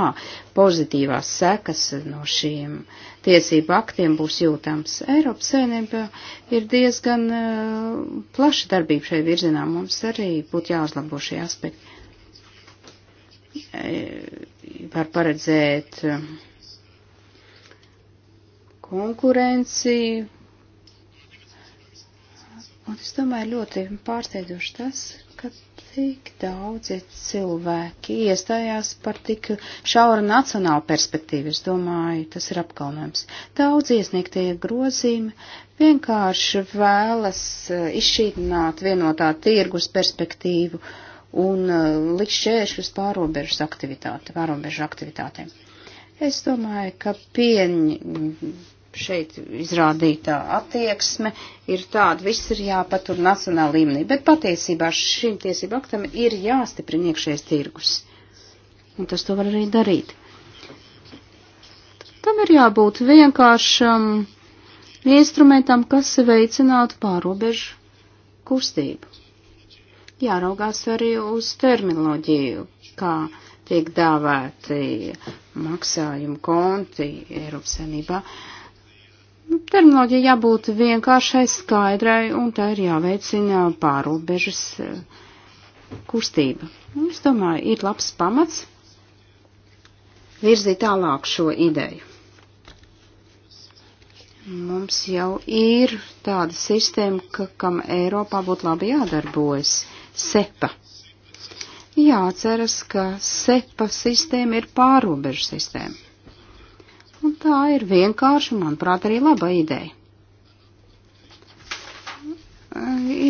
pozitīvās sekas no šiem tiesību aktiem būs jūtams. Eiropas saimnieba ir diezgan uh, plaša darbība šai virzienā. Mums arī būtu jāuzlabo šie aspekti. Eh, var paredzēt eh, konkurenci. Un es domāju, ļoti pārsteidzoši tas, ka tik daudzi cilvēki iestājās par tik šauru nacionālu perspektīvu. Es domāju, tas ir apkalnojums. Daudz iesniegtie grozījumi vienkārši vēlas eh, izšķīdināt vienotā tirgus perspektīvu. Uh, un uh, likt šķēršļus pārobežu aktivitāte, pārobežu aktivitātēm. Es domāju, ka pieņi šeit izrādītā attieksme ir tāda, viss ir jāpatur nacionāla līmenī, bet patiesībā šim tiesību aktam ir jāstiprina iekšējais tirgus. Un tas to var arī darīt. Tam ir jābūt vienkāršam instrumentam, kas veicinātu pārobežu kustību jāraugās arī uz terminoloģiju, kā tiek dāvēti maksājumu konti Eiropas Savienībā. Nu, terminoloģija jābūt vienkāršai, skaidrai, un tā ir jāveicina pārobežas eh, kustība. Un es domāju, ir labs pamats virzīt tālāk šo ideju. Mums jau ir tāda sistēma, ka, kam Eiropā būtu labi jādarbojas sepa. Jāceras, ka sepa sistēma ir pārobežu sistēma. Un tā ir vienkārši, manuprāt, arī laba ideja.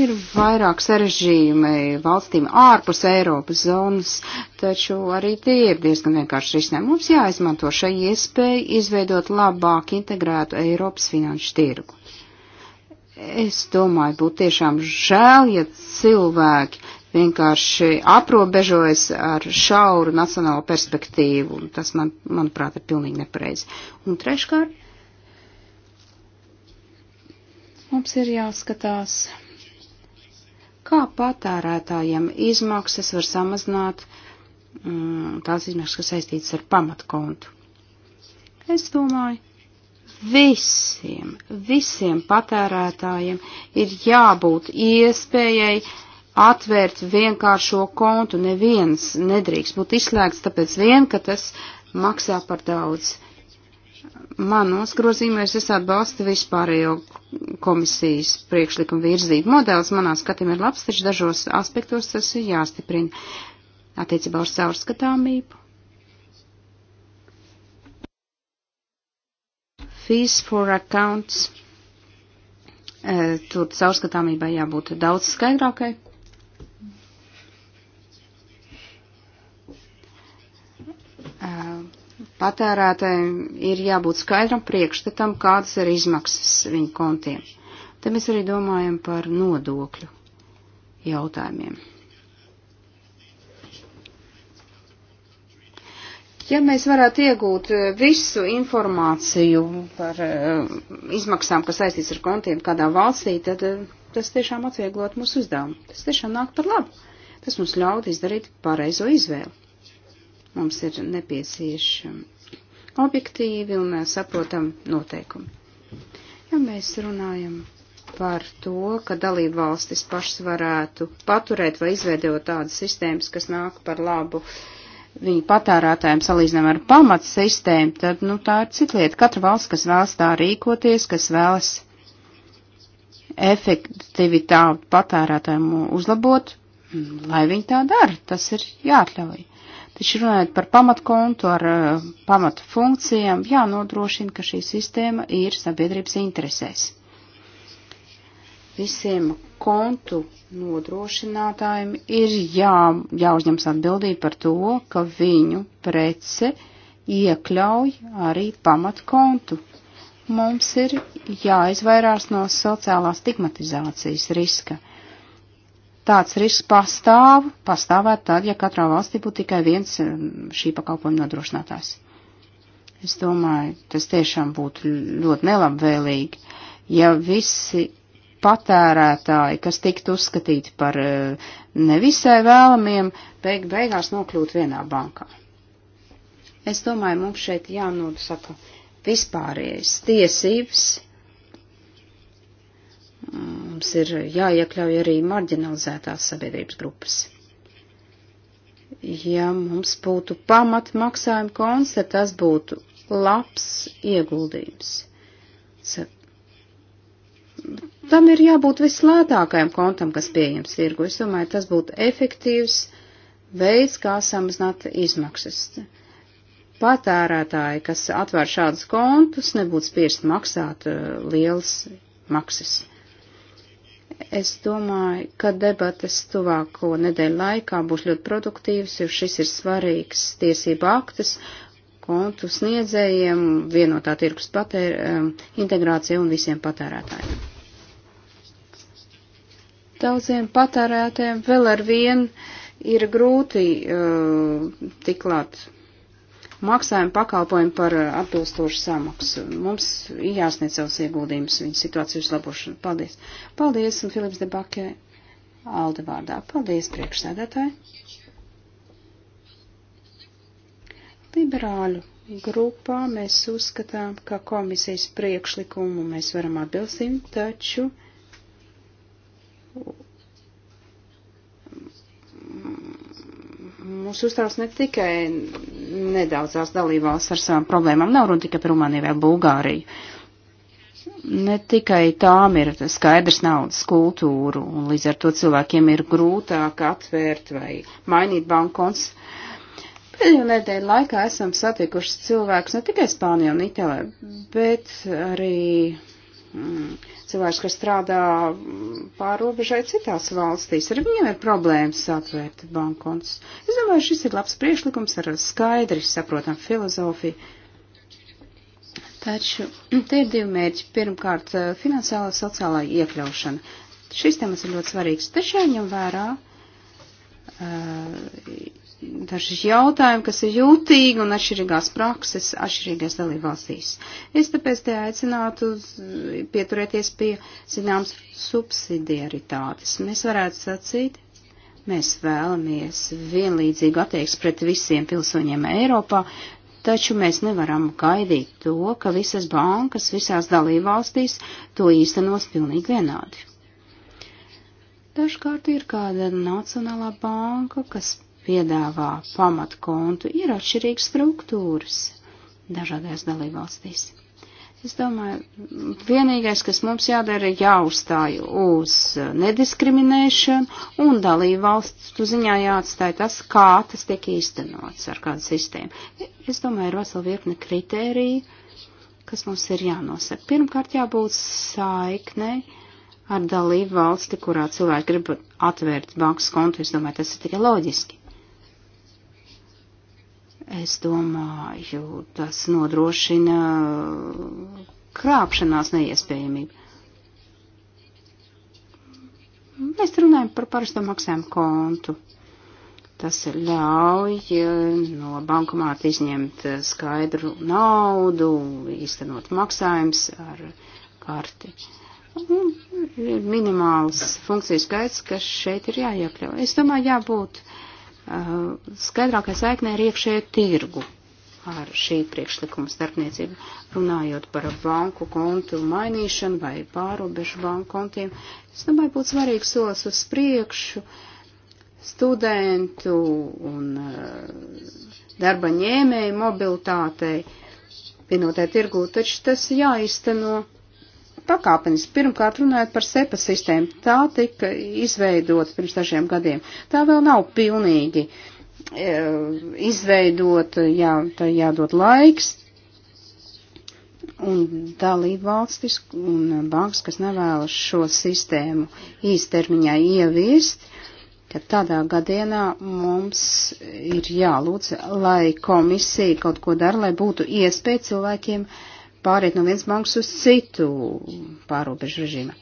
Ir vairāk sarežģījumi valstīm ārpus Eiropas zonas, taču arī tie ir diezgan vienkārši risinājumi. Mums jāizmanto šai iespēja izveidot labāk integrētu Eiropas finanšu tirgu. Es domāju, būtu tiešām žēl, ja cilvēki vienkārši aprobežojas ar šauru nacionālo perspektīvu. Tas, man, manuprāt, ir pilnīgi nepareizi. Un treškārt, mums ir jāskatās, kā patērētājiem izmaksas var samazināt mm, tās izmaksas, kas saistītas ar pamatkontu. Es domāju, Visiem, visiem patērētājiem ir jābūt iespējai atvērt vienkāršo kontu. Neviens nedrīkst būt izslēgts, tāpēc vien, ka tas maksā par daudz. Manos grozījumos es atbalstu vispārējo komisijas priekšlikumu virzību. Modelis manā skatījumā ir labs, taču dažos aspektos tas ir jāstiprina attiecībā uz caurskatāmību Fees for accounts. E, Tur caurskatāmībai jābūt daudz skaidrākai. E, patērētājiem ir jābūt skaidram priekšstatam, kādas ir izmaksas viņu kontiem. Te mēs arī domājam par nodokļu jautājumiem. Ja mēs varētu iegūt eh, visu informāciju par uh, izmaksām, kas saistīts ar kontiem kādā valstī, tad uh, tas tiešām atvieglot mūsu uzdevumu. Tas tiešām nāk par labu. Tas mums ļaut izdarīt pareizo izvēli. Mums ir nepieciešami objektīvi un saprotam noteikumi. Ja mēs runājam par to, ka dalību valstis pašas varētu paturēt vai izveidot tādas sistēmas, kas nāk par labu uh, viņu patērētājiem salīdzinām ar pamats sistēmu, tad, nu, tā ir cita lieta. Katra valsts, kas vēlas tā rīkoties, kas vēlas efektivitāti patērētājiem uzlabot, lai viņi tā dara, tas ir jāatļauj. Taču runājot par pamatkontu ar uh, eh, pamatu funkcijām, jānodrošina, ka šī sistēma ir sabiedrības interesēs visiem kontu nodrošinātājiem ir jā, jāuzņems atbildība par to, ka viņu prece iekļauj arī pamatkontu. Mums ir jāizvairās no sociālā stigmatizācijas riska. Tāds risks pastāv, pastāvēt tad, ja katrā valstī būtu tikai viens um, šī pakalpojuma nodrošinātājs. Es domāju, tas tiešām būtu ļoti nelabvēlīgi, ja visi patērētāji, kas tiktu uzskatīti par eh, nevisai vēlamiem, beig beigās nokļūt vienā bankā. Es domāju, mums šeit jānosaka vispārējais tiesības. Mums ir jāiekļauj arī marginalizētās sabiedrības grupas. Ja mums būtu pamat maksājuma koncepts, tas būtu labs ieguldījums. Saka, tam ir jābūt vislētākajam kontam, kas pieejams tirgu. Es domāju, tas būtu efektīvs veids, kā samazināt izmaksas. Patērētāji, kas atvēr šādus kontus, nebūtu spiest maksāt uh, eh, liels maksas. Es domāju, ka debatas tuvāko nedēļu laikā būs ļoti produktīvas, jo šis ir svarīgs tiesība aktas kontu sniedzējiem, vienotā tirkus patēr, um, eh, integrācija un visiem patērētājiem. Daudziem patērētiem vēl ar vienu ir grūti uh, tiklāt maksājumu pakalpojumu par uh, atbilstošu samaksu. Mums jāsniedz savus ieguldījumus viņu situāciju uzlabošanu. Paldies. Paldies, un Filips Debakē Alde vārdā. Paldies, priekšsēdētāji. Liberāļu grupā mēs uzskatām, ka komisijas priekšlikumu mēs varam atbilstīt, taču mūs uztrauc ne tikai nedaudzās dalībās ar savām problēmām, nav runa tikai par Rumāniju vai Bulgāriju. Ne tikai tām ir skaidrs naudas kultūru, un līdz ar to cilvēkiem ir grūtāk atvērt vai mainīt banku konts. Pēdējo nedēļu laikā esam satikuši cilvēkus ne tikai Spānijā un Itālijā, bet arī mm, cilvēks, kas strādā mm, pārobežai citās valstīs, arī viņiem ir problēmas atvērt bankkontus. Es domāju, šis ir labs priekšlikums ar skaidri, saprotam, filozofiju. Taču te ir divi mērķi. Pirmkārt, eh, finansiālā sociālā iekļaušana. Šis temats ir ļoti svarīgs, taču jāņem vērā uh, daži jautājumi, kas ir jūtīgi un atšķirīgās prakses atšķirīgās dalībvalstīs. Es tāpēc te aicinātu pieturēties pie, zināms, subsidiaritātes. Mēs varētu sacīt, mēs vēlamies vienlīdzīgu attieksmi pret visiem pilsoņiem Eiropā, taču mēs nevaram gaidīt to, ka visas bankas visās dalībvalstīs to īstenos pilnīgi vienādi. Dažkārt ir kāda nacionālā banka, kas piedāvā pamatkontu, ir atšķirīgas struktūras dažādās dalībvalstīs. Es domāju, vienīgais, kas mums jādara, ir jāuzstāj uz nediskriminēšanu un dalību valstu ziņā jāatstāj tas, kā tas tiek īstenots ar kādu sistēmu. Es domāju, ir vesela virkne kritērija, kas mums ir jānosaka. Pirmkārt, jābūt saiknei ar dalību valsti, kurā cilvēki grib atvērt bankas kontu. Es domāju, tas ir tikai loģiski. Es domāju, tas nodrošina krāpšanās neiespējamību. Mēs runājam par parasto maksājumu kontu. Tas ļauj no bankomāta izņemt skaidru naudu, īstenot maksājums ar karti. Un ir minimāls funkcijas skaits, kas šeit ir jāiekļauj. Es domāju, jābūt uh, Eh, skaidrākai saiknē ir iekšējo tirgu ar šī priekšlikuma starpniecību. Runājot par banku kontu mainīšanu vai pārobežu banku kontiem, es domāju, būtu svarīgs solis uz priekšu studentu un eh, darba ņēmēju mobilitātei vienotē tirgū, taču tas jāizteno pakāpeniski. Pirmkārt, runājot par SEPA sistēmu, tā tika izveidota pirms dažiem gadiem. Tā vēl nav pilnīgi e, izveidota, jā, tā jādod laiks. Un dalība valstis un bankas, kas nevēlas šo sistēmu īstermiņā ieviest, ka tādā gadienā mums ir jālūdz, lai komisija kaut ko dara, lai būtu iespēja cilvēkiem uh, pāriet no viens bankas uz citu pārobežu režīmu.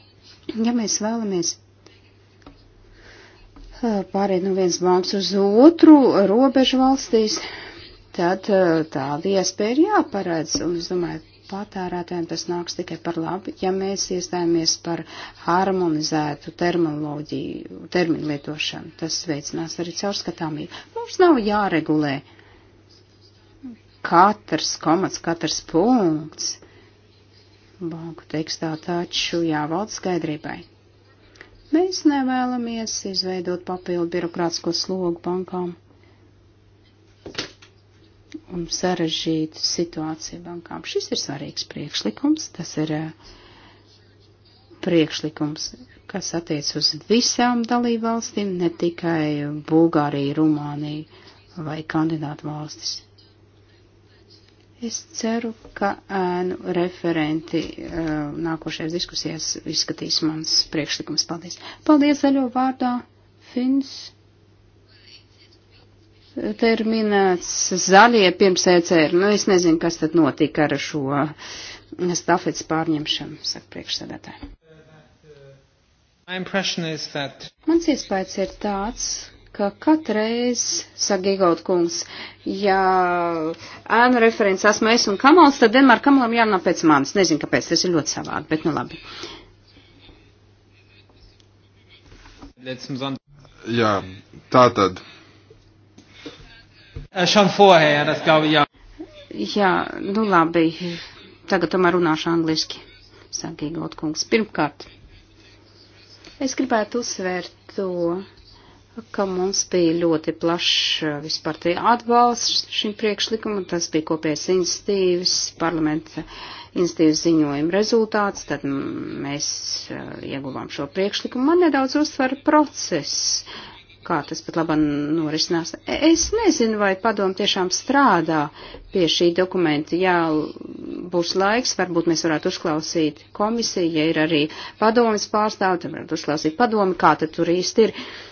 Ja mēs vēlamies pāriet no viens bankas uz otru robežu valstīs, tad tāda iespēja ir jāparedz. Un es domāju, patērētājiem tas nāks tikai par labu, ja mēs iestājāmies par harmonizētu terminoloģiju, terminu lietošanu. Tas veicinās arī caurskatāmību. Mums nav jāregulē uh, katrs komats, katrs punkts banku tekstā taču jāvalda skaidrībai. Mēs nevēlamies izveidot papildu birokrātsko slogu bankām un sarežģītu situāciju bankām. Šis ir svarīgs priekšlikums, tas ir eh, priekšlikums, kas attiec uz visām dalībvalstīm, ne tikai Bulgāriju, Rumāniju vai kandidātu valstis. Es ceru, ka ēnu referenti nākošajās diskusijās izskatīs mans priekšlikums. Paldies. Paldies zaļo vārdā. Fins. Te ir minēts zaļie pirms ECR. Nu, es nezinu, kas tad notika ar šo stafets pārņemšanu, saka priekšsēdētāji. Mans iespējas ir tāds, ka katreiz, saka Gigaut kungs, ja ēnu referents esmu es un Kamals, tad vienmēr Kamalam jārunā pēc manis. Nezinu, kāpēc, tas ir ļoti savādi, bet nu labi. Jā, tā tad. Eh, schon vorher, das glaube ich, ja. Jā, nu labi. Tagad tomēr runāšu angliski, saka Gigaut kungs. Pirmkārt, es gribētu uzsvērt to, ka mums bija ļoti plašs eh, vispār tie atbalsts šim priekšlikumam. Tas bija kopējais institīvas, parlamenta institīvas ziņojuma rezultāts. Tad mēs eh, ieguvām šo priekšlikumu. Man nedaudz uztver process, kā tas pat labam norisinās. Es nezinu, vai padomu tiešām strādā pie šī dokumenta. Jā, būs laiks, varbūt mēs varētu uzklausīt komisiju, ja ir arī padomas pārstāvi, tad varētu uzklausīt padomi, kā tad tur īsti ir. Uh,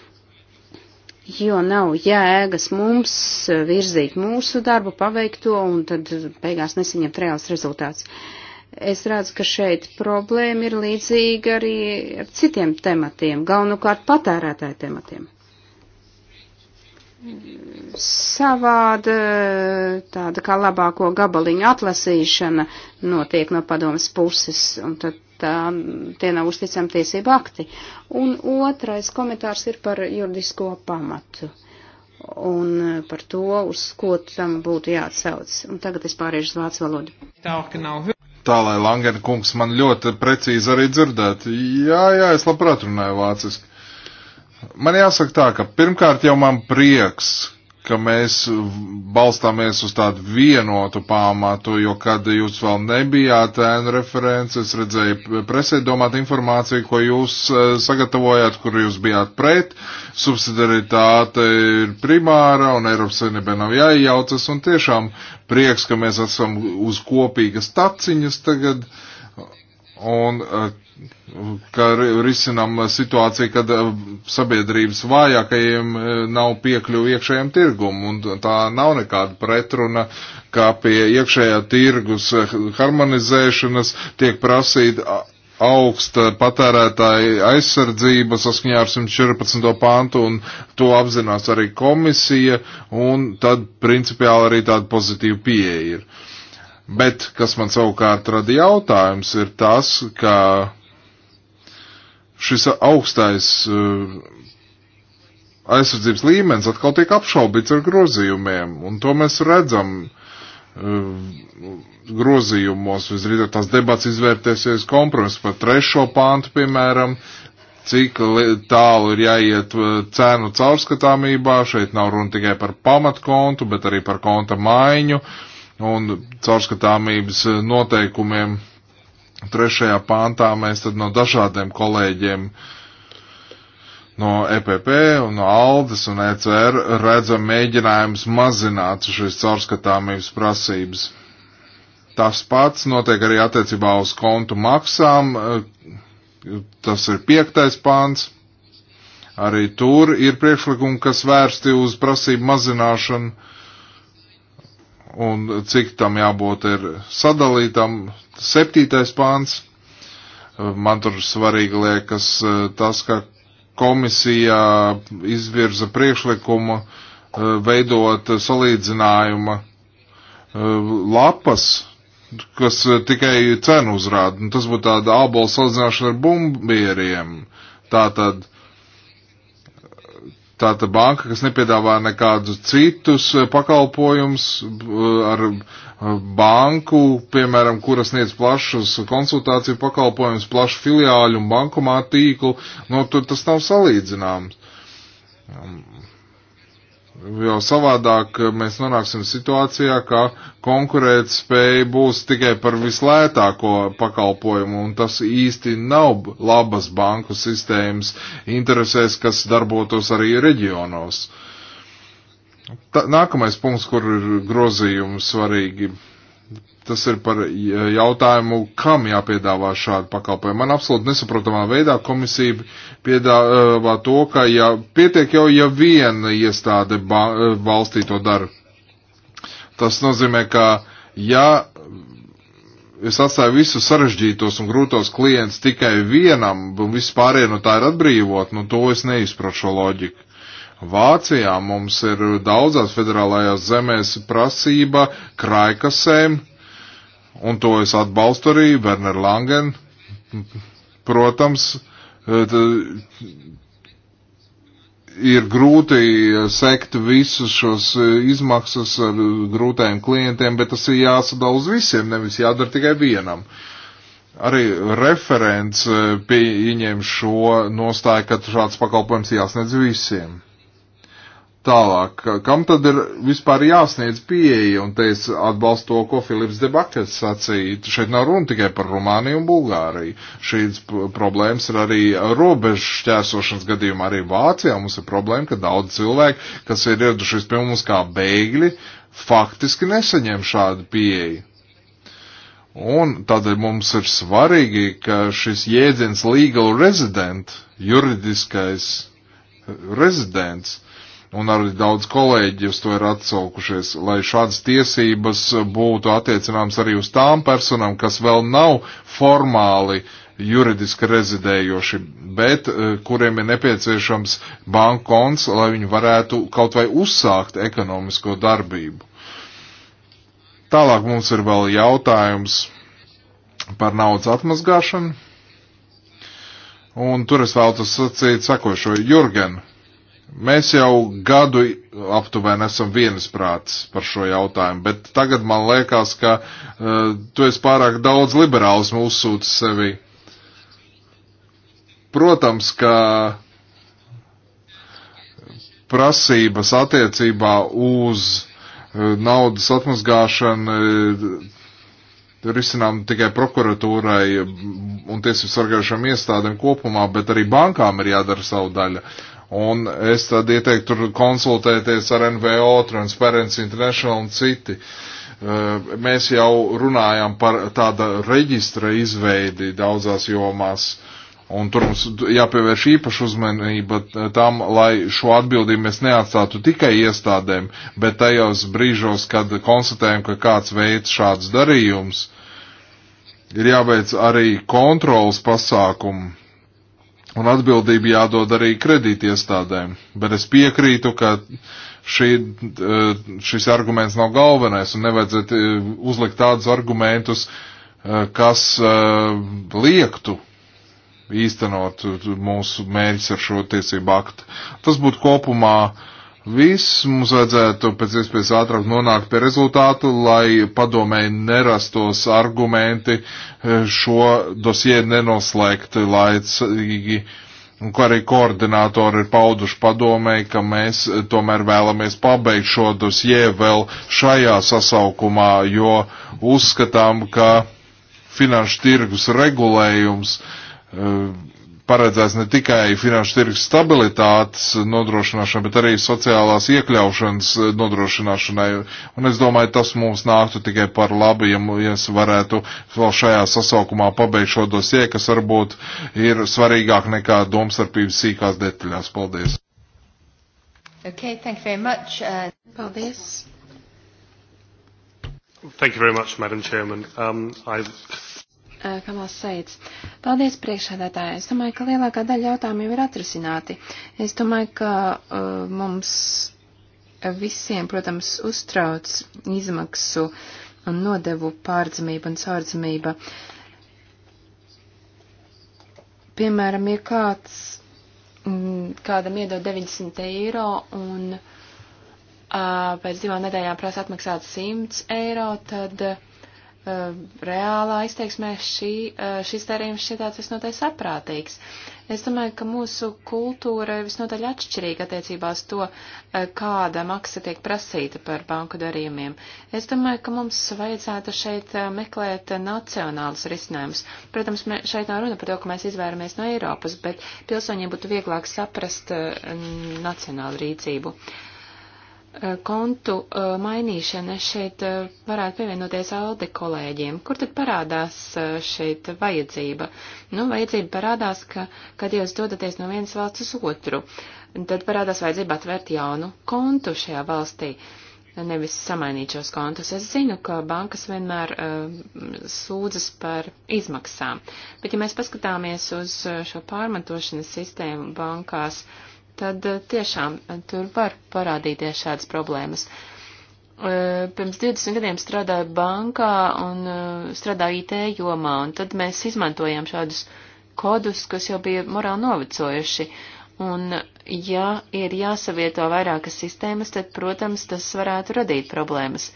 jo nav jēgas mums virzīt mūsu darbu, paveikto un tad beigās nesaņemt reāls rezultāts. Es redzu, ka šeit problēma ir līdzīga arī ar citiem tematiem, galvenokārt patērētāju tematiem. Savāda tāda kā labāko gabaliņu atlasīšana notiek no padomas puses, un tad tā, tie nav uzticami tiesību akti. Un otrais komentārs ir par juridisko pamatu un par to, uz ko tam būtu jāatsauc. Un tagad es pāriešu uz vācu valodu. Tā, ka nav. Tā, lai Langena kungs man ļoti precīzi arī dzirdētu. Jā, jā, es labprāt runāju vāciski. Man jāsaka tā, ka pirmkārt jau man prieks, ka mēs balstāmies uz tādu vienotu pamatu, jo kad jūs vēl nebijāt ēnu referents, es redzēju presē domāt informāciju, ko jūs e, sagatavojāt, kur jūs bijāt pret, subsidiaritāte ir primāra un Eiropas Savienībai nav jāiejaucas un tiešām prieks, ka mēs esam uz kopīgas taciņas tagad. Uh, un eh, ka risinam situāciju, kad eh, sabiedrības vājākajiem eh, nav piekļuvi iekšējiem tirgumu, un tā nav nekāda pretruna, kā pie iekšējā tirgus harmonizēšanas tiek prasīta augsta patērētāja aizsardzība saskaņā ar 114. pantu, un to apzinās arī komisija, un tad principiāli arī tāda pozitīva pieeja ir. Uh, Bet, kas man savukārt rada jautājums, ir tas, ka šis augstais eh, aizsardzības līmenis atkal tiek apšaubīts ar grozījumiem, un to mēs redzam eh, grozījumos. Visdrīzāk tās debats izvērtēsies kompromiss par trešo pāntu, piemēram, cik tālu ir jāiet eh, cēnu caurskatāmībā. Šeit nav runa tikai par pamatkontu, bet arī par konta maiņu un caurskatāmības eh, noteikumiem. Trešajā pāntā mēs tad no dažādiem kolēģiem no EPP un no Aldes un ECR redzam mēģinājums mazināt šīs caurskatāmības prasības. Tas pats notiek arī attiecībā uz kontu maksām. Eh, tas ir piektais pāns. Arī tur ir priekšlikumi, kas vērsti uz prasību mazināšanu un cik tam jābūt ir sadalītam. Septītais pāns. Man tur svarīgi liekas eh, tas, ka komisija izvirza priekšlikumu eh, veidot salīdzinājuma eh, lapas, kas tikai cenu uzrāda. Tas būtu tāda ābola salīdzināšana ar bumbieriem. Tātad Tātad banka, kas nepiedāvā nekādus citus eh, pakalpojumus eh, ar eh, banku, piemēram, kuras sniedz plašus konsultāciju pakalpojumus, plašu filiāļu un bankomātu tīklu, no tur tas nav salīdzināms. Jo savādāk mēs nonāksim situācijā, ka konkurēt spēja būs tikai par vislētāko pakalpojumu, un tas īsti nav labas banku sistēmas interesēs, kas darbotos arī reģionos. Tā, nākamais punkts, kur ir grozījumi svarīgi Tas ir par jautājumu, kam jāpiedāvā šādi pakalpojumi. Man absolūti nesaprotamā veidā komisija piedāvā to, ka ja pietiek jau, ja viena iestāde valstī to dara. Tas nozīmē, ka ja es atstāju visus sarežģītos un grūtos klientus tikai vienam, un viss pārējie no tā ir atbrīvot, nu to es neizprotu šo loģiku. Vācijā mums ir daudzās federālajās zemēs prasība kraikasēm, un to es atbalstu arī Werner Langen. Protams, ir grūti sekt visus šos izmaksas ar grūtējiem klientiem, bet tas ir jāsadala uz visiem, nevis jādara tikai vienam. Arī referents pieņem šo nostāju, ka šāds pakalpojums jāsniedz visiem. Tālāk, kam tad ir vispār jāsniedz pieeja, un te es atbalstu to, ko Filips Debakets sacīja, šeit nav runa tikai par Rumāniju un Bulgāriju. Šīs problēmas ir arī robežu šķērsošanas gadījumā, arī Vācijā mums ir problēma, ka daudz cilvēku, kas ir ieradušies pie mums kā bēgļi, faktiski nesaņem šādu pieeju. Un tādēļ mums ir svarīgi, ka šis jēdziens legal resident, juridiskais rezidents, un arī daudz kolēģi uz to ir atsaukušies, lai šādas tiesības būtu attiecināmas arī uz tām personām, kas vēl nav formāli juridiski rezidējoši, bet eh, kuriem ir nepieciešams banku konts, lai viņi varētu kaut vai uzsākt ekonomisko darbību. Tālāk mums ir vēl jautājums par naudas atmazgāšanu. Un tur es vēlos sacīt sakošo. Jurgen, Mēs jau gadu aptuveni esam viensprāts par šo jautājumu, bet tagad man liekas, ka uh, tu esi pārāk daudz liberālismu uzsūts sevi. Protams, ka prasības attiecībā uz uh, naudas atmazgāšanu uh, risinām tikai prokuratūrai un tiesību sargājušām iestādēm kopumā, bet arī bankām ir jādara savu daļu. Un es tad ieteiktu tur konsultēties ar NVO, Transparency International un citi. Eh, mēs jau runājam par tāda reģistra izveidi daudzās jomās. Un tur mums jāpievērš īpaša uzmanība tam, lai šo atbildību mēs neatstātu tikai iestādēm, bet tajos brīžos, kad konstatējam, ka kāds veids šāds darījums, ir jāveic arī kontrolas pasākumu un atbildība jādod arī kredītiestādēm. Bet es piekrītu, ka šī, eh, šis arguments nav galvenais un nevajadzētu eh, uzlikt tādus argumentus, eh, kas liektu īstenot mūsu mērķis ar šo tiesību aktu. Tas būtu kopumā uh, Viss mums vajadzētu pēc iespējas ātrāk nonākt pie rezultātu, lai padomēji nerastos argumenti e, šo dosie nenoslēgt laicīgi. Un ko arī koordinātori ir pauduši padomēji, ka mēs tomēr vēlamies pabeigt šo dosie vēl šajā sasaukumā, jo uzskatām, ka finanšu tirgus regulējums uh, paredzēts ne tikai finanšu tirgus stabilitātes nodrošināšana, bet arī sociālās iekļaušanas nodrošināšanai. Un es domāju, tas mums nāktu tikai par labu, ja mēs varētu vēl šajā sasaukumā pabeigt šo dosie, kas varbūt ir svarīgāk nekā domstarpības sīkās detaļās. Paldies! Okay, thank you very much. Uh, Paldies. Thank you very much, Madam Chairman. Um, I've Eh, Kamals Seids. Paldies priekšādātāji. Es domāju, ka lielākā daļa jautājumu jau ir atrisināti. Es domāju, ka uh, mums visiem, protams, uztrauc izmaksu un nodevu pārdzamība un caurdzamība. Piemēram, ja kāds mm, kādam iedod 90 eiro un uh, pēc divām nedēļām prasa atmaksāt 100 eiro, tad uh, Eh, reālā izteiksmē šī, eh, šis darījums šķietās visnotaļ saprātīgs. Es domāju, ka mūsu kultūra ir visnotaļ atšķirīga attiecībās to, eh, kāda maksa tiek prasīta par banku darījumiem. Es domāju, ka mums vajadzētu šeit meklēt nacionālus risinājumus. Protams, mē, šeit nav runa par to, ka mēs izvēramies no Eiropas, bet pilsoņiem būtu vieglāk saprast nacionālu rīcību. Uh, Eh, kontu eh, mainīšana šeit eh, varētu pievienoties Alde kolēģiem. Kur tad parādās šeit vajadzība? Nu, vajadzība parādās, ka, kad jūs dodaties no vienas valsts uz otru, tad parādās vajadzība atvērt jaunu kontu šajā valstī, nevis samainīt šos kontus. Es zinu, ka bankas vienmēr uh, sūdzas par izmaksām, bet ja mēs paskatāmies uz šo pārmantošanas sistēmu bankās, uh, tad eh, tiešām eh, tur var parādīties šādas problēmas. Eh, pirms 20 gadiem strādāju bankā un strādāju IT jomā, un tad mēs izmantojām šādus kodus, kas jau bija morāli novecojuši. Un ja ir jāsavieto vairākas sistēmas, tad, protams, tas varētu radīt problēmas.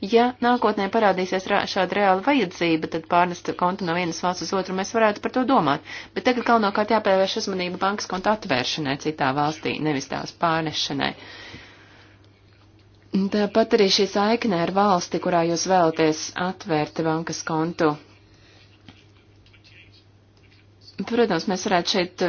Ja nākotnē parādīsies šāda reāla vajadzība, tad pārnest kontu no vienas valsts uz otru mēs varētu par to domāt. Bet tagad galvenokārt jāpievērš uzmanība bankas konta atvēršanai citā valstī, nevis tās pārnešanai. Tāpat arī šī saikne ar valsti, kurā jūs vēlaties atvērt bankas kontu. Protams, mēs varētu šeit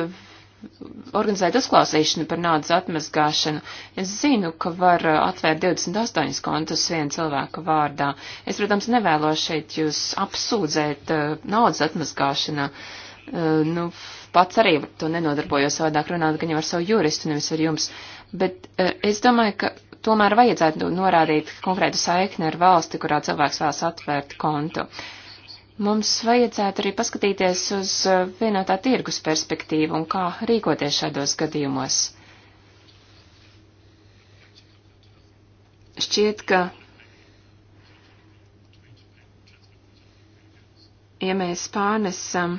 organizēt uzklausīšanu par naudas atmazgāšanu. Es zinu, ka var uh, atvērt 28 kontus viena cilvēka vārdā. Es, protams, nevēlos šeit jūs apsūdzēt uh, naudas atmazgāšanā. Uh, nu, pats arī to nenodarbojos savādāk runāt, gan jau ar savu juristu, nevis ar jums. Bet es domāju, ka tomēr vajadzētu norādīt konkrētu saikni ar valsti, kurā cilvēks vēlas atvērt kontu. Uh, Mums vajadzētu arī paskatīties uz eh, vienotā tirgus perspektīvu un kā rīkoties šādos gadījumos. Šķiet, ka ja mēs pārnesam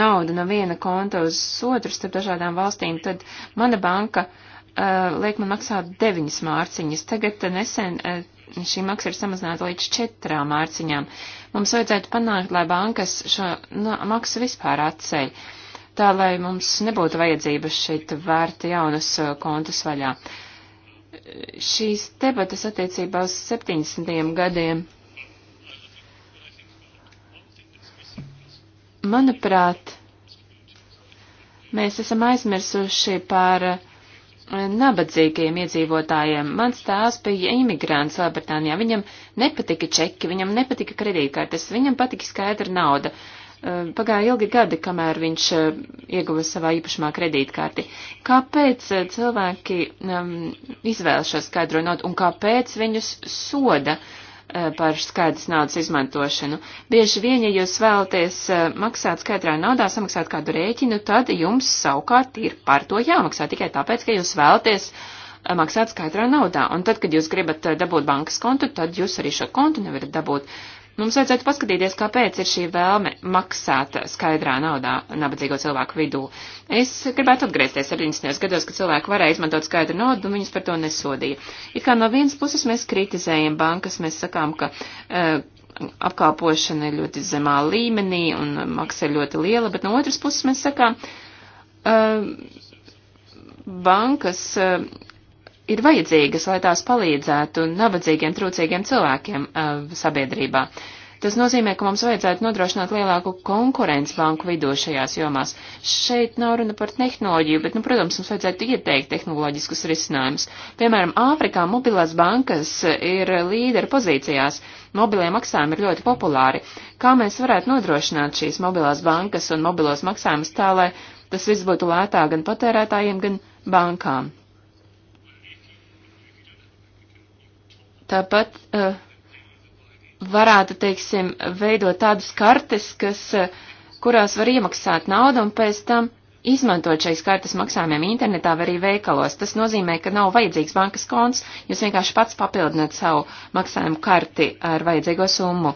naudu no viena konta uz otru starp dažādām valstīm, tad mana banka uh, liek man maksāt deviņas mārciņas. Tagad uh, nesen uh, šī maksa ir samazināta līdz četrām mārciņām. Mums vajadzētu panākt, lai bankas šo no, maksu vispār atceļ, tā lai mums nebūtu vajadzības šeit vērt jaunas uh, kontas vaļā. Šīs debatas attiecībā uz 70. gadiem. Manuprāt, mēs esam aizmirsuši par nabadzīgajiem iedzīvotājiem. Mans tēvs bija imigrants Lielbritānijā. Viņam nepatika čeki, viņam nepatika kredītkartes, viņam patika skaidra nauda. Uh, pagāja ilgi gadi, kamēr viņš uh, ieguva savā īpašumā kredītkarti. Kāpēc uh, cilvēki um, izvēlas šo skaidro naudu un kāpēc viņus soda? Uh, Eh, par skaidrs naudas izmantošanu. Bieži vien, ja jūs vēlaties eh, maksāt skaidrā naudā, samaksāt kādu rēķinu, tad jums savukārt ir par to jāmaksā tikai tāpēc, ka jūs vēlaties eh, maksāt skaidrā naudā. Un tad, kad jūs gribat dabūt bankas kontu, tad jūs arī šo kontu nevarat dabūt. Uh, Mums vajadzētu paskatīties, kāpēc ir šī vēlme maksāt skaidrā naudā nabadzīgo cilvēku vidū. Es gribētu atgriezties 70. gados, kad cilvēki varēja izmantot skaidru naudu un viņus par to nesodīja. Ir kā no vienas puses mēs kritizējam bankas, mēs sakām, ka uh, apkalpošana ir ļoti zemā līmenī un maksa ir ļoti liela, bet no otras puses mēs sakām, uh, bankas uh, ir vajadzīgas, lai tās palīdzētu nabadzīgiem, trūcīgiem cilvēkiem uh, sabiedrībā. Tas nozīmē, ka mums vajadzētu nodrošināt lielāku konkurenci banku vidū šajās jomās. Šeit nav runa par tehnoloģiju, bet, nu, protams, mums vajadzētu ieteikt tehnoloģiskus risinājumus. Piemēram, Āfrikā mobilās bankas ir līderi pozīcijās, mobilie maksājumi ir ļoti populāri. Kā mēs varētu nodrošināt šīs mobilās bankas un mobilos maksājumus tā, lai tas viss būtu lētāk gan patērētājiem, gan bankām? Tāpat uh, varētu, teiksim, veidot tādus kartes, kas, uh, kurās var iemaksāt naudu un pēc tam izmantot šīs kartes maksājumiem internetā vai arī veikalos. Tas nozīmē, ka nav vajadzīgs bankas konts, jūs vienkārši pats papildināt savu maksājumu karti ar vajadzīgo summu.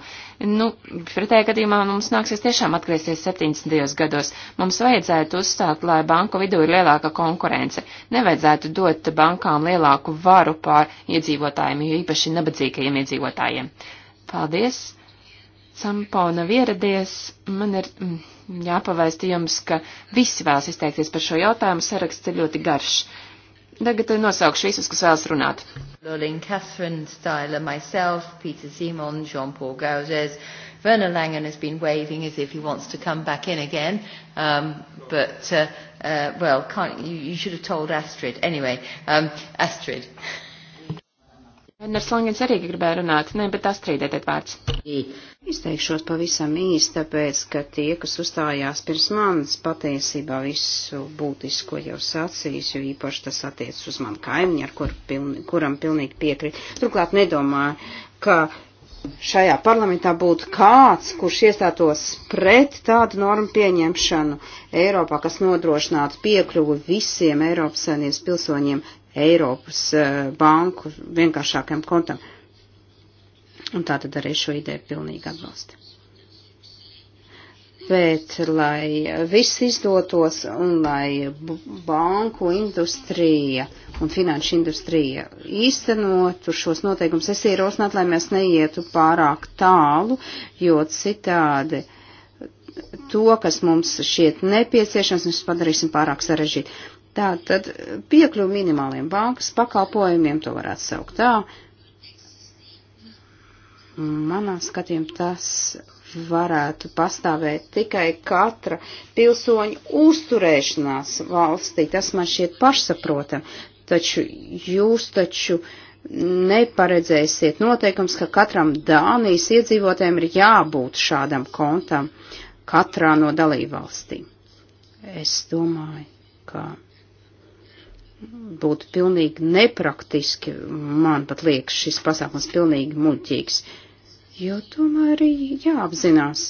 Nu, pretējā gadījumā mums nāksies tiešām atgriezties 70. gados. Mums vajadzētu uzstāt, lai banku vidū ir lielāka konkurence. Nevajadzētu dot bankām lielāku varu pār iedzīvotājiem, jo īpaši nabadzīgajiem iedzīvotājiem. Paldies! Sampo nav ieradies. Man ir mm, jāpavaisti jums, ka visi vēlas izteikties par šo jautājumu. Saraksts ir ļoti garš. Tagad nosaukšu visus, kas vēlas runāt. Lolin, Catherine Styler, myself, Peter Simon, Jean-Paul Gauzes. Werner Langen has been waving as if he wants to come back in again, um, but, uh, uh, well, can't, you, you should have told Astrid. Anyway, um, Astrid. Venners Langens arī gribēja runāt, ne, bet astrīdētiet vārds. Izteikšos pavisam īsti, tāpēc, ka tie, kas uzstājās pirms manis, patiesībā visu būtisko jau sacīs, jo īpaši tas attiec uz manu kaimiņu, ar kur pilni, kuram pilnīgi piekrīt. Turklāt nedomāju, ka šajā parlamentā būtu kāds, kurš iestātos pret tādu normu pieņemšanu Eiropā, kas nodrošinātu piekļuvu visiem Eiropas saimnības pilsoņiem Eiropas eh, banku vienkāršākam kontam. Un tā tad arī šo ideju pilnīgi atbalsta. Bet, lai viss izdotos un lai banku industrija un finanšu industrija īstenotu šos noteikumus, es ierosinātu, lai mēs neietu pārāk tālu, jo citādi to, kas mums šiet nepieciešams, mēs padarīsim pārāk sarežģīti. Tātad piekļuvi minimāliem bankas pakalpojumiem, to varētu saukt tā. Manā skatījumā tas varētu pastāvēt tikai katra pilsoņa uzturēšanās valstī. Tas man šķiet pašsaprotam. Taču jūs taču neparedzēsiet noteikums, ka katram Dānijas iedzīvotājiem ir jābūt šādam kontam katrā no dalībvalstīm. Es domāju, ka būtu pilnīgi nepraktiski, man pat liekas šis pasākums pilnīgi muļķīgs, jo tomēr arī jāapzinās,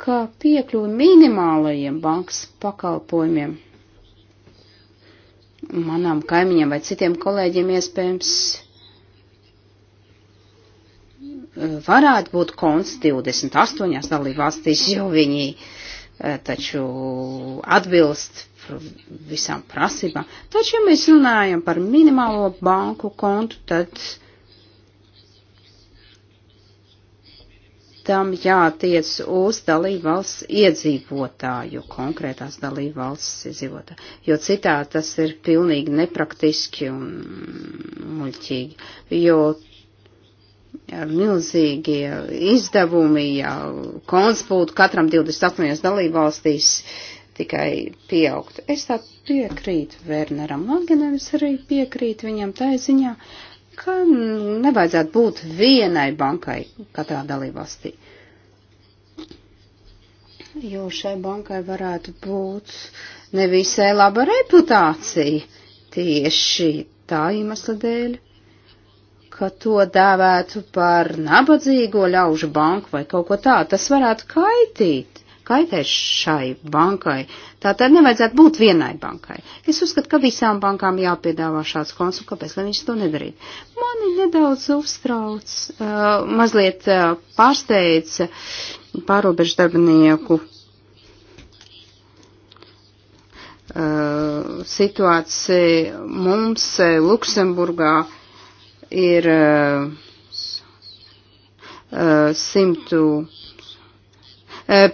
ka piekļuvi minimālajiem bankas pakalpojumiem manām kaimiņiem vai citiem kolēģiem iespējams e, varētu būt konts 28 dalībvalstīs, jo viņi e, taču atbilst visām prasībām. Taču, ja mēs runājam par minimālo banku kontu, tad tam jātiec uz dalību valsts iedzīvotāju, konkrētās dalību valsts iedzīvotāju, jo citā tas ir pilnīgi nepraktiski un muļķīgi, jo milzīgie izdevumi, ja konts būtu katram 28 dalību valstīs, uh, tikai pieaugt. Es tā piekrītu Werneram Langenam, es arī piekrītu viņam tā ziņā, ka nevajadzētu būt vienai bankai katrā dalībvalstī. Jo šai bankai varētu būt nevisai laba reputācija tieši tā iemesla dēļ, ka to dēvētu par nabadzīgo ļaužu banku vai kaut ko tādu. Tas varētu kaitīt kaitēs šai bankai. Tā tad nevajadzētu būt vienai bankai. Es uzskatu, ka visām bankām jāpiedāvā šāds konts, un kāpēc lai viņš to nedarītu. Mani nedaudz uztrauc, uh, mazliet uh, pārsteidz pārobežu darbinieku Uh, situācija mums uh, Luksemburgā ir uh, 100 uh,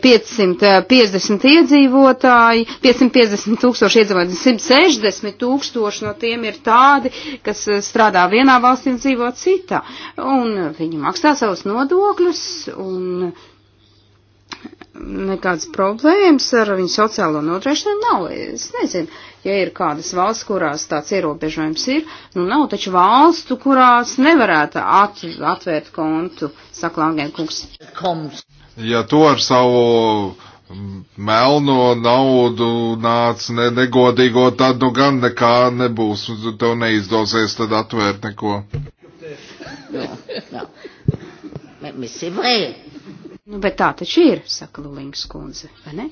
550 iedzīvotāji, 550 tūkstoši iedzīvotāji, 160 tūkstoši no tiem ir tādi, kas eh, strādā vienā valstī un dzīvo citā. Un viņi maksā savus nodokļus un nekādas problēmas ar viņu sociālo nodrošinājumu nav. Es nezinu, ja ir kādas valsts, kurās tāds ierobežojums ir, nu nav taču valstu, kurās nevarētu at, atvērt kontu, saka Langēnkungs ja to ar savu melno naudu nāc ne, negodīgo, tad nu gan nekā nebūs, tev neizdosies tad atvērt neko. No, no. Nu, bet tā taču ir, saka Lulīngas kundze, vai ne?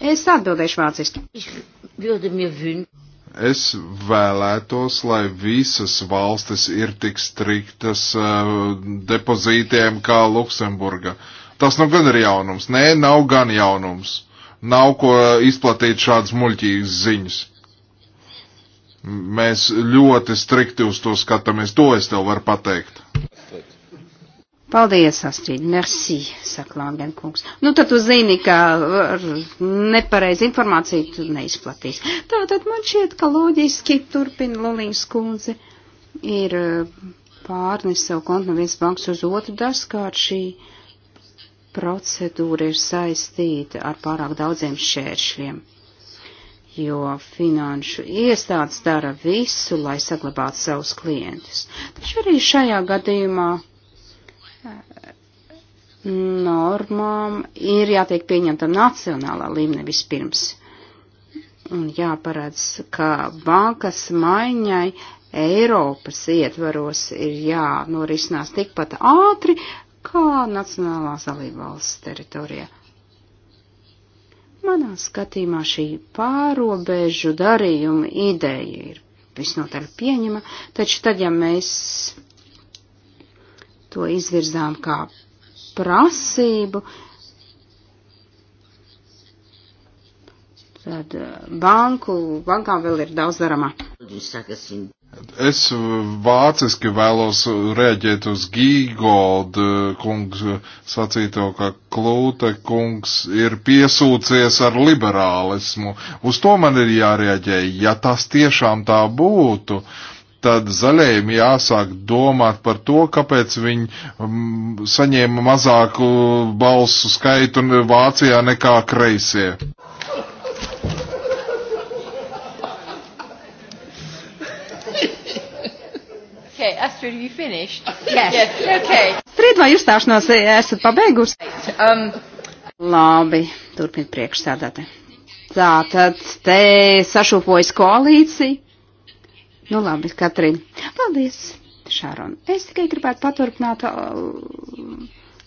Es atbildēšu vāciski. Es vēlētos, lai visas valstis ir tik striktas uh, depozītiem kā Luksemburga. Tas nu gan ir jaunums. Nē, nav gan jaunums. Nav ko izplatīt šādas muļķīgas ziņas. Mēs ļoti strikti uz to skatāmies. To es tev varu pateikt. Paldies, Astrid, merci, saka Langen kungs. Nu, tad tu zini, ka ar nepareizi informāciju tu neizplatīs. Tātad man šķiet, ka loģiski turpina Lulīņas kundze ir eh, pārnes savu kontu no viens banks uz otru dažkārt šī procedūra ir saistīta ar pārāk daudziem šēršļiem, jo finanšu iestādes dara visu, lai saglabātu savus klientus. Taču arī šajā gadījumā normām ir jātiek pieņemtam nacionālā līmenī vispirms. Un jāparedz, ka bankas maiņai Eiropas ietvaros ir jānorisinās tikpat ātri, kā nacionālās dalībvalsts teritorijā. Manā skatījumā šī pārobežu darījuma ideja ir visnotaļ pieņema, taču tad, ja mēs to izvirzām kā prasību, tad eh, banku, bankām vēl ir daudz darāmā. Es vāciski vēlos rēģēt uz Gīgolda kungs sacīto, ka Klūte kungs ir piesūcies ar liberālismu. Uz to man ir jārēģē, ja tas tiešām tā būtu. Uh, tad zaļajiem jāsāk domāt par to, kāpēc viņi mm, saņēma mazāku balsu skaitu Vācijā nekā kreisie. Okay, Astrid, you finished? Yes. yes. Okay. Astrid, vai uzstāšanos esat pabeigusi? Um. Labi, turpiniet priekšsēdētāji. Tātad te sašūpojas koalīcija Nu labi, Katrīna. Paldies, Šāron. Es tikai gribētu paturpināt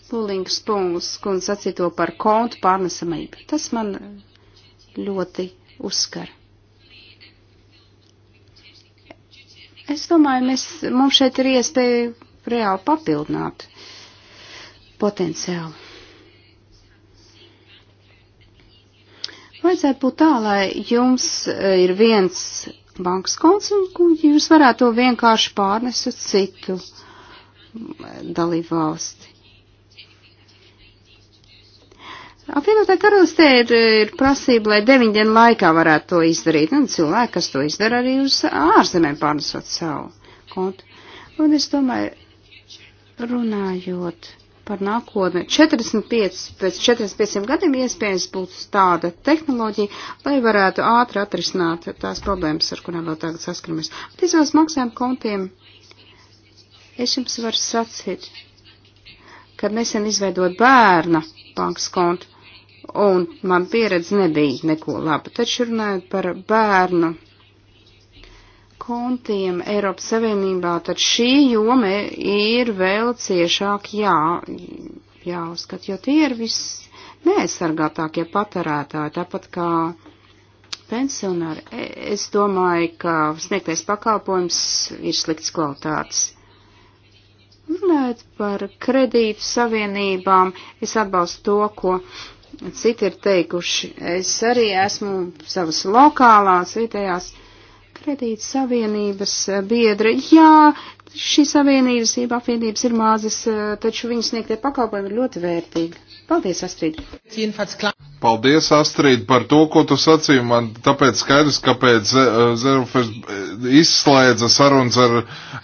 Lulīngas uh, kundzes sacīto par kontu pārnesamību. Tas man ļoti uzskara. Es domāju, mēs, mums šeit ir iespēja reāli papildināt potenciālu. Vajadzētu būt tā, lai jums uh, ir viens bankas konts, un jūs varētu to vienkārši pārnest uz citu dalību valsti. Apvienotā karalistē ir, ir prasība, lai deviņu dienu laikā varētu to izdarīt, un cilvēki, kas to izdara, arī uz ārzemēm pārnesot savu kontu. Un es domāju, runājot par nākotni. 45, pēc 45 gadiem iespējas būs tāda tehnoloģija, lai varētu ātri atrisināt tās problēmas, ar kurām vēl tagad saskaramies. Bet izvēlas maksājumu kontiem, es jums varu sacīt, kad nesen izveidot bērna bankas kontu, un man pieredze nebija neko laba, taču runājot par bērnu kontiem Eiropas Savienībā, tad šī joma ir vēl ciešāk jā, jāuzskat, jo tie ir viss neaizsargātākie patērētāji, tāpat kā pensionāri. E, es domāju, ka sniegtais pakalpojums ir slikts kvalitātes. Runājot par kredītu savienībām, es atbalstu to, ko citi ir teikuši. Es arī esmu savas lokālās vietējās kredīt savienības eh, biedri. Jā, šīs savienības, jeb apvienības ir mazas, eh, taču viņas sniegtie pakalpojumi ir ļoti vērtīgi. Paldies, Astrid! Paldies, Astrid, par to, ko tu sacīji. Man tāpēc skaidrs, kāpēc eh, Zerufers izslēdza sarunas ar uh,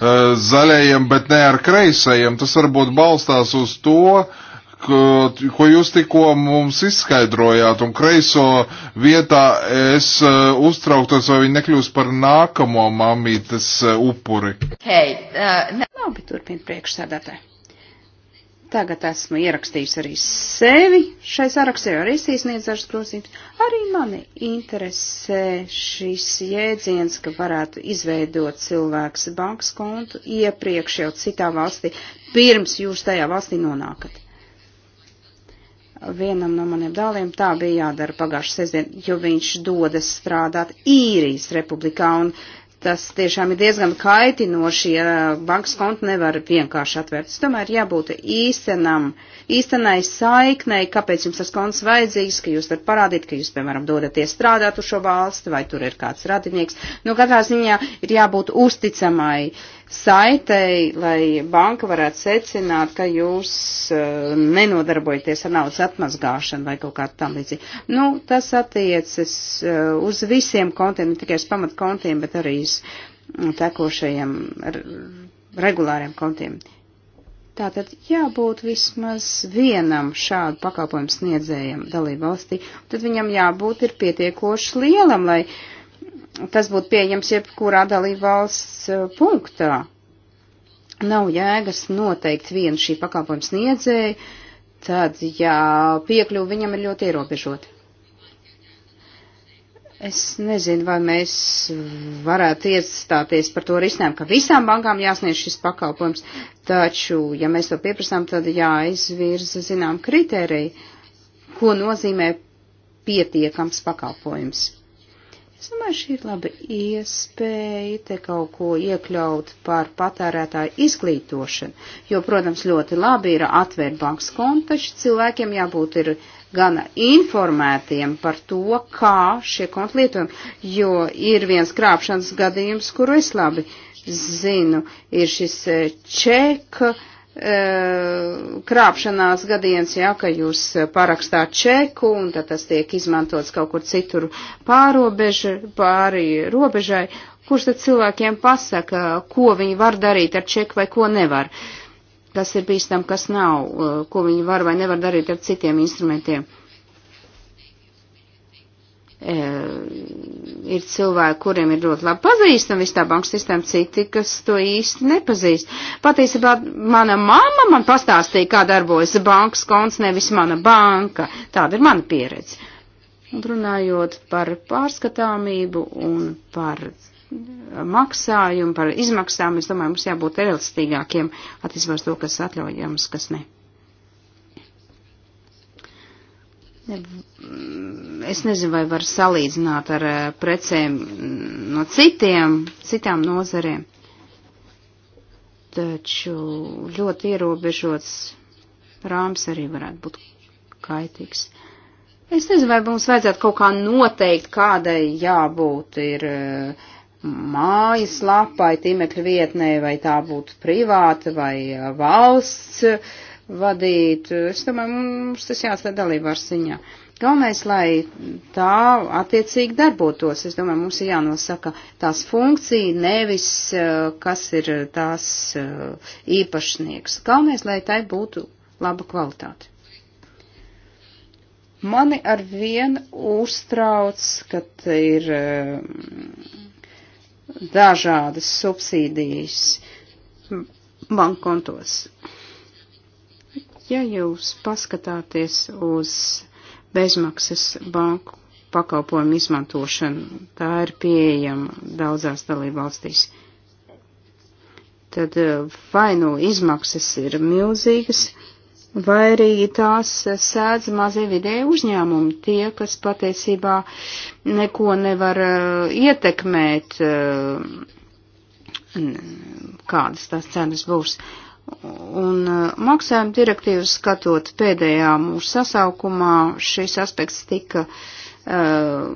zaļajiem, bet ne ar kreisajiem. Tas varbūt balstās uz to, uh, ko jūs tikko mums izskaidrojāt, un kreiso vietā es eh, uztrauktos, vai viņi nekļūs par nākamo mamītes eh, upuri. Hei, uh, ne... labi, turpin priekšsēdētāji. Tagad esmu ierakstījis arī sevi šai sarakstē, arī sīsniedz ar skrūzīt. Arī mani interesē šis jēdziens, ka varētu izveidot cilvēks bankas kontu iepriekš jau citā valstī, pirms jūs tajā valstī nonākat vienam no maniem dēliem tā bija jādara pagājušā sestdien, jo viņš dodas strādāt īrijas republikā, un tas tiešām ir diezgan kaitinoši, ja bankas kontu nevar vienkārši atvērt. Es tomēr jābūt īstenam, īstenai saiknei, kāpēc jums tas konts vajadzīgs, ka jūs varat parādīt, ka jūs, piemēram, dodaties strādāt uz šo valsti, vai tur ir kāds radinieks. Nu, katrā ziņā ir jābūt uzticamai. Uh, saitei, lai banka varētu secināt, ka jūs uh, nenodarbojaties ar naudas atmazgāšanu vai kaut kā tam līdzīgi. Nu, tas attiecas uh, uz visiem kontiem, ne tikai uz pamatkontiem, bet arī uz mm, tekošajiem regulāriem kontiem. Tātad jābūt vismaz vienam šādu pakalpojumu sniedzējam dalību valstī, tad viņam jābūt ir pietiekoši lielam, lai uh, tas būtu pieņems jebkurā dalību valsts eh, punktā. Nav jēgas noteikt vienu šī pakalpojuma sniedzēju, tad, ja piekļuva viņam ir ļoti ierobežota. Es nezinu, vai mēs varētu iestāties par to risinājumu, ka visām bankām jāsniedz šis pakalpojums, taču, ja mēs to pieprasām, tad jāizvirza zinām kritēriju, ko nozīmē pietiekams pakalpojums. Es domāju, šī ir laba iespēja te kaut ko iekļaut par patērētāju izglītošanu, jo, protams, ļoti labi ir atvērt bankas kontu, taču cilvēkiem jābūt ir gana informētiem par to, kā šie konti lietojami, jo ir viens krāpšanas gadījums, kuru es labi zinu, ir šis eh, čeka E, krāpšanās gadījums, ja, ka jūs parakstāt čeku un tad tas tiek izmantots kaut kur citur pārobežu, pāri robežai, kurš tad cilvēkiem pasaka, ko viņi var darīt ar čeku vai ko nevar, kas ir bīstam, kas nav, e, ko viņi var vai nevar darīt ar citiem instrumentiem e, ir cilvēki, kuriem ir ļoti labi pazīstami viss tā banka sistēma, citi, kas to īsti nepazīst. Patiesībā mana mamma man pastāstīja, kā darbojas bankas konts, nevis mana banka. Tāda ir mana pieredze. Un runājot par pārskatāmību un par maksājumu, par izmaksām, es domāju, mums jābūt elastīgākiem attiecībā uz to, kas atļaujams, kas ne es nezinu, vai var salīdzināt ar eh, precēm no citiem, citām nozarēm. Taču ļoti ierobežots rāms arī varētu būt kaitīgs. Es nezinu, vai mums vajadzētu kaut kā noteikt, kādai jābūt ir eh, mājas lapai, tīmekļa vietnē, vai tā būtu privāta vai eh, valsts vadīt. Es domāju, mums tas jāstāda dalībvārsiņā. ziņā. Galvenais, lai tā attiecīgi darbotos. Es domāju, mums ir jānosaka tās funkcija, nevis eh, kas ir tās eh, īpašnieks. Galvenais, lai tai būtu laba kvalitāte. Mani ar vienu uztrauc, kad ir eh, dažādas subsīdijas bankkontos. Ja jūs paskatāties uz bezmaksas banku pakalpojumu izmantošanu. Tā ir pieejama daudzās dalībvalstīs. Tad eh, vai nu izmaksas ir milzīgas, vai arī tās sēdz mazie vidēji uzņēmumi, tie, kas patiesībā neko nevar uh, ietekmēt, uh, kādas tās cenas būs. Uh, Un uh, maksājuma direktīvu skatot pēdējā mūsu sasaukumā, šis aspekts tika uh,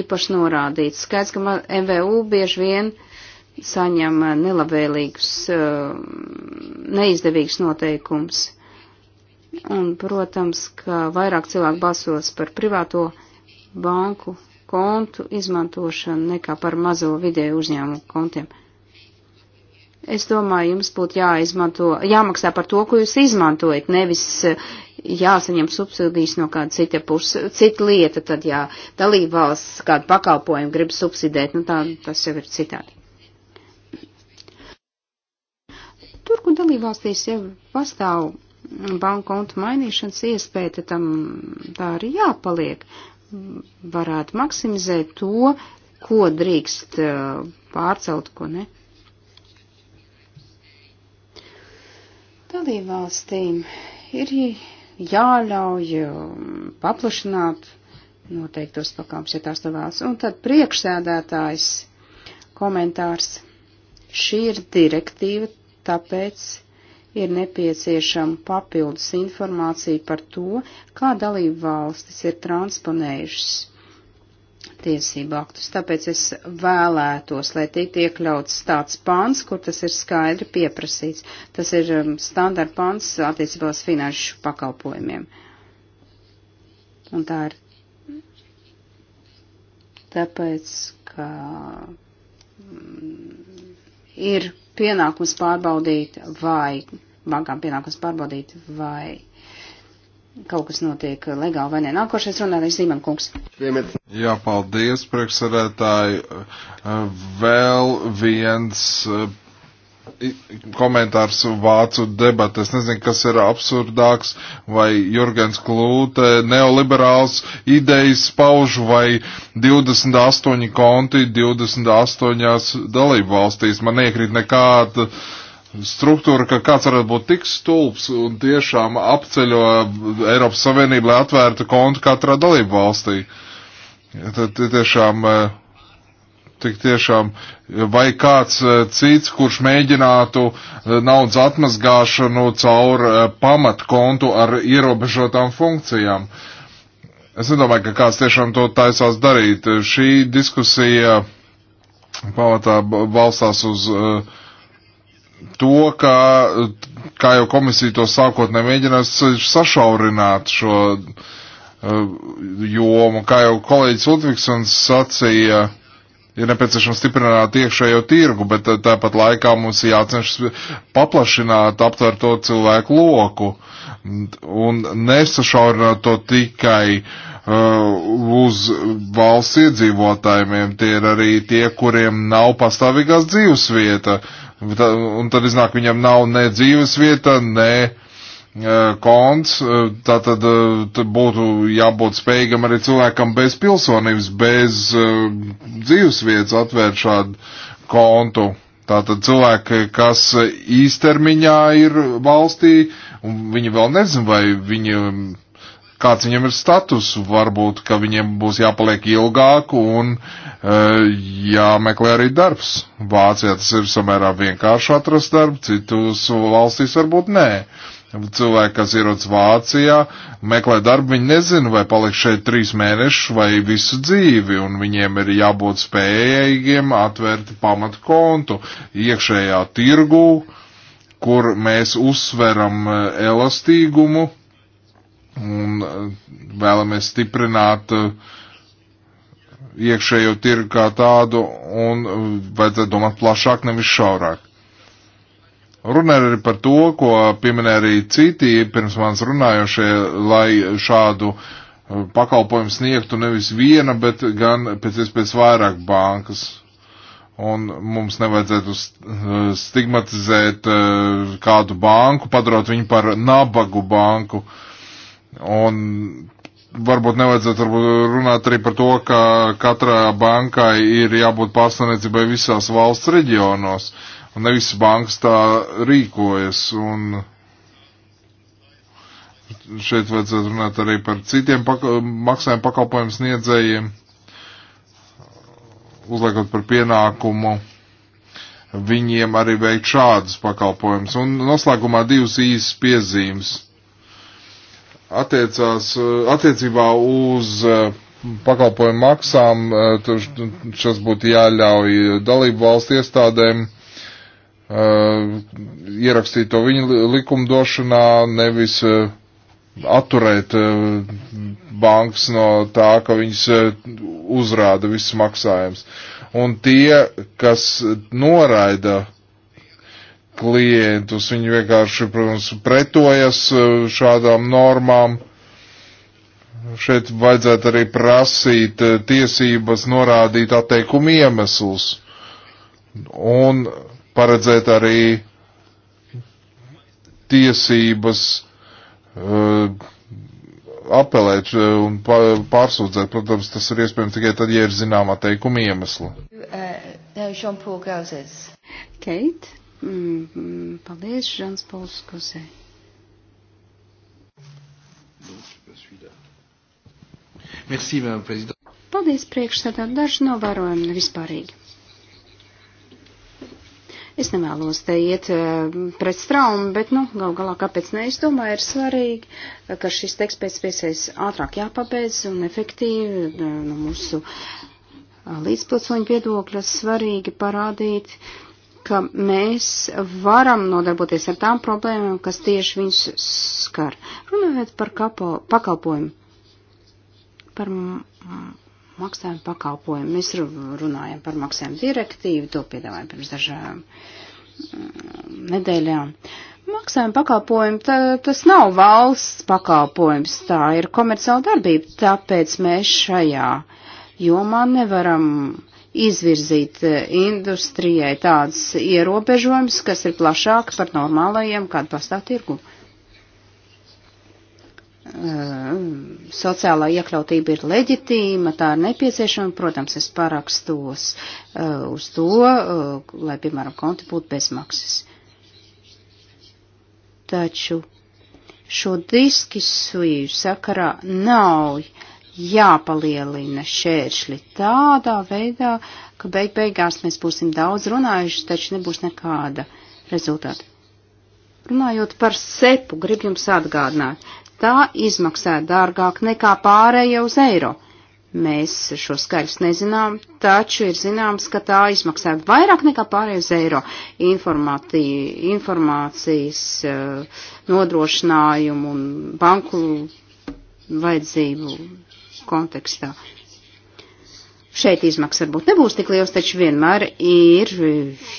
īpaši norādīts. Skaidrs, ka MVU bieži vien saņem uh, nelabvēlīgus, uh, neizdevīgus noteikums. Un, protams, ka vairāk cilvēku balsos par privāto banku kontu izmantošanu nekā par mazo vidēju uzņēmumu kontiem. Uh, Es domāju, jums būtu jāizmanto, jāmaksā par to, ko jūs izmantojat, nevis eh, jāsaņem subsidijas no kāda cita puses. Cita lieta, tad jā, dalībvalsts kādu pakalpojumu grib subsidēt, nu tā, tas jau ir citādi. Tur, kur dalībvalstīs jau pastāv banku kontu mainīšanas iespēja, tad tam tā arī jāpaliek. Varētu maksimizēt to, ko drīkst eh, pārcelt, ko ne. Dalībvalstīm ir jāļauj um, paplašināt noteiktos pakāpes, ja tās to vēlas. Un tad priekšsēdētājs komentārs. Šī ir direktīva, tāpēc ir nepieciešama papildus informācija par to, kā dalību valstis ir transponējušas tiesību aktus. Tāpēc es vēlētos, lai tiktu iekļauts tāds pāns, kur tas ir skaidri pieprasīts. Tas ir um, standarta pāns attiecībā uz finanšu pakalpojumiem. Un tā ir tāpēc, ka mm, ir pienākums pārbaudīt vai, bankām pienākums pārbaudīt vai kaut kas notiek legāli vai nē. Nākošais runātājs Zīman kungs. Jā, paldies, priekšsarētāji. Vēl viens eh, komentārs vācu debat. Es nezinu, kas ir absurdāks, vai Jurgens Klūte neoliberāls idejas pauž, vai 28 konti 28 dalību valstīs. Man iekrīt nekāda struktūra, ka kāds varētu būt tik stulbs un tiešām apceļo Eiropas Savienību, lai atvērtu kontu katrā dalību valstī. Tad tiešām, eh, tik tiešām, vai kāds eh, cits, kurš mēģinātu eh, naudas atmazgāšanu caur pamatkontu ar ierobežotām funkcijām. Es nedomāju, ka kāds tiešām to taisās darīt. Šī diskusija pamatā balstās uz uh, to, ka, kā jau komisija to sākotnē mēģinās sašaurināt šo eh, jomu, kā jau kolēģis Ludvigsons sacīja, ir nepieciešams stiprināt iekšējo tirgu, bet tāpat laikā mums jācenšas paplašināt, aptvert to cilvēku loku un nesašaurināt to tikai uh, uz valsts iedzīvotājiem. Tie ir arī tie, kuriem nav pastāvīgās dzīvesvieta. Uh, Un tad iznāk, viņam nav ne dzīves vieta, ne e, konts, e, tā tad e, būtu jābūt spējīgam arī cilvēkam bez pilsonības, bez dzīves vietas atvērt šādu kontu. Tātad cilvēki, kas īstermiņā ir valstī, un viņi vēl nezin, vai viņiem kāds viņam ir status, varbūt, ka viņiem būs jāpaliek ilgāk un e, jāmeklē arī darbs. Vācijā tas ir samērā vienkārši atrast darbu, citus valstīs varbūt nē. Cilvēki, kas ierodas Vācijā, meklē darbu, viņi nezina, vai paliks šeit trīs mēnešus vai visu dzīvi, un viņiem ir jābūt spējīgiem atvērt pamatu kontu iekšējā tirgū, kur mēs uzsveram eh, elastīgumu un uh, vēlamies stiprināt uh, iekšējo tirgu kā tādu un uh, vajadzētu domāt plašāk, nevis šaurāk. Runā arī par to, ko pieminēja arī citi pirms manis runājošie, lai šādu pakalpojumu sniegtu nevis viena, bet gan pēc iespējas vairāk bankas. Un mums nevajadzētu stigmatizēt kādu banku, padarot viņu par nabagu banku. Uh, Un varbūt nevajadzētu varbūt runāt arī par to, ka katrā bankai ir jābūt pārstāvniecībai visās valsts reģionos, un ne visas bankas tā rīkojas. Un šeit vajadzētu runāt arī par citiem paka maksājumu pakalpojumu sniedzējiem, uzliekot par pienākumu viņiem arī veikt šādus pakalpojumus. Un noslēgumā divas īsas piezīmes attiecās, eh, attiecībā uz eh, pakalpojumu maksām, eh, tas būtu jāļauj dalību valstu iestādēm ierakstīt to viņu likumdošanā, nevis atturēt bankas no tā, ka viņas uzrāda visus maksājumus. Un tie, kas noraida klientus. Viņi vienkārši, protams, pretojas e, šādām normām. Šeit vajadzētu arī prasīt e, tiesības norādīt atteikumu iemeslus un paredzēt arī tiesības uh, apelēt un pārsūdzēt. Protams, tas ir iespējams tikai tad, ja ir zināma teikuma iemesla. Uh, no Keita. Mm, paldies, Žans Pols Kosē. Merci, paldies, priekšsēdā. Daži novērojumi vispārīgi. Es nevēlos te iet eh, pret straumu, bet, nu, gal galā, kāpēc ne, es domāju, ir svarīgi, ka šis teksts pēc piesais ātrāk jāpabeidz un efektīvi eh, no nu, mūsu eh, līdzpilsoņu viedokļa svarīgi parādīt, uh, ka mēs varam nodarboties ar tām problēmām, kas tieši viņus skar. Runājot par kapo, pakalpojumu, par maksājumu pakalpojumu, mēs runājam par maksājumu direktīvu, to piedāvājam pirms dažām nedēļām. Maksājuma pakalpojumi, tā, tas nav valsts pakalpojums, tā ir komerciāla darbība, tāpēc mēs šajā jomā nevaram uh, izvirzīt eh, industrijai tādas ierobežojumus, kas ir plašāk par normālajiem, kāda pastāv tirgu. Uh, sociālā iekļautība ir leģitīma, tā ir nepieciešama, protams, es parakstos uh, uz to, uh, lai, piemēram, konti būtu bezmaksas. Taču šo diskusiju sakarā nav uh, jāpalielina šēršļi tādā veidā, ka beig beigās mēs būsim daudz runājuši, taču nebūs nekāda rezultāta. Runājot par sepu, grib jums atgādināt, tā izmaksā dārgāk nekā pārējie uz eiro. Mēs šo skaļus nezinām, taču ir zināms, ka tā izmaksā vairāk nekā pārējais eiro informācijas eh, nodrošinājumu un banku vajadzību kontekstā. Šeit izmaksas varbūt nebūs tik liels, taču vienmēr ir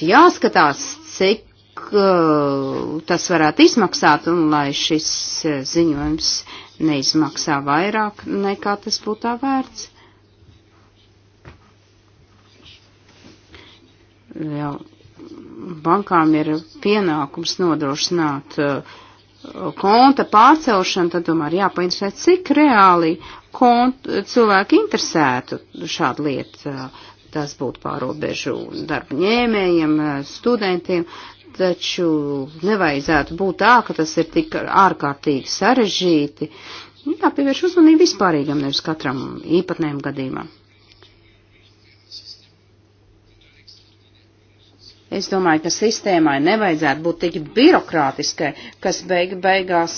jāskatās, cik uh, tas varētu izmaksāt, un lai šis uh, ziņojums neizmaksā vairāk nekā tas būtu tā vērts. Jau bankām ir pienākums nodrošināt uh, konta pārcelšana, tad tomēr jāpainteresē, cik reāli kont, cilvēki interesētu šādu lietu. Tas būtu pārobežu darba ņēmējiem, studentiem, taču nevajadzētu būt tā, ka tas ir tik ārkārtīgi sarežģīti. Jā, pievērš uzmanību vispārīgam, nevis katram īpatnējam gadījumam. Es domāju, ka sistēmai nevajadzētu būt tik birokrātiskai, kas beig beigās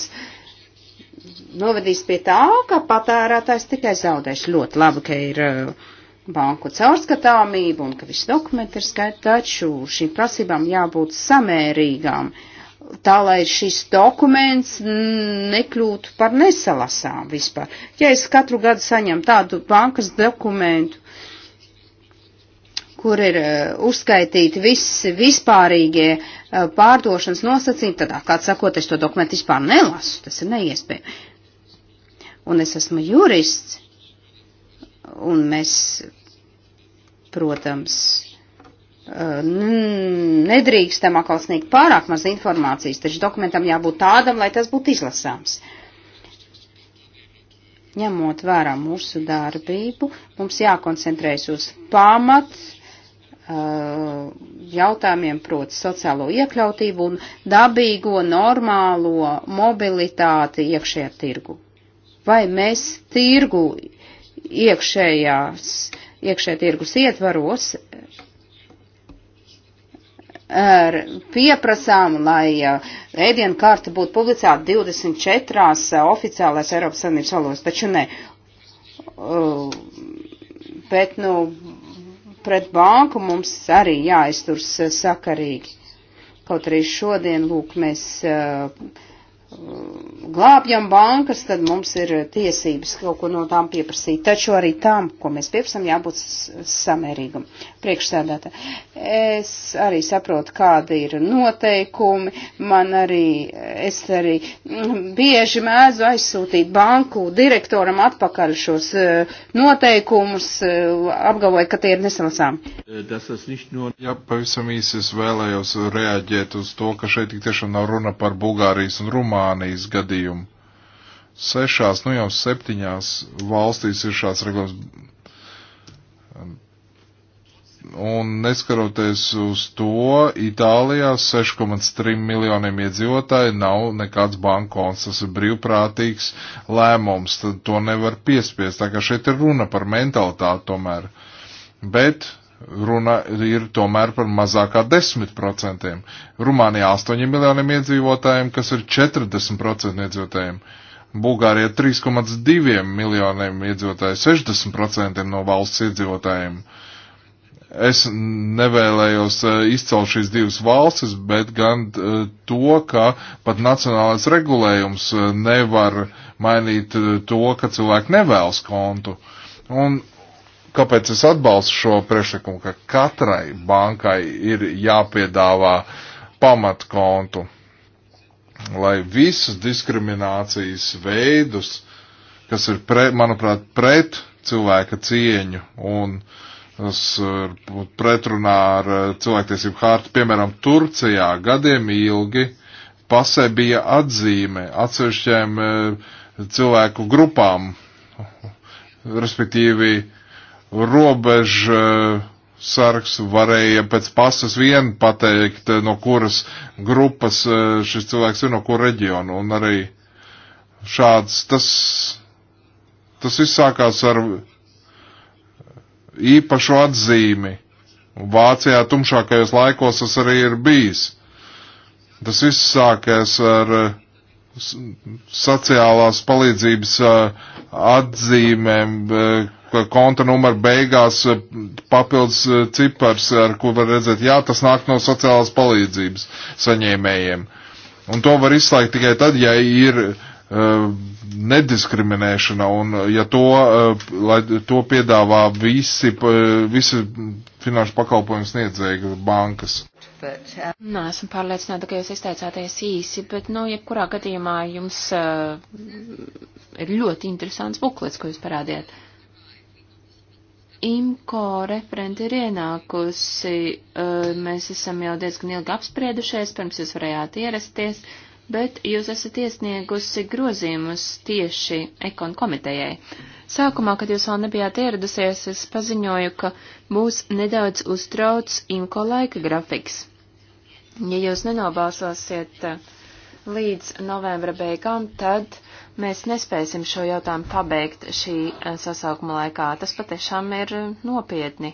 novedīs pie tā, ka patērētājs tikai zaudēs. Ļoti labi, ka ir uh, banku caurskatāmība un ka viss dokumenti ir skaidri, taču šīm prasībām jābūt samērīgām, tā lai šis dokuments nekļūtu par nesalasām vispār. Ja es katru gadu saņemu tādu bankas dokumentu, kur ir eh, uzskaitīti visi vispārīgie eh, pārdošanas nosacījumi, tad, kāds sakot, es to dokumentu vispār nelasu, tas ir neiespējami. Un es esmu jurists, un mēs, protams, eh, nedrīkstam atkal sniegt pārāk maz informācijas, taču dokumentam jābūt tādam, lai tas būtu izlasāms. Ņemot vērā mūsu darbību, mums jākoncentrējas uz pamatu Uh, jautājumiem, proti sociālo iekļautību un dabīgo, normālo mobilitāti iekšējā tirgu. Vai mēs tirgu iekšējās, iekšē tirgus ietvaros er, pieprasām, lai uh, ēdienu karta būtu publicēta 24 uh, oficiālās Eiropas Savienības valodas, taču ne. Bet, nu, pret banku mums arī jāizturs eh, sakarīgi. Kaut arī šodien, lūk, mēs uh, glābjam bankas, tad mums ir tiesības kaut ko no tām pieprasīt. Taču arī tām, ko mēs pieprasām, jābūt samērīgam. Priekšsēdētā. Es arī saprotu, kādi ir noteikumi. Man arī, es arī mm, bieži mēdzu aizsūtīt banku direktoram atpakaļ šos e, noteikumus, e, apgalvoju, ka tie ir nesamasām. E, Jā, pavisam īsi es vēlējos reaģēt uz to, ka šeit tik tiešām nav runa par Bulgārijas un Rumānijas Rumānijas gadījumu. Sešās, nu jau septiņās valstīs ir šāds regulējums. Un neskaroties uz to, Itālijā 6,3 miljoniem iedzīvotāji nav nekāds bankons, tas ir brīvprātīgs lēmums, tad to nevar piespiest, tā kā šeit ir runa par mentalitāti tomēr. Bet runa ir tomēr par mazākā 10%. Rumānijā 8 miljoniem iedzīvotājiem, kas ir 40% iedzīvotājiem. Bulgārijā 3,2 miljoniem iedzīvotāju, 60% no valsts iedzīvotājiem. Es nevēlējos eh, izcelt šīs divas valstis, bet gan eh, to, ka pat nacionālais regulējums eh, nevar mainīt to, ka cilvēki nevēlas kontu. Un kāpēc es atbalstu šo priekšlikumu, ka katrai bankai ir jāpiedāvā pamatkontu, lai visas diskriminācijas veidus, kas ir, pre, manuprāt, pret cilvēka cieņu un tas ir pretrunā ar cilvēktiesību hārtu, piemēram, Turcijā gadiem ilgi pasē bija atzīme atsevišķiem eh, cilvēku grupām, respektīvi, uh, robeža sargs varēja pēc pasas vien pateikt, eh, no kuras grupas eh, šis cilvēks ir, no kura reģiona. Un arī šāds, tas, tas viss sākās ar īpašu atzīmi. Vācijā tumšākajos laikos tas arī ir bijis. Tas viss sākās ar eh, sociālās palīdzības atzīmēm, konta numura beigās eh, papildus eh, cipars, eh, ar ko var redzēt, jā, tas nāk no sociālās palīdzības saņēmējiem. Un to var izslēgt tikai tad, ja ir uh, nediskriminēšana un ja to, uh, lai to piedāvā visi, uh, visi finanšu pakalpojumu sniedzēji bankas. Bet, um... Uh, Nē, nu, esmu pārliecināta, ka jūs izteicāties īsi, bet, nu, jebkurā gadījumā jums uh, ir ļoti interesants buklets, ko jūs parādījāt. Uh, IMCO referenti ir ienākusi. Eh, mēs esam jau diezgan ilgi apspriedušies, pirms jūs varējāt ierasties, bet jūs esat iesniegusi grozījumus tieši ekon komitejai. Sākumā, kad jūs vēl nebijāt ieradusies, es paziņoju, ka būs nedaudz uztrauc IMCO laika grafiks. Ja jūs nenobalsosiet eh, līdz novembra beigām, tad Mēs nespēsim šo jautājumu pabeigt šī eh, sasaukuma laikā. Tas patiešām ir eh, nopietni.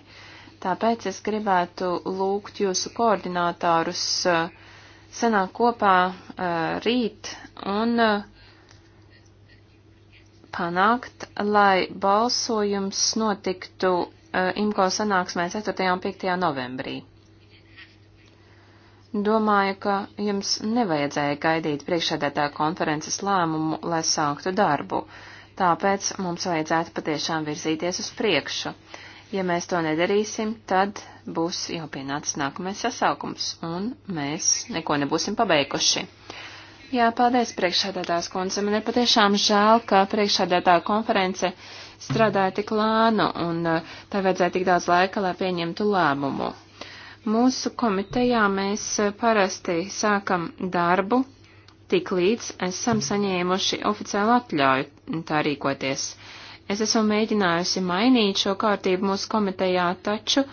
Tāpēc es gribētu lūgt jūsu koordinātārus eh, sanākt kopā rīt un panākt, lai balsojums notiktu IMCO sanāksmē 4. un 5. novembrī. Domāju, ka jums nevajadzēja gaidīt priekšsēdētāja konferences lēmumu, lai sāktu darbu. Tāpēc mums vajadzētu patiešām virzīties uz priekšu. Ja mēs to nedarīsim, tad būs jau pienācis nākamais sasaukums, un mēs neko nebūsim pabeiguši. Jā, paldies priekšsēdētājs kundze. Man ir patiešām žēl, ka priekšsēdētāja konference strādāja tik lānu, un uh, tā vajadzēja tik daudz laika, lai pieņemtu lēmumu. Mūsu komitejā mēs eh, parasti sākam darbu tik līdz esam saņēmuši oficiālu atļauju tā rīkoties. Es esmu mēģinājusi mainīt šo kārtību mūsu komitejā, taču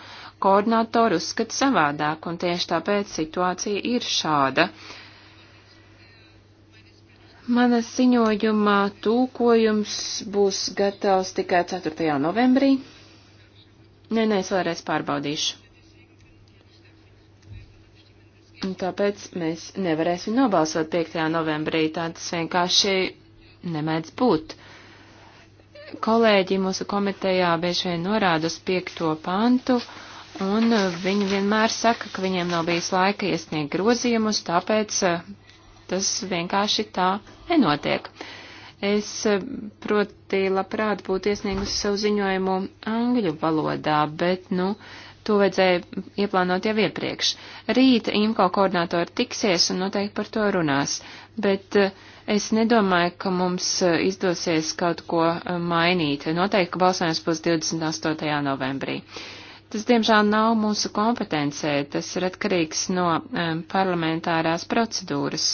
koordinātori uzskata savādāk, un tieši tāpēc situācija ir šāda. Mana ziņojuma tūkojums būs gatavs tikai 4. novembrī. Nē, nē, es vēlreiz pārbaudīšu. Un tāpēc mēs nevarēsim nobalsot 5. novembrī. Tā tas vienkārši nemēdz būt. Kolēģi mūsu komitejā bieži vien norāda uz 5. pantu, un viņi vienmēr saka, ka viņiem nav bijis laika iesniegt grozījumus, tāpēc eh, tas vienkārši tā nenotiek. Es, eh, proti, labprāt būtu iesniegusi savu ziņojumu angļu valodā, bet, nu, uh, To vajadzēja ieplānot jau iepriekš. Rīta IMCO koordinātori tiksies un noteikti par to runās, bet eh, es nedomāju, ka mums eh, izdosies kaut ko eh, mainīt. Noteikti, ka balsojums būs 28. novembrī. Tas, diemžēl, nav mūsu kompetencē, tas ir atkarīgs no um, parlamentārās procedūras.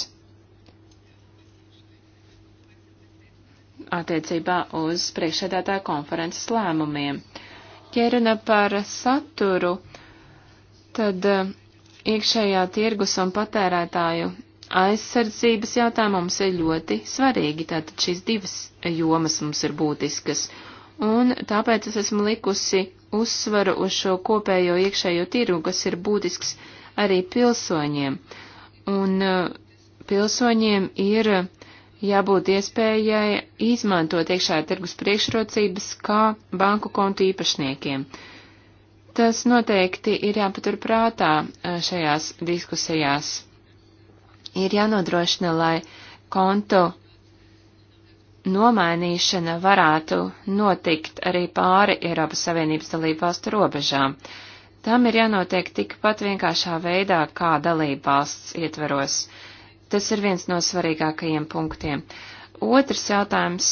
attiecībā uz priekšsēdētāju konferences lēmumiem. Uh, Ja runa par saturu, tad eh, iekšējā tirgus un patērētāju aizsardzības jautājumi mums ir ļoti svarīgi, tātad šīs divas jomas mums ir būtiskas. Un tāpēc es esmu likusi uzsvaru uz šo kopējo iekšējo tirgu, kas ir būtisks arī pilsoņiem. Un eh, pilsoņiem ir jābūt iespējai izmantot iekšējā tirgus priekšrocības kā banku kontu īpašniekiem. Tas noteikti ir jāpatur prātā šajās diskusijās. Ir jānodrošina, lai kontu nomainīšana varētu notikt arī pāri Eiropas Savienības dalību valstu robežām. Tam ir jānotiek tikpat vienkāršā veidā, kā dalību valsts ietveros. Uh, Tas ir viens no svarīgākajiem punktiem. Otrs jautājums,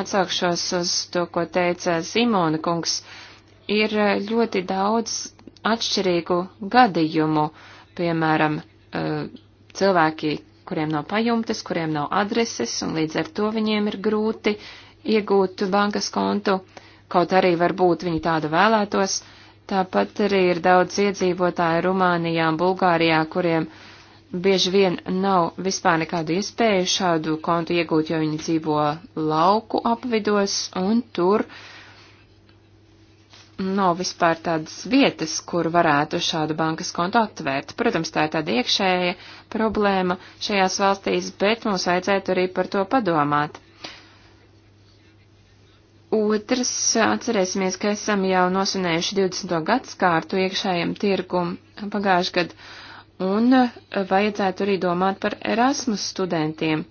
atsaukšos uz to, ko teica Simona kungs, ir ļoti daudz atšķirīgu gadījumu, piemēram, eh, cilvēki, kuriem nav pajumtes, kuriem nav adreses, un līdz ar to viņiem ir grūti iegūt bankas kontu, kaut arī varbūt viņi tādu vēlētos. Tāpat arī ir daudz iedzīvotāju Rumānijā un Bulgārijā, kuriem uh, bieži vien nav vispār nekādu iespēju šādu kontu iegūt, jo viņi dzīvo lauku apvidos un tur nav vispār tādas vietas, kur varētu šādu bankas kontu atvērt. Protams, tā ir tāda iekšēja problēma šajās valstīs, bet mums vajadzētu arī par to padomāt. Otrs, atcerēsimies, ka esam jau nosvinējuši 20. gadskārtu iekšējiem tirgum pagājuši gadu Un eh, vajadzētu arī domāt par Erasmus studentiem,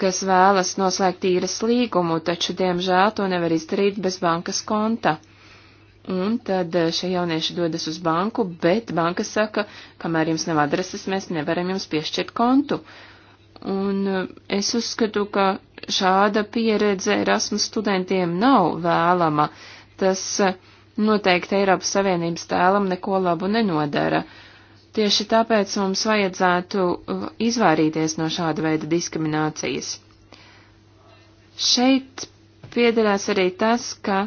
kas vēlas noslēgt īres līgumu, taču, diemžēl, to nevar izdarīt bez bankas konta. Un tad eh, šie jaunieši dodas uz banku, bet banka saka, kamēr jums nav adreses, mēs nevaram jums piešķirt kontu. Un eh, es uzskatu, ka šāda pieredze Erasmus studentiem nav vēlama. Tas uh, noteikti Eiropas Savienības tēlam neko labu nenodara. Tieši tāpēc mums vajadzētu uh, izvairīties no šāda veida diskriminācijas. Šeit piederās arī tas, ka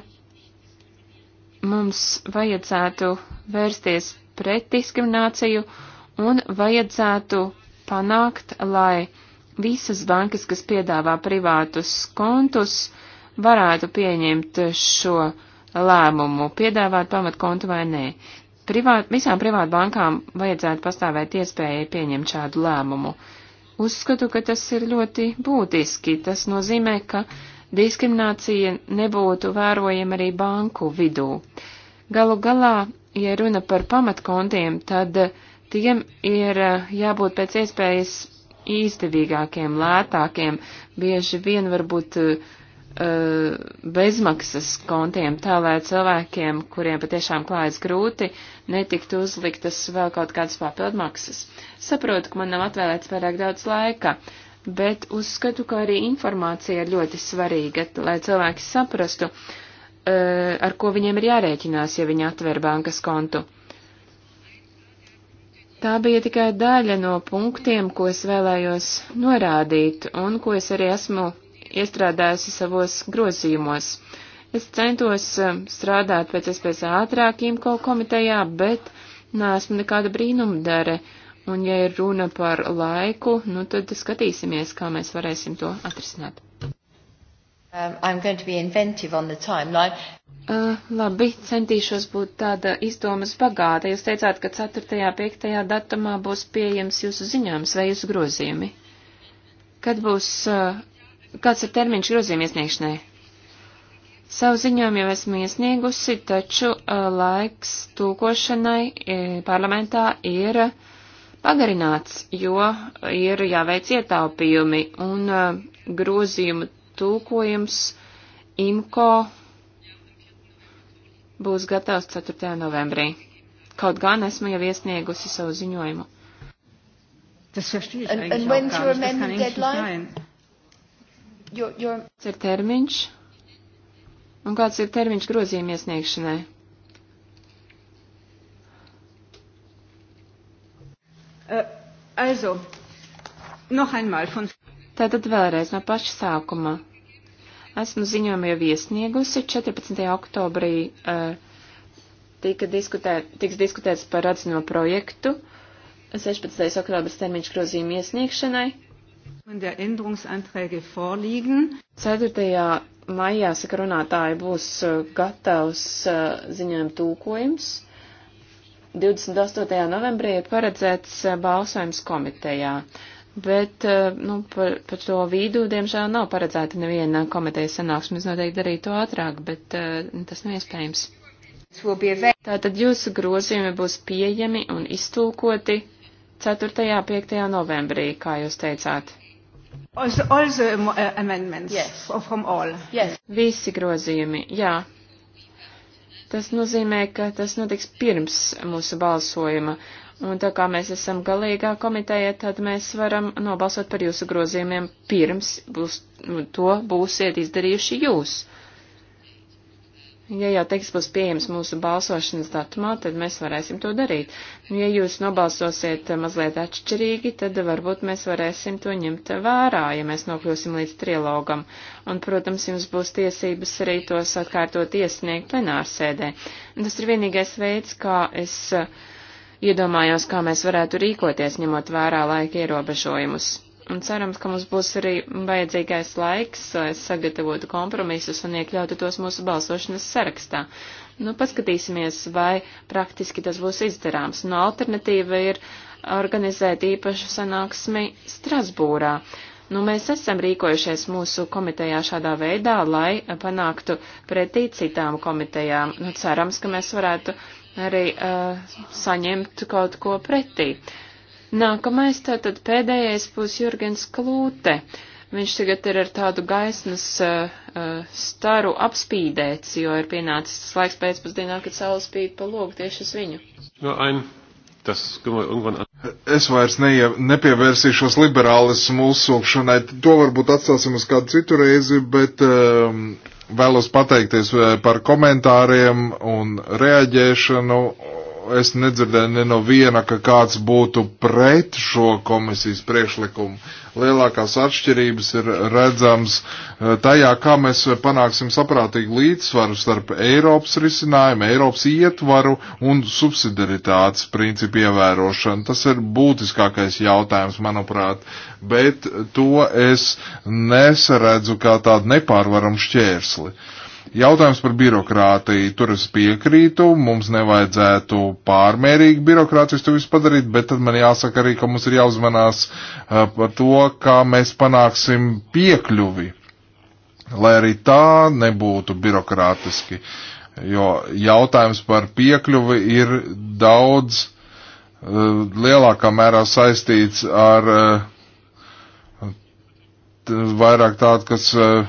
mums vajadzētu vērsties pret diskrimināciju un vajadzētu panākt, lai visas bankas, kas piedāvā privātus kontus, varētu pieņemt šo uh, lēmumu piedāvāt pamatkontu vai nē. Privāt, visām privāt bankām vajadzētu pastāvēt iespējai pieņemt šādu lēmumu. Uzskatu, ka tas ir ļoti būtiski. Tas nozīmē, ka diskriminācija nebūtu vērojama arī banku vidū. Galu galā, ja runa par pamatkontiem, tad tiem ir eh, jābūt pēc iespējas izdevīgākiem, lētākiem, bieži vien varbūt uh, Uh, bezmaksas kontiem, tā lai cilvēkiem, kuriem patiešām klājas grūti, netiktu uzliktas vēl kaut kādas papildmaksas. Saprotu, ka man nav atvēlēts pārāk daudz laika, bet uzskatu, ka arī informācija ir ļoti svarīga, lai cilvēki saprastu, uh, ar ko viņiem ir jārēķinās, ja viņi atver bankas kontu. Tā bija tikai daļa no punktiem, ko es vēlējos norādīt un ko es arī esmu iestrādājusi savos grozījumos. Es centos eh, strādāt pēc iespējas ātrāk IMCO komitejā, bet neesmu nekāda brīnumdare, un ja ir runa par laiku, nu tad skatīsimies, kā mēs varēsim to atrisināt. Um, Uh, labi, centīšos būt tāda izdomas bagāta. Jūs teicāt, ka 4. 5. datumā būs pieejams jūsu ziņojums vai jūsu grozījumi. Kad būs uh, kāds ir termiņš grozījuma iesniegšanai? Savu ziņojumu jau esmu iesniegusi, taču uh, laiks tūkošanai e, parlamentā ir pagarināts, jo ir jāveic ietaupījumi un uh, grozījumu tūkojums IMCO būs gatavs 4. novembrī. Kaut gan esmu jau iesniegusi savu ziņojumu. Tas jau šķiet, ka ir deadline jo, jo ir termiņš un kāds ir termiņš grozījuma iesniegšanai? Uh, also, noch einmal von. Tātad vēlreiz no paša sākuma. Esmu ziņojumu jau iesniegusi. 14. oktobrī uh, tika diskutē, tiks diskutēts par atzino projektu. 16. oktobris termiņš grozījuma iesniegšanai. 4. maijā, saka runātāji, būs uh, gatavs uh, ziņojuma tūkojums. 28. novembrī ir paredzēts uh, balsojums komitejā, bet nu, par, par to vidu, diemžēl, nav paredzēta neviena komitejas sanāksmes. Noteikti darītu to ātrāk, bet tas nav iespējams. Tātad jūsu grozījumi būs pieejami un iztūkoti 4. un 5. novembrī, kā jūs teicāt. Also, all the um, uh, amendments yes. from all. Yes. Visi grozījumi, jā. Tas nozīmē, ka tas notiks pirms mūsu balsojuma. Un tā kā mēs esam galīgā komiteja, tad mēs varam nobalsot par jūsu grozījumiem pirms būs, to būsiet izdarījuši jūs. Ja jau teksts būs pieejams mūsu balsošanas datumā, tad mēs varēsim to darīt. Nu, ja jūs nobalsosiet mazliet atšķirīgi, tad varbūt mēs varēsim to ņemt vērā, ja mēs nokļūsim līdz trilogam. Un, protams, jums būs tiesības arī tos atkārtot iesniegt plenārsēdē. Un tas ir vienīgais veids, kā es iedomājos, kā mēs varētu rīkoties, ņemot vērā laika ierobežojumus. Un cerams, ka mums būs arī vajadzīgais laiks, lai sagatavotu kompromisus un iekļautu tos mūsu balsošanas sarakstā. Nu, paskatīsimies, vai praktiski tas būs izdarāms. Nu, alternatīva ir organizēt īpašu sanāksmi Strasbūrā. Nu, mēs esam rīkojušies mūsu komitejā šādā veidā, lai panāktu pretī citām komitejām. Nu, cerams, ka mēs varētu arī uh, saņemt kaut ko pretī. Uh, Nākamais tātad pēdējais būs Jurgens Klūte. Viņš tagad ir ar tādu gaismas uh, uh, staru apspīdēts, jo ir pienācis tas laiks pēcpusdienā, kad saule spīd pa logu tieši uz viņu. No, nu, ein, tas, irgendwann... Es vairs neie, nepievērsīšos liberālismu uzsūkšanai, to varbūt atstāsim uz kādu citu reizi, bet um, vēlos pateikties uh, par komentāriem un reaģēšanu es nedzirdēju ne no viena, ka kāds būtu pret šo komisijas priekšlikumu. Lielākās atšķirības ir redzams eh, tajā, kā mēs panāksim saprātīgu līdzsvaru starp Eiropas risinājumu, Eiropas ietvaru un subsidiaritātes principu ievērošanu. Tas ir būtiskākais jautājums, manuprāt, bet to es nesaredzu kā tādu nepārvaramu šķērsli. Uh, Jautājums par birokrātiju. Tur es piekrītu, mums nevajadzētu pārmērīgi birokrātijas to visu padarīt, bet tad man jāsaka arī, ka mums ir jāuzmanās uh, par to, kā mēs panāksim piekļuvi, lai arī tā nebūtu birokrātiski. Jo jautājums par piekļuvi ir daudz uh, lielākā mērā saistīts ar uh, vairāk tādu, kas uh,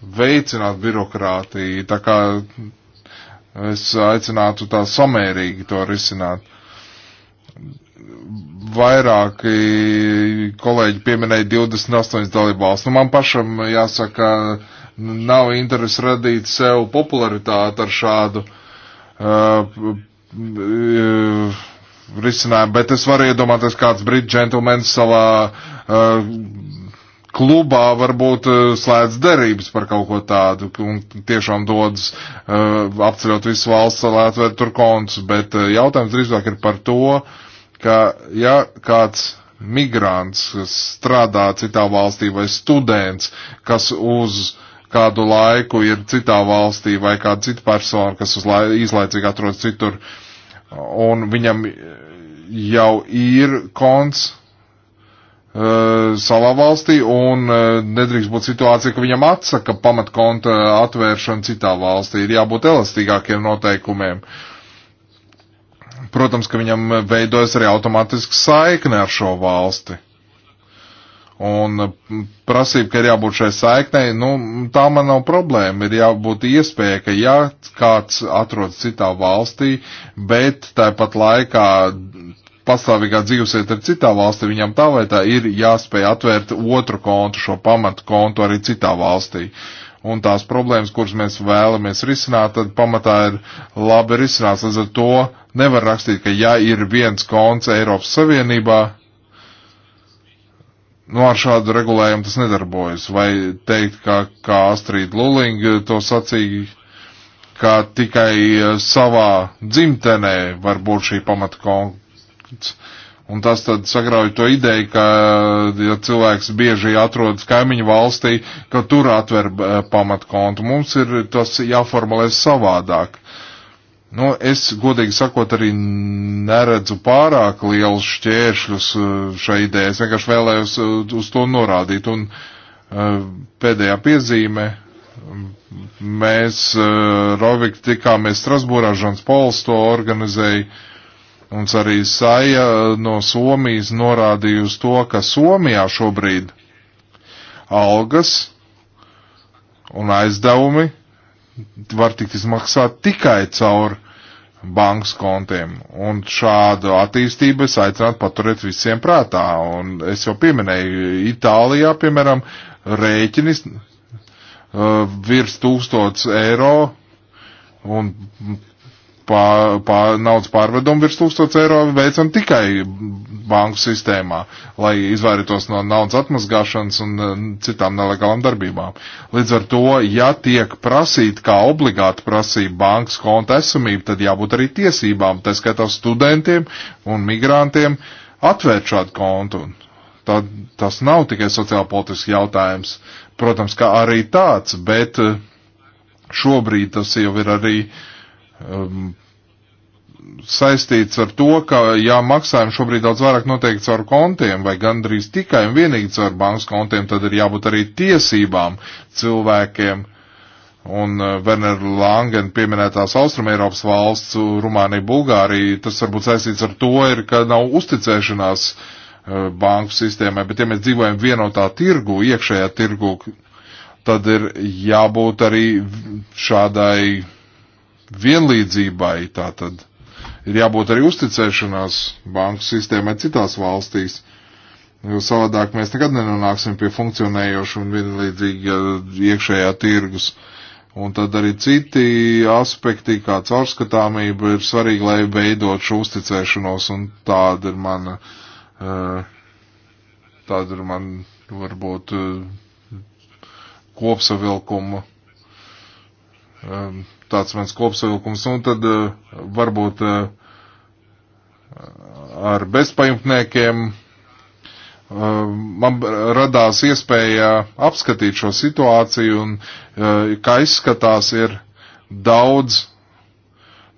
veicināt birokrātiju, tā kā es aicinātu tā samērīgi to risināt. Vairāki kolēģi pieminēja 28 dalībvalsts. Nu, man pašam jāsaka, nav interesi radīt sev popularitāti ar šādu uh, uh, risinājumu, bet es varu iedomāties kāds brīt džentlmenis savā uh, klubā varbūt eh, slēdz derības par kaut ko tādu un tiešām dodas uh, apceļot visu valsts, lai atvērtu tur kontus, bet uh, jautājums drīzāk ir par to, ka ja kāds migrants, kas strādā citā valstī vai students, kas uz kādu laiku ir citā valstī vai kāda cita persona, kas uz lai, īslaicīgi atrodas citur, un viņam jau ir konts, Uh, savā valstī un uh, nedrīkst būt situācija, ka viņam atsaka pamatkonta atvēršana citā valstī. Ir jābūt elastīgākiem noteikumiem. Protams, ka viņam veidojas arī automātiski saikne ar šo valsti. Un uh, prasība, ka ir jābūt šai saiknei, nu, tā man nav problēma. Ir jābūt iespēja, ka ja kāds atrodas citā valstī, bet tāpat laikā pastāvīgā dzīvesvieta ir citā valstī, viņam tā vai tā ir jāspēj atvērt otru kontu, šo pamatu kontu arī citā valstī. Un tās problēmas, kuras mēs vēlamies risināt, tad pamatā ir labi risināts. Līdz ar to nevar rakstīt, ka ja ir viens konts Eiropas Savienībā, nu ar šādu regulējumu tas nedarbojas. Vai teikt, kā, kā Astrid Luling to sacīja, ka tikai savā dzimtenē var būt šī pamata konta konflikts. Un tas tad sagrauj to ideju, ka, ja cilvēks bieži atrodas kaimiņu valstī, ka tur atver eh, pamatkontu. Mums ir tas jāformulē savādāk. Nu, es, godīgi sakot, arī neredzu pārāk lielus šķēršļus eh, šai idejai. Es vienkārši vēlējos eh, uz to norādīt. Un pēdējā piezīme. Mēs, Rovik, tikāmies Strasbūrā, Žans Pols to organizēja Mums arī Saja eh, no Somijas norādīja uz to, ka Somijā šobrīd algas un aizdevumi var tikt izmaksāt tikai caur bankas kontiem. Un šādu attīstību es aicinātu paturēt visiem prātā. Un es jau pieminēju, Itālijā, piemēram, rēķinis uh, virs tūkstots eiro un pār, pār, naudas pārvedumu virs 1000 eiro veicam tikai banku sistēmā, lai izvairītos no naudas atmazgāšanas un um, citām nelegālām darbībām. Līdz ar to, ja tiek prasīt kā obligāti prasība bankas konta esamība, tad jābūt arī tiesībām, tā skaitā studentiem un migrantiem, atvērt šādu kontu. Tā, tas nav tikai sociālpolitisks jautājums, protams, kā arī tāds, bet uh, šobrīd tas jau ir arī uh, um, saistīts ar to, ka jā, maksājumi šobrīd daudz vairāk noteikti caur kontiem vai gandrīz tikai un vienīgi caur bankas kontiem, tad ir jābūt arī tiesībām cilvēkiem. Un uh, Werner Langen pieminētās Austrumēropas valsts, Rumānija, Bulgārija, tas varbūt saistīts ar to, ir, ka nav uzticēšanās uh, banku sistēmai, bet ja mēs dzīvojam vienotā tirgu, iekšējā tirgu, tad ir jābūt arī šādai vienlīdzībai tātad ir jābūt arī uzticēšanās banku sistēmai citās valstīs, jo savādāk mēs nekad nenonāksim pie funkcionējoša un vienlīdzīga iekšējā tirgus. Un tad arī citi aspekti, kā caurskatāmība, ir svarīgi, lai veidot šo uzticēšanos, un tāda ir mana, eh, tāda ir man varbūt eh, kopsavilkuma eh, tāds mans kopsavilkums, un tad eh, varbūt eh, ar bezpajumtniekiem eh, man radās iespēja apskatīt šo situāciju, un kā izskatās, ir daudz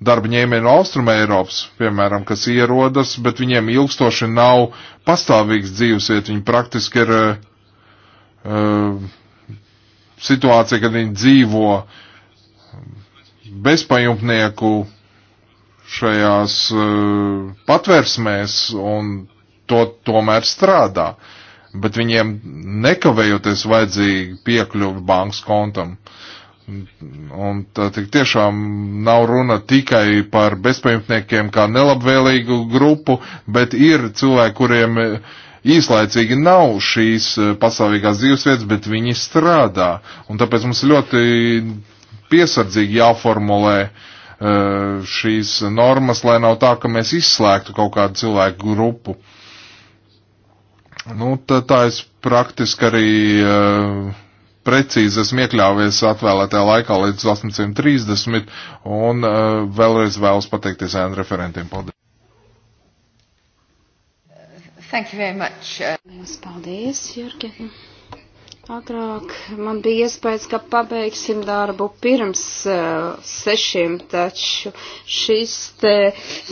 darba ņēmēju no Austruma Eiropas, piemēram, kas ierodas, bet viņiem ilgstoši nav pastāvīgs dzīvesviet. Viņi praktiski ir uh, situācija, kad viņi dzīvo uh, bezpajumtnieku šajās uh, e, patversmēs un to tomēr strādā. Bet viņiem nekavējoties vajadzīgi piekļuvi bankas kontam. Un tā tiešām nav runa tikai par bezpajumtniekiem kā nelabvēlīgu grupu, bet ir cilvēki, kuriem īslaicīgi nav šīs e, pastāvīgās dzīvesvietas, bet viņi strādā. Un tāpēc mums ļoti piesardzīgi jāformulē uh, šīs normas, lai nav tā, ka mēs izslēgtu kaut kādu cilvēku grupu. Nu, tā, tā es praktiski arī uh, precīzi esmu iekļāvies atvēlētajā laikā līdz 18.30 un uh, vēlreiz vēlos pateikties ēnu referentiem. Paldies! Thank you very much. Paldies, Jurgen. Agrāk man bija iespējas, ka pabeigsim darbu pirms uh, sešiem, taču šis te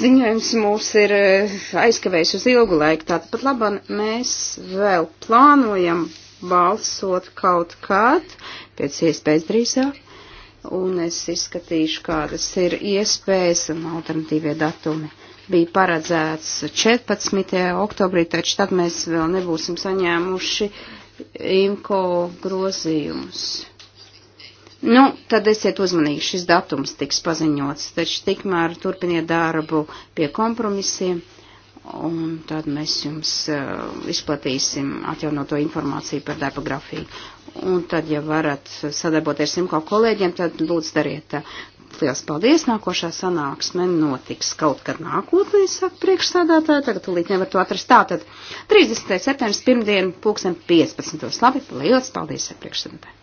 ziņojums mūs ir uh, aizkavējis uz ilgu laiku. Tātad pat labam mēs vēl plānojam balsot kaut kād, pēc iespējas drīzāk, un es izskatīšu, kādas ir iespējas un alternatīvie datumi. Bija paredzēts 14. oktobrī, taču tad mēs vēl nebūsim saņēmuši. Uh, IMCO grozījumus. Nu, tad esiet uzmanīgi, šis datums tiks paziņots, taču tikmēr turpiniet darbu pie kompromisiem, un tad mēs jums uh, izplatīsim atjaunoto informāciju par darba grafiku. Un tad, ja varat sadarboties ar simko kolēģiem, tad lūdzu dariet tā. Liels paldies! Nākošā sanāksme notiks kaut kad nākotnē, saka priekšsādātāja. Tagad tūlīt nevar to atrast. Tātad 30. septembris pirmdien, pulksten 15. Labi, liels paldies, saka priekšsādātāja!